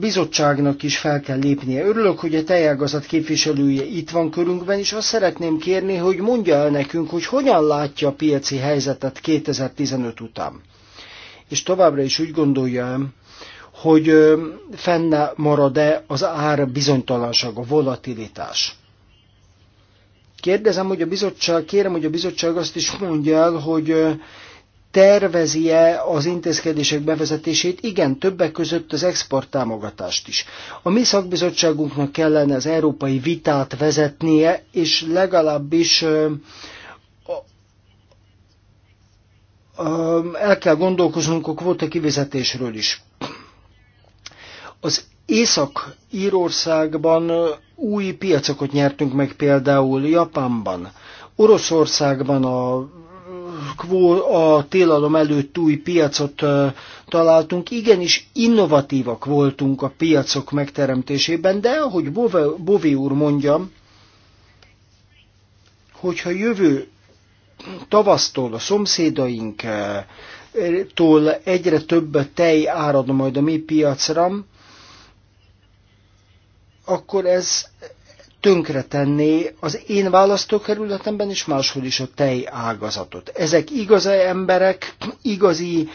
bizottságnak is fel kell lépnie. Örülök, hogy a tejágazat képviselője itt van körünkben, és azt szeretném kérni, hogy mondja el nekünk, hogy hogyan látja a piaci helyzetet 2015 után. És továbbra is úgy gondolja, hogy fenn marad-e az ár a volatilitás. Kérdezem, hogy a bizottság, kérem, hogy a bizottság azt is mondja el, hogy tervezi-e az intézkedések bevezetését? Igen, többek között az exporttámogatást is. A mi szakbizottságunknak kellene az európai vitát vezetnie, és legalábbis el kell gondolkoznunk a kvóta kivizetésről is. Az Észak-Írországban új piacokat nyertünk meg például Japánban. Oroszországban a quo a télalom előtt új piacot találtunk, igenis innovatívak voltunk a piacok megteremtésében, de ahogy Bové, úr mondja, hogyha jövő tavasztól a szomszédainktól egyre több tej árad majd a mi piacra, akkor ez tönkretenné az én választókerületemben és máshol is a tej ágazatot. Ezek igazi emberek, igazi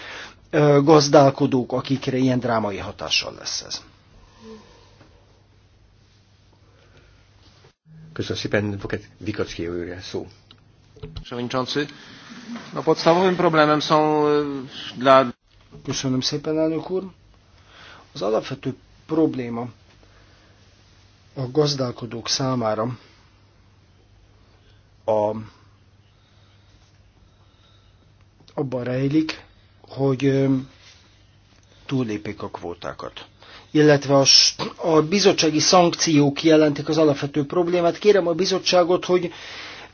ö, gazdálkodók, akikre ilyen drámai hatással lesz ez. Köszönöm szépen, Buket Vikacki jövőre szó. Przewodniczący, no podstawowym problemem są e, dla... Köszönöm szépen, elnök úr. Az alapvető probléma a gazdálkodók számára a, abban rejlik, hogy túllépik a kvótákat. Illetve a, a bizottsági szankciók jelentik az alapvető problémát. Kérem a bizottságot, hogy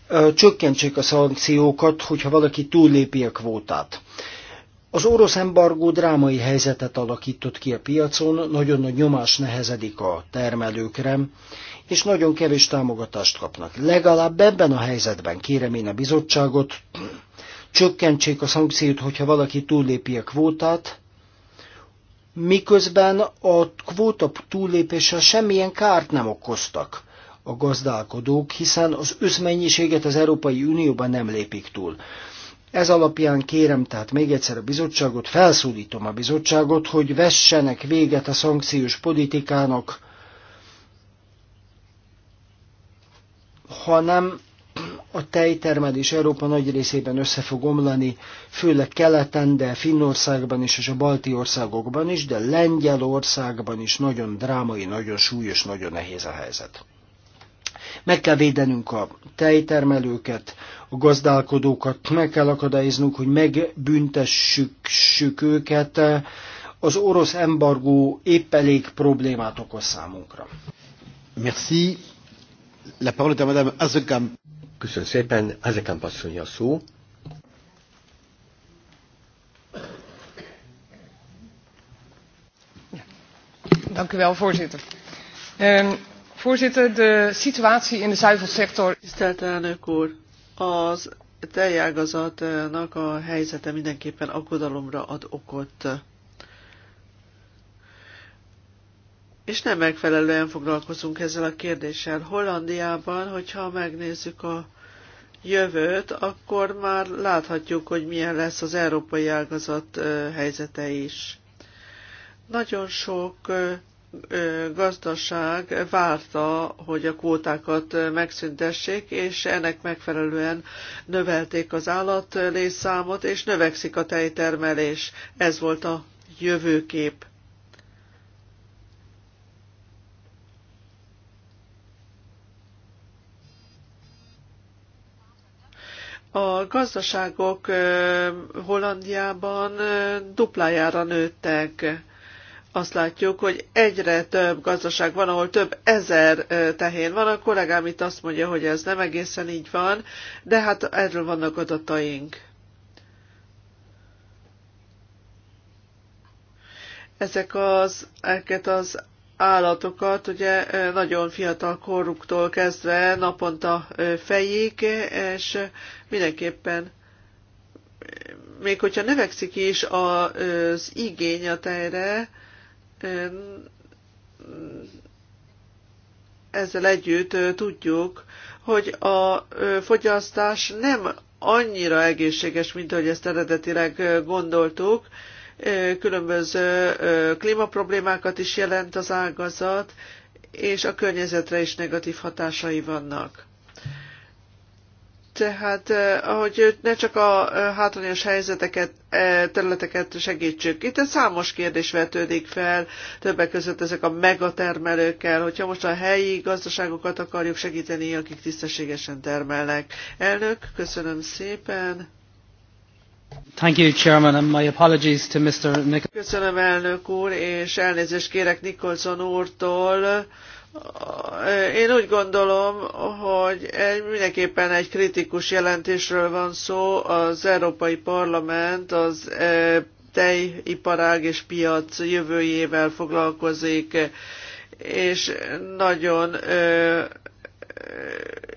ö, csökkentsék a szankciókat, hogyha valaki túllépi a kvótát. Az orosz embargó drámai helyzetet alakított ki a piacon, nagyon nagy nyomás nehezedik a termelőkre, és nagyon kevés támogatást kapnak. Legalább ebben a helyzetben kérem én a bizottságot, csökkentsék a szankciót, hogyha valaki túllépi a kvótát, miközben a kvóta túllépése semmilyen kárt nem okoztak a gazdálkodók, hiszen az összmennyiséget az Európai Unióban nem lépik túl. Ez alapján kérem tehát még egyszer a bizottságot, felszólítom a bizottságot, hogy vessenek véget a szankciós politikának, hanem a tejtermelés Európa nagy részében össze fog omlani, főleg keleten, de Finnországban is és a balti országokban is, de Lengyelországban is nagyon drámai, nagyon súlyos, nagyon nehéz a helyzet. Meg kell védenünk a tejtermelőket, a gazdálkodókat, meg kell akadályoznunk, hogy megbüntessük őket. Az orosz embargó épp elég problémát okoz számunkra. Merci. La parole est à Madame Azekam. Köszönöm szépen, Azekam asszony a szó. Dank u wel, voorzitter. Um, Voorzitter, de situatie in de zuivelsector... Tisztelt elnök úr, az tejágazatnak a helyzete mindenképpen aggodalomra ad okot. És nem megfelelően foglalkozunk ezzel a kérdéssel. Hollandiában, hogyha megnézzük a jövőt, akkor már láthatjuk, hogy milyen lesz az európai ágazat helyzete is. Nagyon sok gazdaság várta, hogy a kvótákat megszüntessék, és ennek megfelelően növelték az állatlészszámot, és növekszik a tejtermelés. Ez volt a jövőkép. A gazdaságok Hollandiában duplájára nőttek azt látjuk, hogy egyre több gazdaság van, ahol több ezer tehén van. A kollégám itt azt mondja, hogy ez nem egészen így van, de hát erről vannak adataink. Ezek az, ezeket az állatokat, ugye nagyon fiatal koruktól kezdve naponta fejik, és mindenképpen még hogyha növekszik is az igény a tejre, ezzel együtt tudjuk, hogy a fogyasztás nem annyira egészséges, mint ahogy ezt eredetileg gondoltuk. Különböző klímaproblémákat is jelent az ágazat, és a környezetre is negatív hatásai vannak. Tehát, eh, ahogy ne csak a eh, hátrányos helyzeteket, eh, területeket segítsük. Itt egy számos kérdés vetődik fel, többek között ezek a megatermelőkkel, hogyha most a helyi gazdaságokat akarjuk segíteni, akik tisztességesen termelnek. Elnök, köszönöm szépen. Thank you, Chairman, and my apologies to Mr. Nicholson. Köszönöm, elnök úr, és elnézést kérek Nicholson úrtól én úgy gondolom, hogy mindenképpen egy kritikus jelentésről van szó. Az Európai Parlament az e, tejiparág és piac jövőjével foglalkozik, és nagyon e,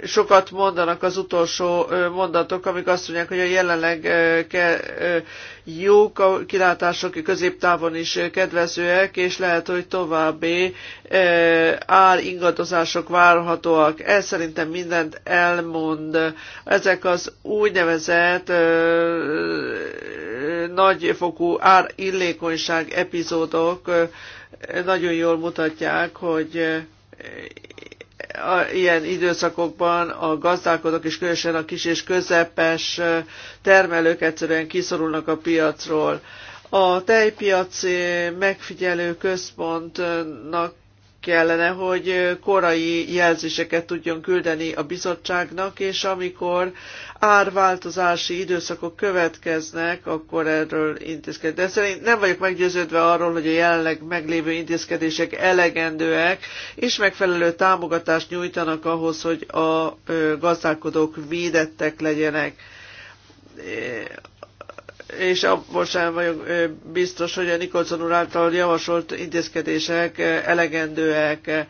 sokat mondanak az utolsó mondatok, amik azt mondják, hogy a jelenleg jók a kilátások középtávon is kedvezőek, és lehet, hogy további ár ingadozások várhatóak. Ez szerintem mindent elmond. Ezek az úgynevezett nagyfokú ár illékonyság epizódok nagyon jól mutatják, hogy a, ilyen időszakokban a gazdálkodók és különösen a kis és közepes termelők egyszerűen kiszorulnak a piacról. A tejpiaci megfigyelő központnak kellene, hogy korai jelzéseket tudjon küldeni a bizottságnak, és amikor árváltozási időszakok következnek, akkor erről intézkedik. De szerint nem vagyok meggyőződve arról, hogy a jelenleg meglévő intézkedések elegendőek, és megfelelő támogatást nyújtanak ahhoz, hogy a gazdálkodók védettek legyenek és abban sem vagyok biztos, hogy a Nikolson úr által javasolt intézkedések elegendőek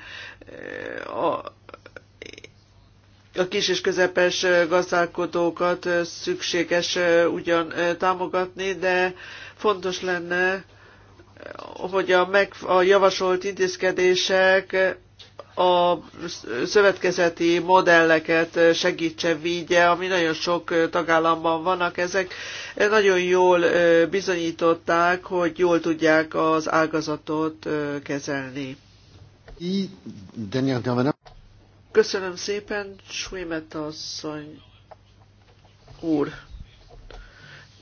a kis és közepes gazdálkodókat szükséges ugyan támogatni, de fontos lenne, hogy a, meg, a javasolt intézkedések a szövetkezeti modelleket segítse, vigye, ami nagyon sok tagállamban vannak ezek. Nagyon jól bizonyították, hogy jól tudják az ágazatot kezelni. Köszönöm szépen, Svémet asszony úr.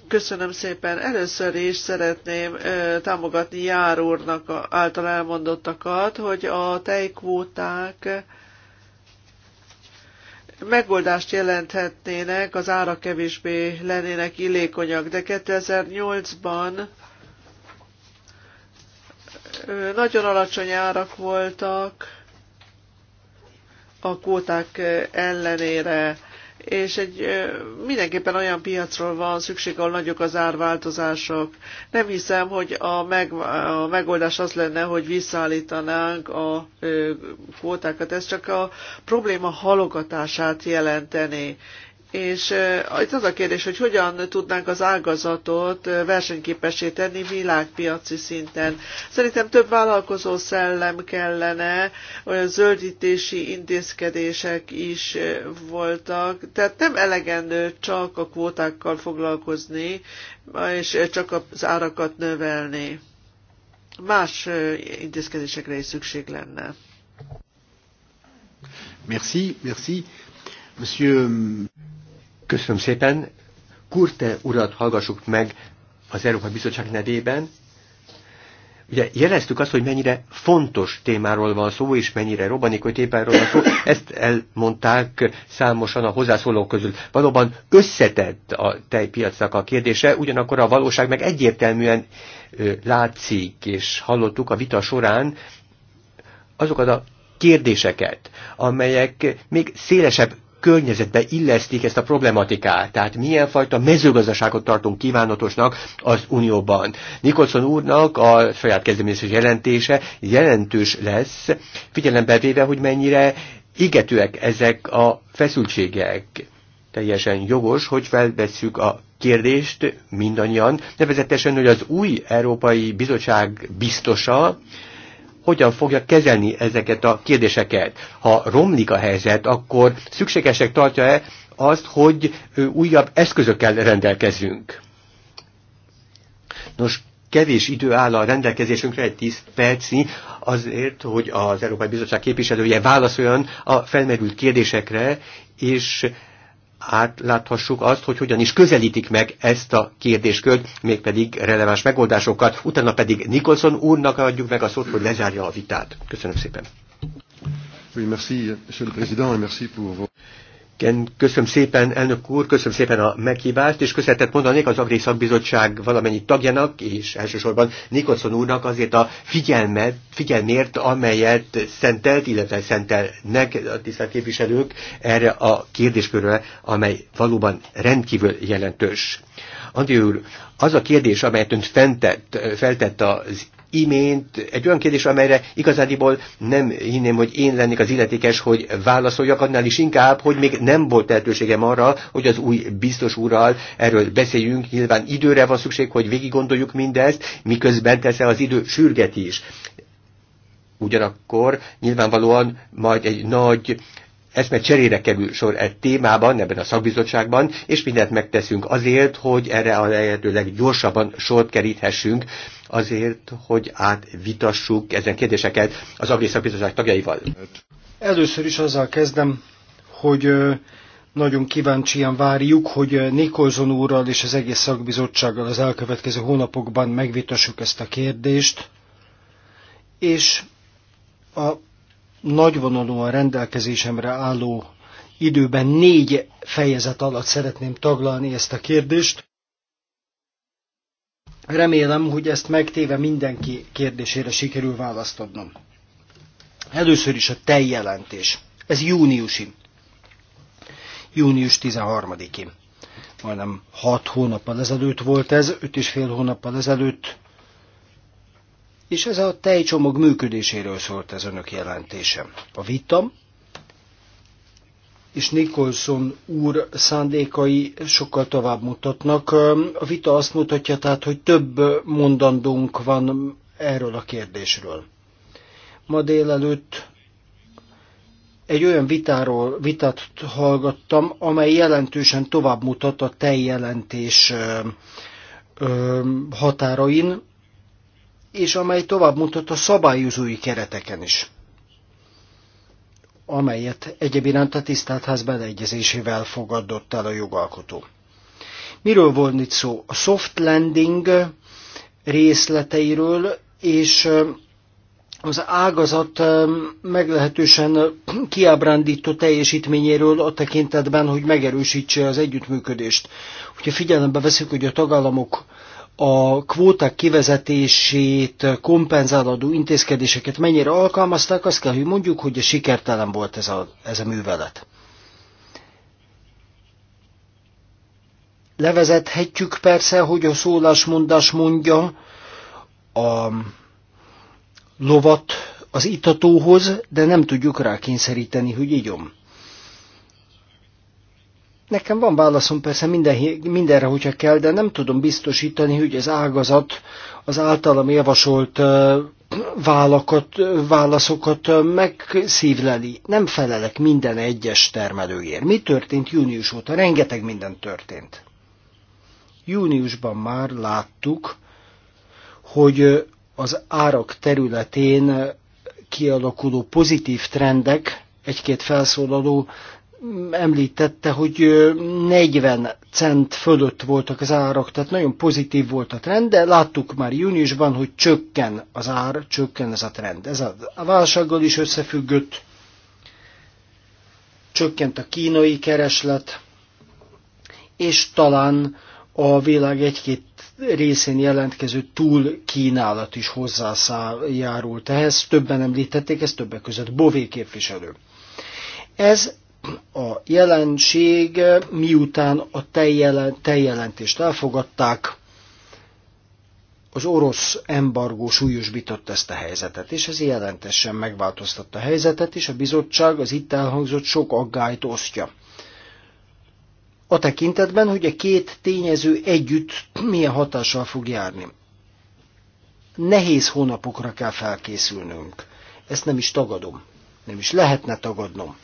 Köszönöm szépen. Először is szeretném ö, támogatni Jár úrnak a, által elmondottakat, hogy a tejkvóták megoldást jelenthetnének, az árak kevésbé lennének illékonyak, de 2008-ban nagyon alacsony árak voltak, a kvóták ellenére, és egy mindenképpen olyan piacról van szükség, ahol nagyok az árváltozások. Nem hiszem, hogy a, meg, a megoldás az lenne, hogy visszaállítanánk a kvótákat. Ez csak a probléma halogatását jelenteni. És itt az a kérdés, hogy hogyan tudnánk az ágazatot versenyképessé tenni világpiaci szinten. Szerintem több vállalkozó szellem kellene, olyan zöldítési intézkedések is voltak. Tehát nem elegendő csak a kvótákkal foglalkozni, és csak az árakat növelni. Más intézkedésekre is szükség lenne. Merci, merci. Monsieur... Köszönöm szépen. Kurte urat hallgassuk meg az Európai Bizottság nevében. Ugye jeleztük azt, hogy mennyire fontos témáról van szó, és mennyire hogy témáról van szó, ezt elmondták számosan a hozzászólók közül. Valóban összetett a tejpiacnak a kérdése, ugyanakkor a valóság meg egyértelműen látszik, és hallottuk a vita során azokat a kérdéseket, amelyek még szélesebb környezetbe illesztik ezt a problematikát. Tehát milyen fajta mezőgazdaságot tartunk kívánatosnak az Unióban. Nikolson úrnak a saját kezdeményezés jelentése jelentős lesz, figyelembe véve, hogy mennyire igetőek ezek a feszültségek. Teljesen jogos, hogy felvesszük a kérdést mindannyian, nevezetesen, hogy az új Európai Bizottság biztosa, hogyan fogja kezelni ezeket a kérdéseket. Ha romlik a helyzet, akkor szükségesek tartja-e azt, hogy újabb eszközökkel rendelkezünk. Nos, kevés idő áll a rendelkezésünkre, egy tíz percnyi, azért, hogy az Európai Bizottság képviselője válaszoljon a felmerült kérdésekre, és átláthassuk azt, hogy hogyan is közelítik meg ezt a kérdéskört, mégpedig releváns megoldásokat. Utána pedig Nicholson úrnak adjuk meg a szót, hogy lezárja a vitát. Köszönöm szépen. Oui, merci, monsieur le président, et merci pour vos... Igen, köszönöm szépen, elnök úr, köszönöm szépen a meghívást, és köszönetet mondanék az Agri Szakbizottság valamennyi tagjának, és elsősorban Nikolson úrnak azért a figyelmet, figyelmért, amelyet szentelt, illetve szentelnek a tisztelt képviselők erre a kérdéskörre, amely valóban rendkívül jelentős. Andi úr, az a kérdés, amelyet ön fentett, feltett az imént egy olyan kérdés, amelyre igazából nem hinném, hogy én lennék az illetékes, hogy válaszoljak, annál is inkább, hogy még nem volt lehetőségem arra, hogy az új biztos úrral erről beszéljünk. Nyilván időre van szükség, hogy végig gondoljuk mindezt, miközben tesze az idő sürgeti is ugyanakkor nyilvánvalóan majd egy nagy eszmet cserére kerül sor egy témában, ebben a szakbizottságban, és mindent megteszünk azért, hogy erre a lehető gyorsabban sort keríthessünk, azért, hogy átvitassuk ezen kérdéseket az Agri Szakbizottság tagjaival. Először is azzal kezdem, hogy nagyon kíváncsian várjuk, hogy Nikolzon úrral és az egész szakbizottsággal az elkövetkező hónapokban megvitassuk ezt a kérdést, és a nagyvonalúan rendelkezésemre álló időben négy fejezet alatt szeretném taglalni ezt a kérdést. Remélem, hogy ezt megtéve mindenki kérdésére sikerül választ adnom. Először is a teljelentés. Ez júniusi. Június 13-i. Majdnem hat hónappal ezelőtt volt ez, öt és fél hónappal ezelőtt és ez a tejcsomag működéséről szólt ez önök jelentésem. A vitam és Nicholson úr szándékai sokkal tovább mutatnak. A vita azt mutatja tehát, hogy több mondandónk van erről a kérdésről. Ma délelőtt egy olyan vitáról, vitát hallgattam, amely jelentősen tovább mutat a tej jelentés határain, és amely tovább mutat a szabályozói kereteken is, amelyet egyebiránt a tisztelt beleegyezésével fogadott el a jogalkotó. Miről volt itt szó? A soft landing részleteiről, és az ágazat meglehetősen kiábrándító teljesítményéről a tekintetben, hogy megerősítse az együttműködést. Hogyha figyelembe veszük, hogy a tagállamok a kvóták kivezetését kompenzáladó intézkedéseket mennyire alkalmazták, azt kell, hogy mondjuk, hogy a sikertelen volt ez a, ez a művelet. Levezethetjük persze, hogy a szólásmondás mondja a lovat az itatóhoz, de nem tudjuk rákényszeríteni, hogy igyom. Nekem van válaszom persze minden, mindenre, hogyha kell, de nem tudom biztosítani, hogy az ágazat az általam javasolt válakat, válaszokat megszívleli. Nem felelek minden egyes termelőért. Mi történt június óta? Rengeteg minden történt. Júniusban már láttuk, hogy az árak területén kialakuló pozitív trendek, egy-két felszólaló említette, hogy 40 cent fölött voltak az árak, tehát nagyon pozitív volt a trend, de láttuk már júniusban, hogy csökken az ár, csökken ez a trend. Ez a válsággal is összefüggött, csökkent a kínai kereslet, és talán a világ egy-két részén jelentkező túl kínálat is hozzájárult ehhez. Többen említették, ez többek között Bové képviselő. Ez a jelenség, eh, miután a tejjel elfogadták, az orosz embargó súlyosbította ezt a helyzetet, és ez jelentesen megváltoztatta a helyzetet, és a bizottság az itt elhangzott sok aggályt osztja. A tekintetben, hogy a két tényező együtt milyen hatással fog járni. Nehéz hónapokra kell felkészülnünk. Ezt nem is tagadom. Nem is lehetne tagadnom.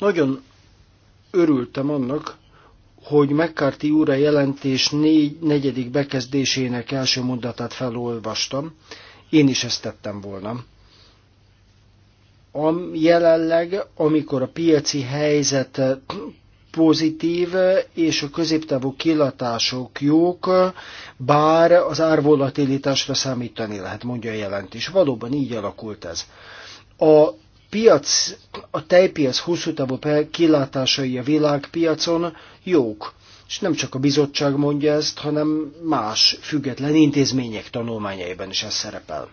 Nagyon örültem annak, hogy McCarthy a jelentés négy, negyedik bekezdésének első mondatát felolvastam. Én is ezt tettem volna. A jelenleg, amikor a piaci helyzet pozitív és a középtávú kilatások jók, bár az árvolatilitásra számítani lehet, mondja a jelentés. Valóban így alakult ez. A piac, a tejpiac hosszú távú kilátásai a világpiacon jók. És nem csak a bizottság mondja ezt, hanem más független intézmények tanulmányaiban is ez szerepel.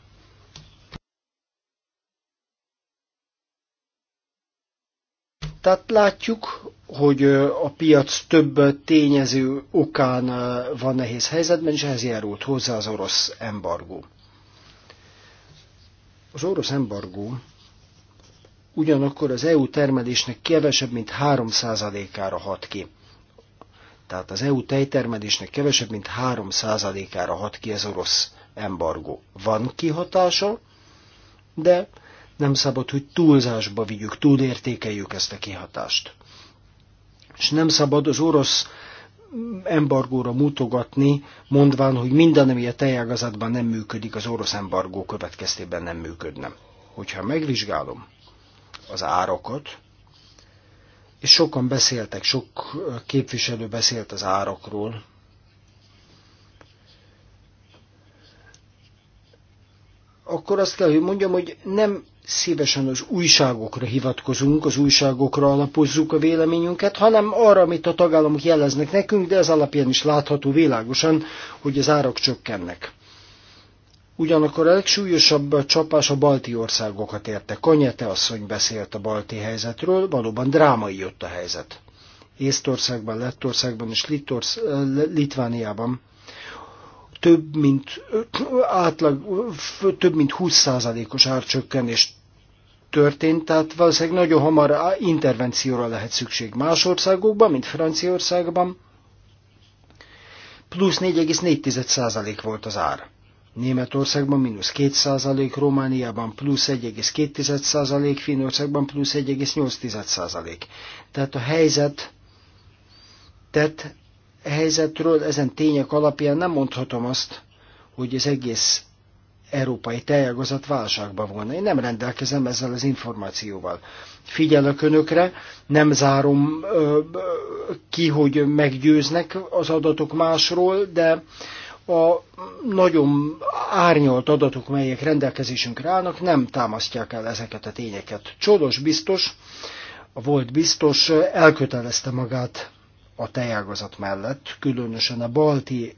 Tehát látjuk, hogy a piac több tényező okán van nehéz helyzetben, és ehhez járult hozzá az orosz embargó. Az orosz embargó ugyanakkor az EU termelésnek kevesebb, mint 3%-ára hat ki. Tehát az EU tejtermelésnek kevesebb, mint 3%-ára hat ki ez orosz embargó. Van kihatása, de nem szabad, hogy túlzásba vigyük, túlértékeljük ezt a kihatást. És nem szabad az orosz embargóra mutogatni, mondván, hogy minden, ami a tejágazatban nem működik, az orosz embargó következtében nem működne. Hogyha megvizsgálom az árakat, és sokan beszéltek, sok képviselő beszélt az árakról. Akkor azt kell, hogy mondjam, hogy nem szívesen az újságokra hivatkozunk, az újságokra alapozzuk a véleményünket, hanem arra, amit a tagállamok jeleznek nekünk, de ez alapján is látható világosan, hogy az árak csökkennek. Ugyanakkor a legsúlyosabb csapás a balti országokat érte. Konyete asszony beszélt a balti helyzetről, valóban drámai jött a helyzet. Észtországban, Lettországban és Litorsz, eh, Litvániában több mint, átlag, több mint 20%-os árcsökkenés történt, tehát valószínűleg nagyon hamar intervencióra lehet szükség más országokban, mint Franciaországban. Plusz 4,4% volt az ár. Németországban mínusz 2%, Romániában plusz 1,2%, Finnországban plusz 1,8%. Tehát a helyzet a helyzetről, ezen tények alapján nem mondhatom azt, hogy az egész európai tejágazat válságban volna. Én nem rendelkezem ezzel az információval. Figyelek önökre, nem zárom ö, ki, hogy meggyőznek az adatok másról, de a nagyon árnyalt adatok, melyek rendelkezésünkre állnak, nem támasztják el ezeket a tényeket. Csodos biztos, a volt biztos elkötelezte magát a tejágazat mellett, különösen a balti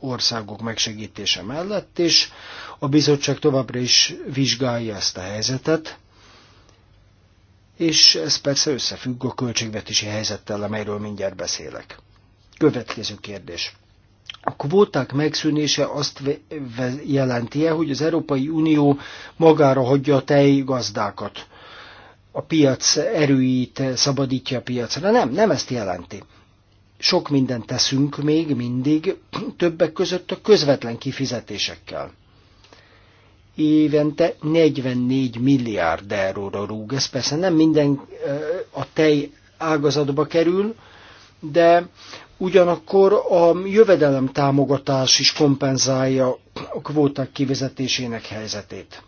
országok megsegítése mellett, és a bizottság továbbra is vizsgálja ezt a helyzetet, és ez persze összefügg a költségvetési helyzettel, amelyről mindjárt beszélek. Következő kérdés. A kvóták megszűnése azt jelenti -e, hogy az Európai Unió magára hagyja a tejgazdákat, a piac erőit szabadítja a piacra. Nem, nem ezt jelenti. Sok mindent teszünk még mindig, többek között a közvetlen kifizetésekkel évente 44 milliárd euróra rúg. Ez persze nem minden a tej ágazatba kerül, de Ugyanakkor a jövedelem támogatás is kompenzálja a kvóták kivezetésének helyzetét.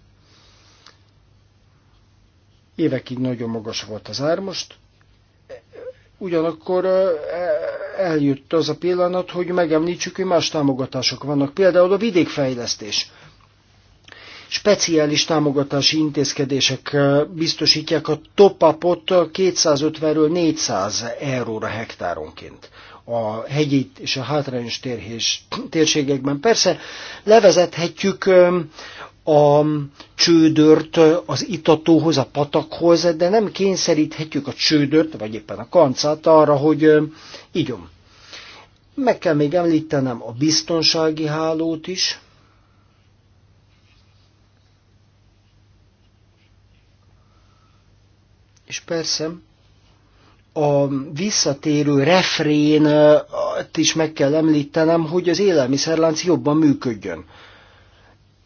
Évekig nagyon magas volt az ár most, ugyanakkor e, eljött az a pillanat, hogy megemlítsük, hogy más támogatások vannak, például a vidékfejlesztés. Speciális támogatási intézkedések biztosítják a top-upot 250-ről 400 euróra hektáronként a hegyi és a hátrányos térhés, térségekben. Persze levezethetjük a csődört az itatóhoz, a patakhoz, de nem kényszeríthetjük a csődört, vagy éppen a kancát arra, hogy igyom. Meg kell még említenem a biztonsági hálót is, és persze a visszatérő refrén is meg kell említenem, hogy az élelmiszerlánc jobban működjön.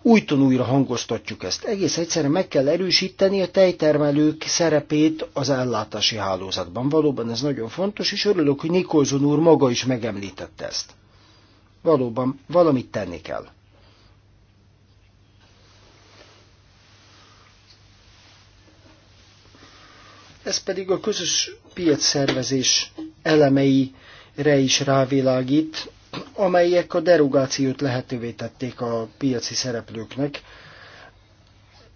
Újton újra hangoztatjuk ezt. Egész egyszerűen meg kell erősíteni a tejtermelők szerepét az ellátási hálózatban. Valóban ez nagyon fontos, és örülök, hogy Nikolzon úr maga is megemlítette ezt. Valóban valamit tenni kell. ez pedig a közös piacszervezés elemeire is rávilágít, amelyek a derogációt lehetővé tették a piaci szereplőknek.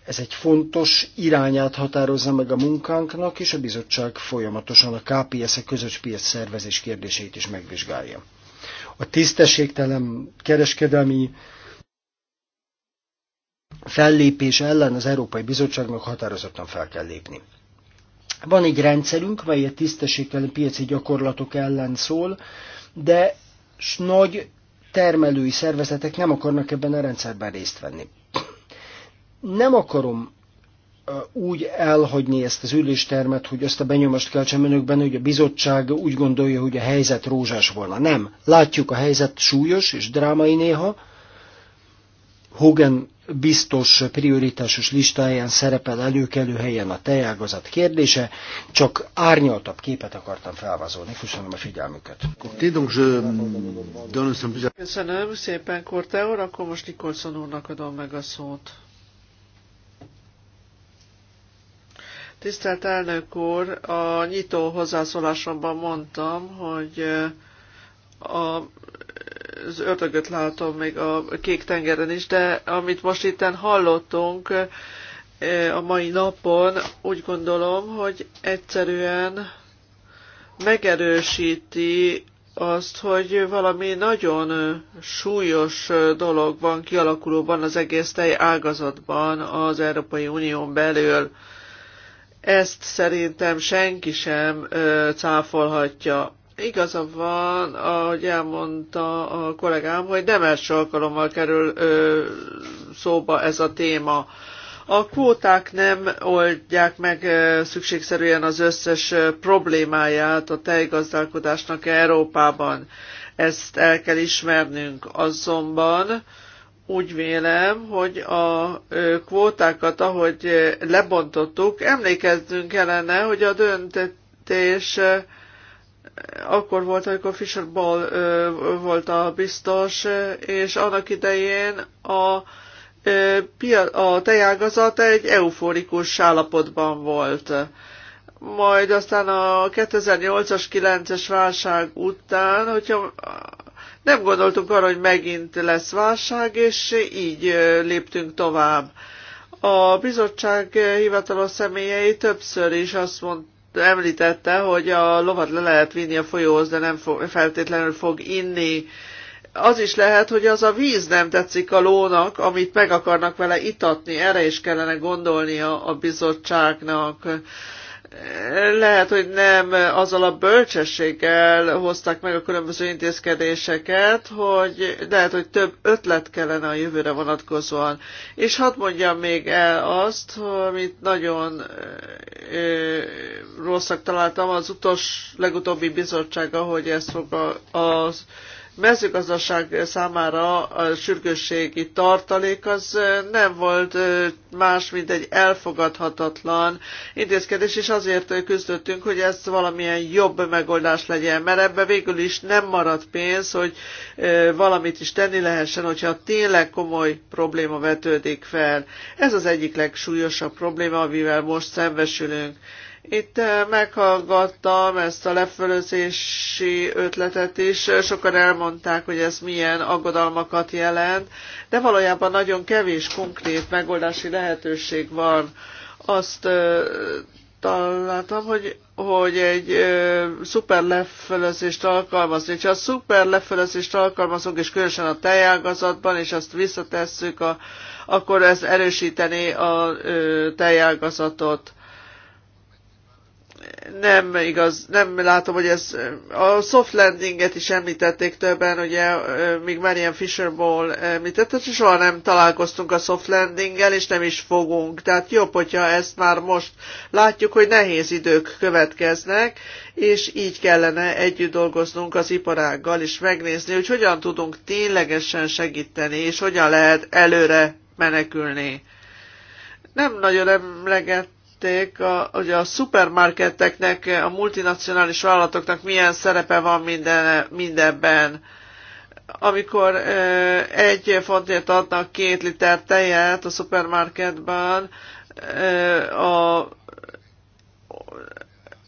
Ez egy fontos irányát határozza meg a munkánknak, és a bizottság folyamatosan a KPS, a -e közös piac szervezés kérdését is megvizsgálja. A tisztességtelen kereskedelmi fellépés ellen az Európai Bizottságnak határozottan fel kell lépni. Van egy rendszerünk, mely a tisztességtelen piaci gyakorlatok ellen szól, de nagy termelői szervezetek nem akarnak ebben a rendszerben részt venni. Nem akarom úgy elhagyni ezt az üléstermet, hogy azt a benyomást keltsem önökben, hogy a bizottság úgy gondolja, hogy a helyzet rózsás volna. Nem. Látjuk, a helyzet súlyos és drámai néha, Hogan biztos prioritásos listáján szerepel előkelő helyen a tejágazat kérdése, csak árnyaltabb képet akartam felvázolni. Köszönöm a figyelmüket. Köszönöm szépen, Korteor, akkor most Nikolson úrnak adom meg a szót. Tisztelt elnök úr, a nyitó hozzászólásomban mondtam, hogy a az ördögöt látom még a kék tengeren is, de amit most itten hallottunk a mai napon, úgy gondolom, hogy egyszerűen megerősíti azt, hogy valami nagyon súlyos dolog van kialakulóban az egész tej ágazatban az Európai Unión belül. Ezt szerintem senki sem ö, cáfolhatja. Igaza van, ahogy elmondta a kollégám, hogy nem első alkalommal kerül ö, szóba ez a téma. A kvóták nem oldják meg szükségszerűen az összes problémáját a tejgazdálkodásnak Európában. Ezt el kell ismernünk. Azonban úgy vélem, hogy a kvótákat, ahogy lebontottuk, emlékeznünk kellene, hogy a döntetés akkor volt, amikor Fisher Ball ö, volt a biztos, és annak idején a, ö, a tejágazat egy euforikus állapotban volt. Majd aztán a 2008-as, 9-es válság után, hogyha nem gondoltunk arra, hogy megint lesz válság, és így léptünk tovább. A bizottság hivatalos személyei többször is azt mondták, említette, hogy a lovat le lehet vinni a folyóhoz, de nem fog, feltétlenül fog inni. Az is lehet, hogy az a víz nem tetszik a lónak, amit meg akarnak vele itatni, erre is kellene gondolnia a bizottságnak lehet, hogy nem azzal a bölcsességgel hozták meg a különböző intézkedéseket, hogy lehet, hogy több ötlet kellene a jövőre vonatkozóan. És hadd mondjam még el azt, amit nagyon ö, rosszak találtam az utolsó, legutóbbi bizottság, ahogy ezt fog a, az mezőgazdaság számára a sürgősségi tartalék az nem volt más, mint egy elfogadhatatlan intézkedés, és azért küzdöttünk, hogy ez valamilyen jobb megoldás legyen, mert ebbe végül is nem maradt pénz, hogy valamit is tenni lehessen, hogyha tényleg komoly probléma vetődik fel. Ez az egyik legsúlyosabb probléma, amivel most szembesülünk. Itt eh, meghallgattam ezt a lefölözési ötletet is, sokan elmondták, hogy ez milyen aggodalmakat jelent, de valójában nagyon kevés konkrét megoldási lehetőség van. Azt eh, találtam, hogy, hogy egy eh, szuper lefölözést alkalmazni. Ha a szuper lefölözést alkalmazunk, és különösen a tejágazatban, és azt visszatesszük, a, akkor ez erősítené a tejágazatot nem igaz, nem látom, hogy ez a soft landinget is említették többen, ugye még Marian Fisherból említett, és soha nem találkoztunk a soft landinggel, és nem is fogunk. Tehát jobb, hogyha ezt már most látjuk, hogy nehéz idők következnek, és így kellene együtt dolgoznunk az iparággal, és megnézni, hogy hogyan tudunk ténylegesen segíteni, és hogyan lehet előre menekülni. Nem nagyon emleget említették, a, hogy a szupermarketeknek, a multinacionális vállalatoknak milyen szerepe van minden, mindenben Amikor egy fontért adnak két liter tejet a szupermarketben, a,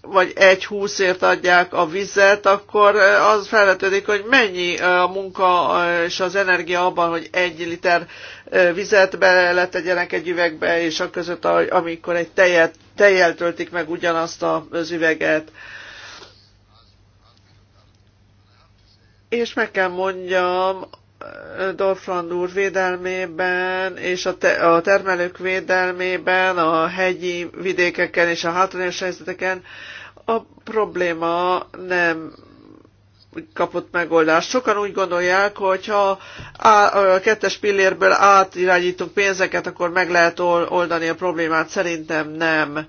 vagy egy húszért adják a vizet, akkor az felvetődik, hogy mennyi a munka és az energia abban, hogy egy liter vizet beletegyenek egy üvegbe, és a között, amikor egy tejet, tejjel töltik meg ugyanazt az üveget. És meg kell mondjam, Dorfland úr védelmében és a, te, a termelők védelmében, a hegyi vidékeken és a hátrányos helyzeteken a probléma nem kapott megoldást. Sokan úgy gondolják, hogy ha a kettes pillérből átirányítunk pénzeket, akkor meg lehet oldani a problémát. Szerintem nem.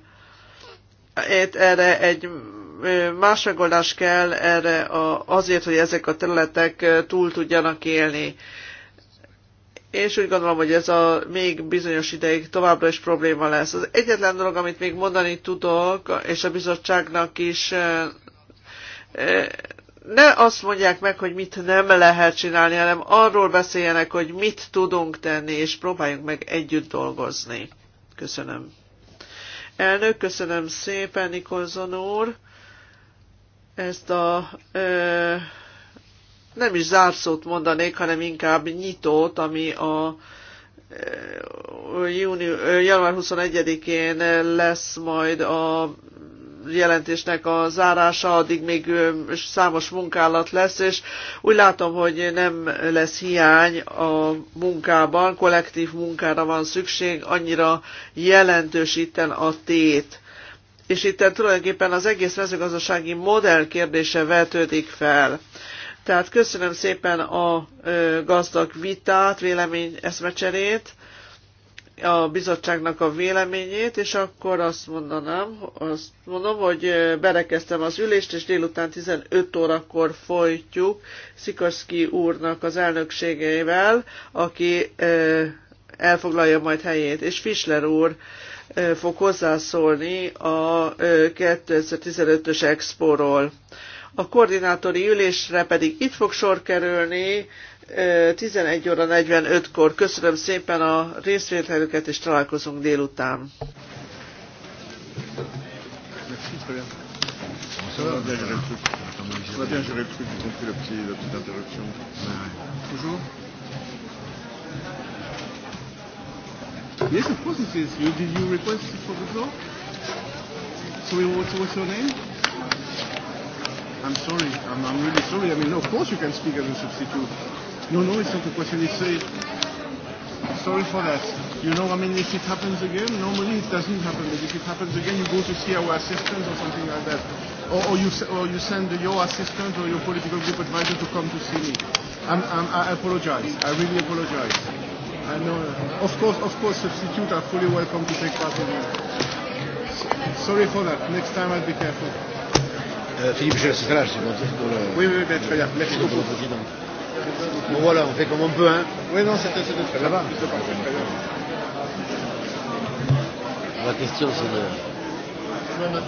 Itt erre egy más megoldás kell erre azért, hogy ezek a területek túl tudjanak élni. És úgy gondolom, hogy ez a még bizonyos ideig továbbra is probléma lesz. Az egyetlen dolog, amit még mondani tudok, és a bizottságnak is ne azt mondják meg, hogy mit nem lehet csinálni, hanem arról beszéljenek, hogy mit tudunk tenni, és próbáljunk meg együtt dolgozni. Köszönöm. Elnök, köszönöm szépen, Nikolzon úr. Ezt a ö, nem is zárszót mondanék, hanem inkább nyitót, ami a júni, január 21-én lesz majd a jelentésnek a zárása, addig még számos munkálat lesz, és úgy látom, hogy nem lesz hiány a munkában, kollektív munkára van szükség, annyira jelentős itten a tét. És itt tulajdonképpen az egész mezőgazdasági modell kérdése vetődik fel. Tehát köszönöm szépen a gazdag vitát, vélemény eszmecserét a bizottságnak a véleményét, és akkor azt mondanám, azt mondom, hogy berekeztem az ülést, és délután 15 órakor folytjuk Szikorszki úrnak az elnökségeivel, aki elfoglalja majd helyét, és Fischler úr fog hozzászólni a 2015-ös expóról. A koordinátori ülésre pedig itt fog sor kerülni 11 óra 45-kor. Köszönöm szépen a részvételüket, és találkozunk délután. Yes, of course it is. You, did you request for the floor? So we, what's, what's your name? I'm sorry. I'm, I'm really sorry. I mean, of course you can speak as a substitute. No, no, it's not a question. It's a, sorry for that. You know, I mean, if it happens again, normally it doesn't happen. But if it happens again, you go to see our assistants or something like that. Or, or, you, or you send your assistant or your political group advisor to come to see me. I'm, I'm, I apologize. I really apologize. I know. Of course, of course, substitute are fully welcome to take part in it. Sorry for that. Next time I'll be careful. Philippe, je laisse faire, j'ai pour le... Oui, oui, oui, très bien. Merci beaucoup. Bon voilà, on fait comme on peut. Hein. Oui, non, c'était très bien. Va. La question, c'est de...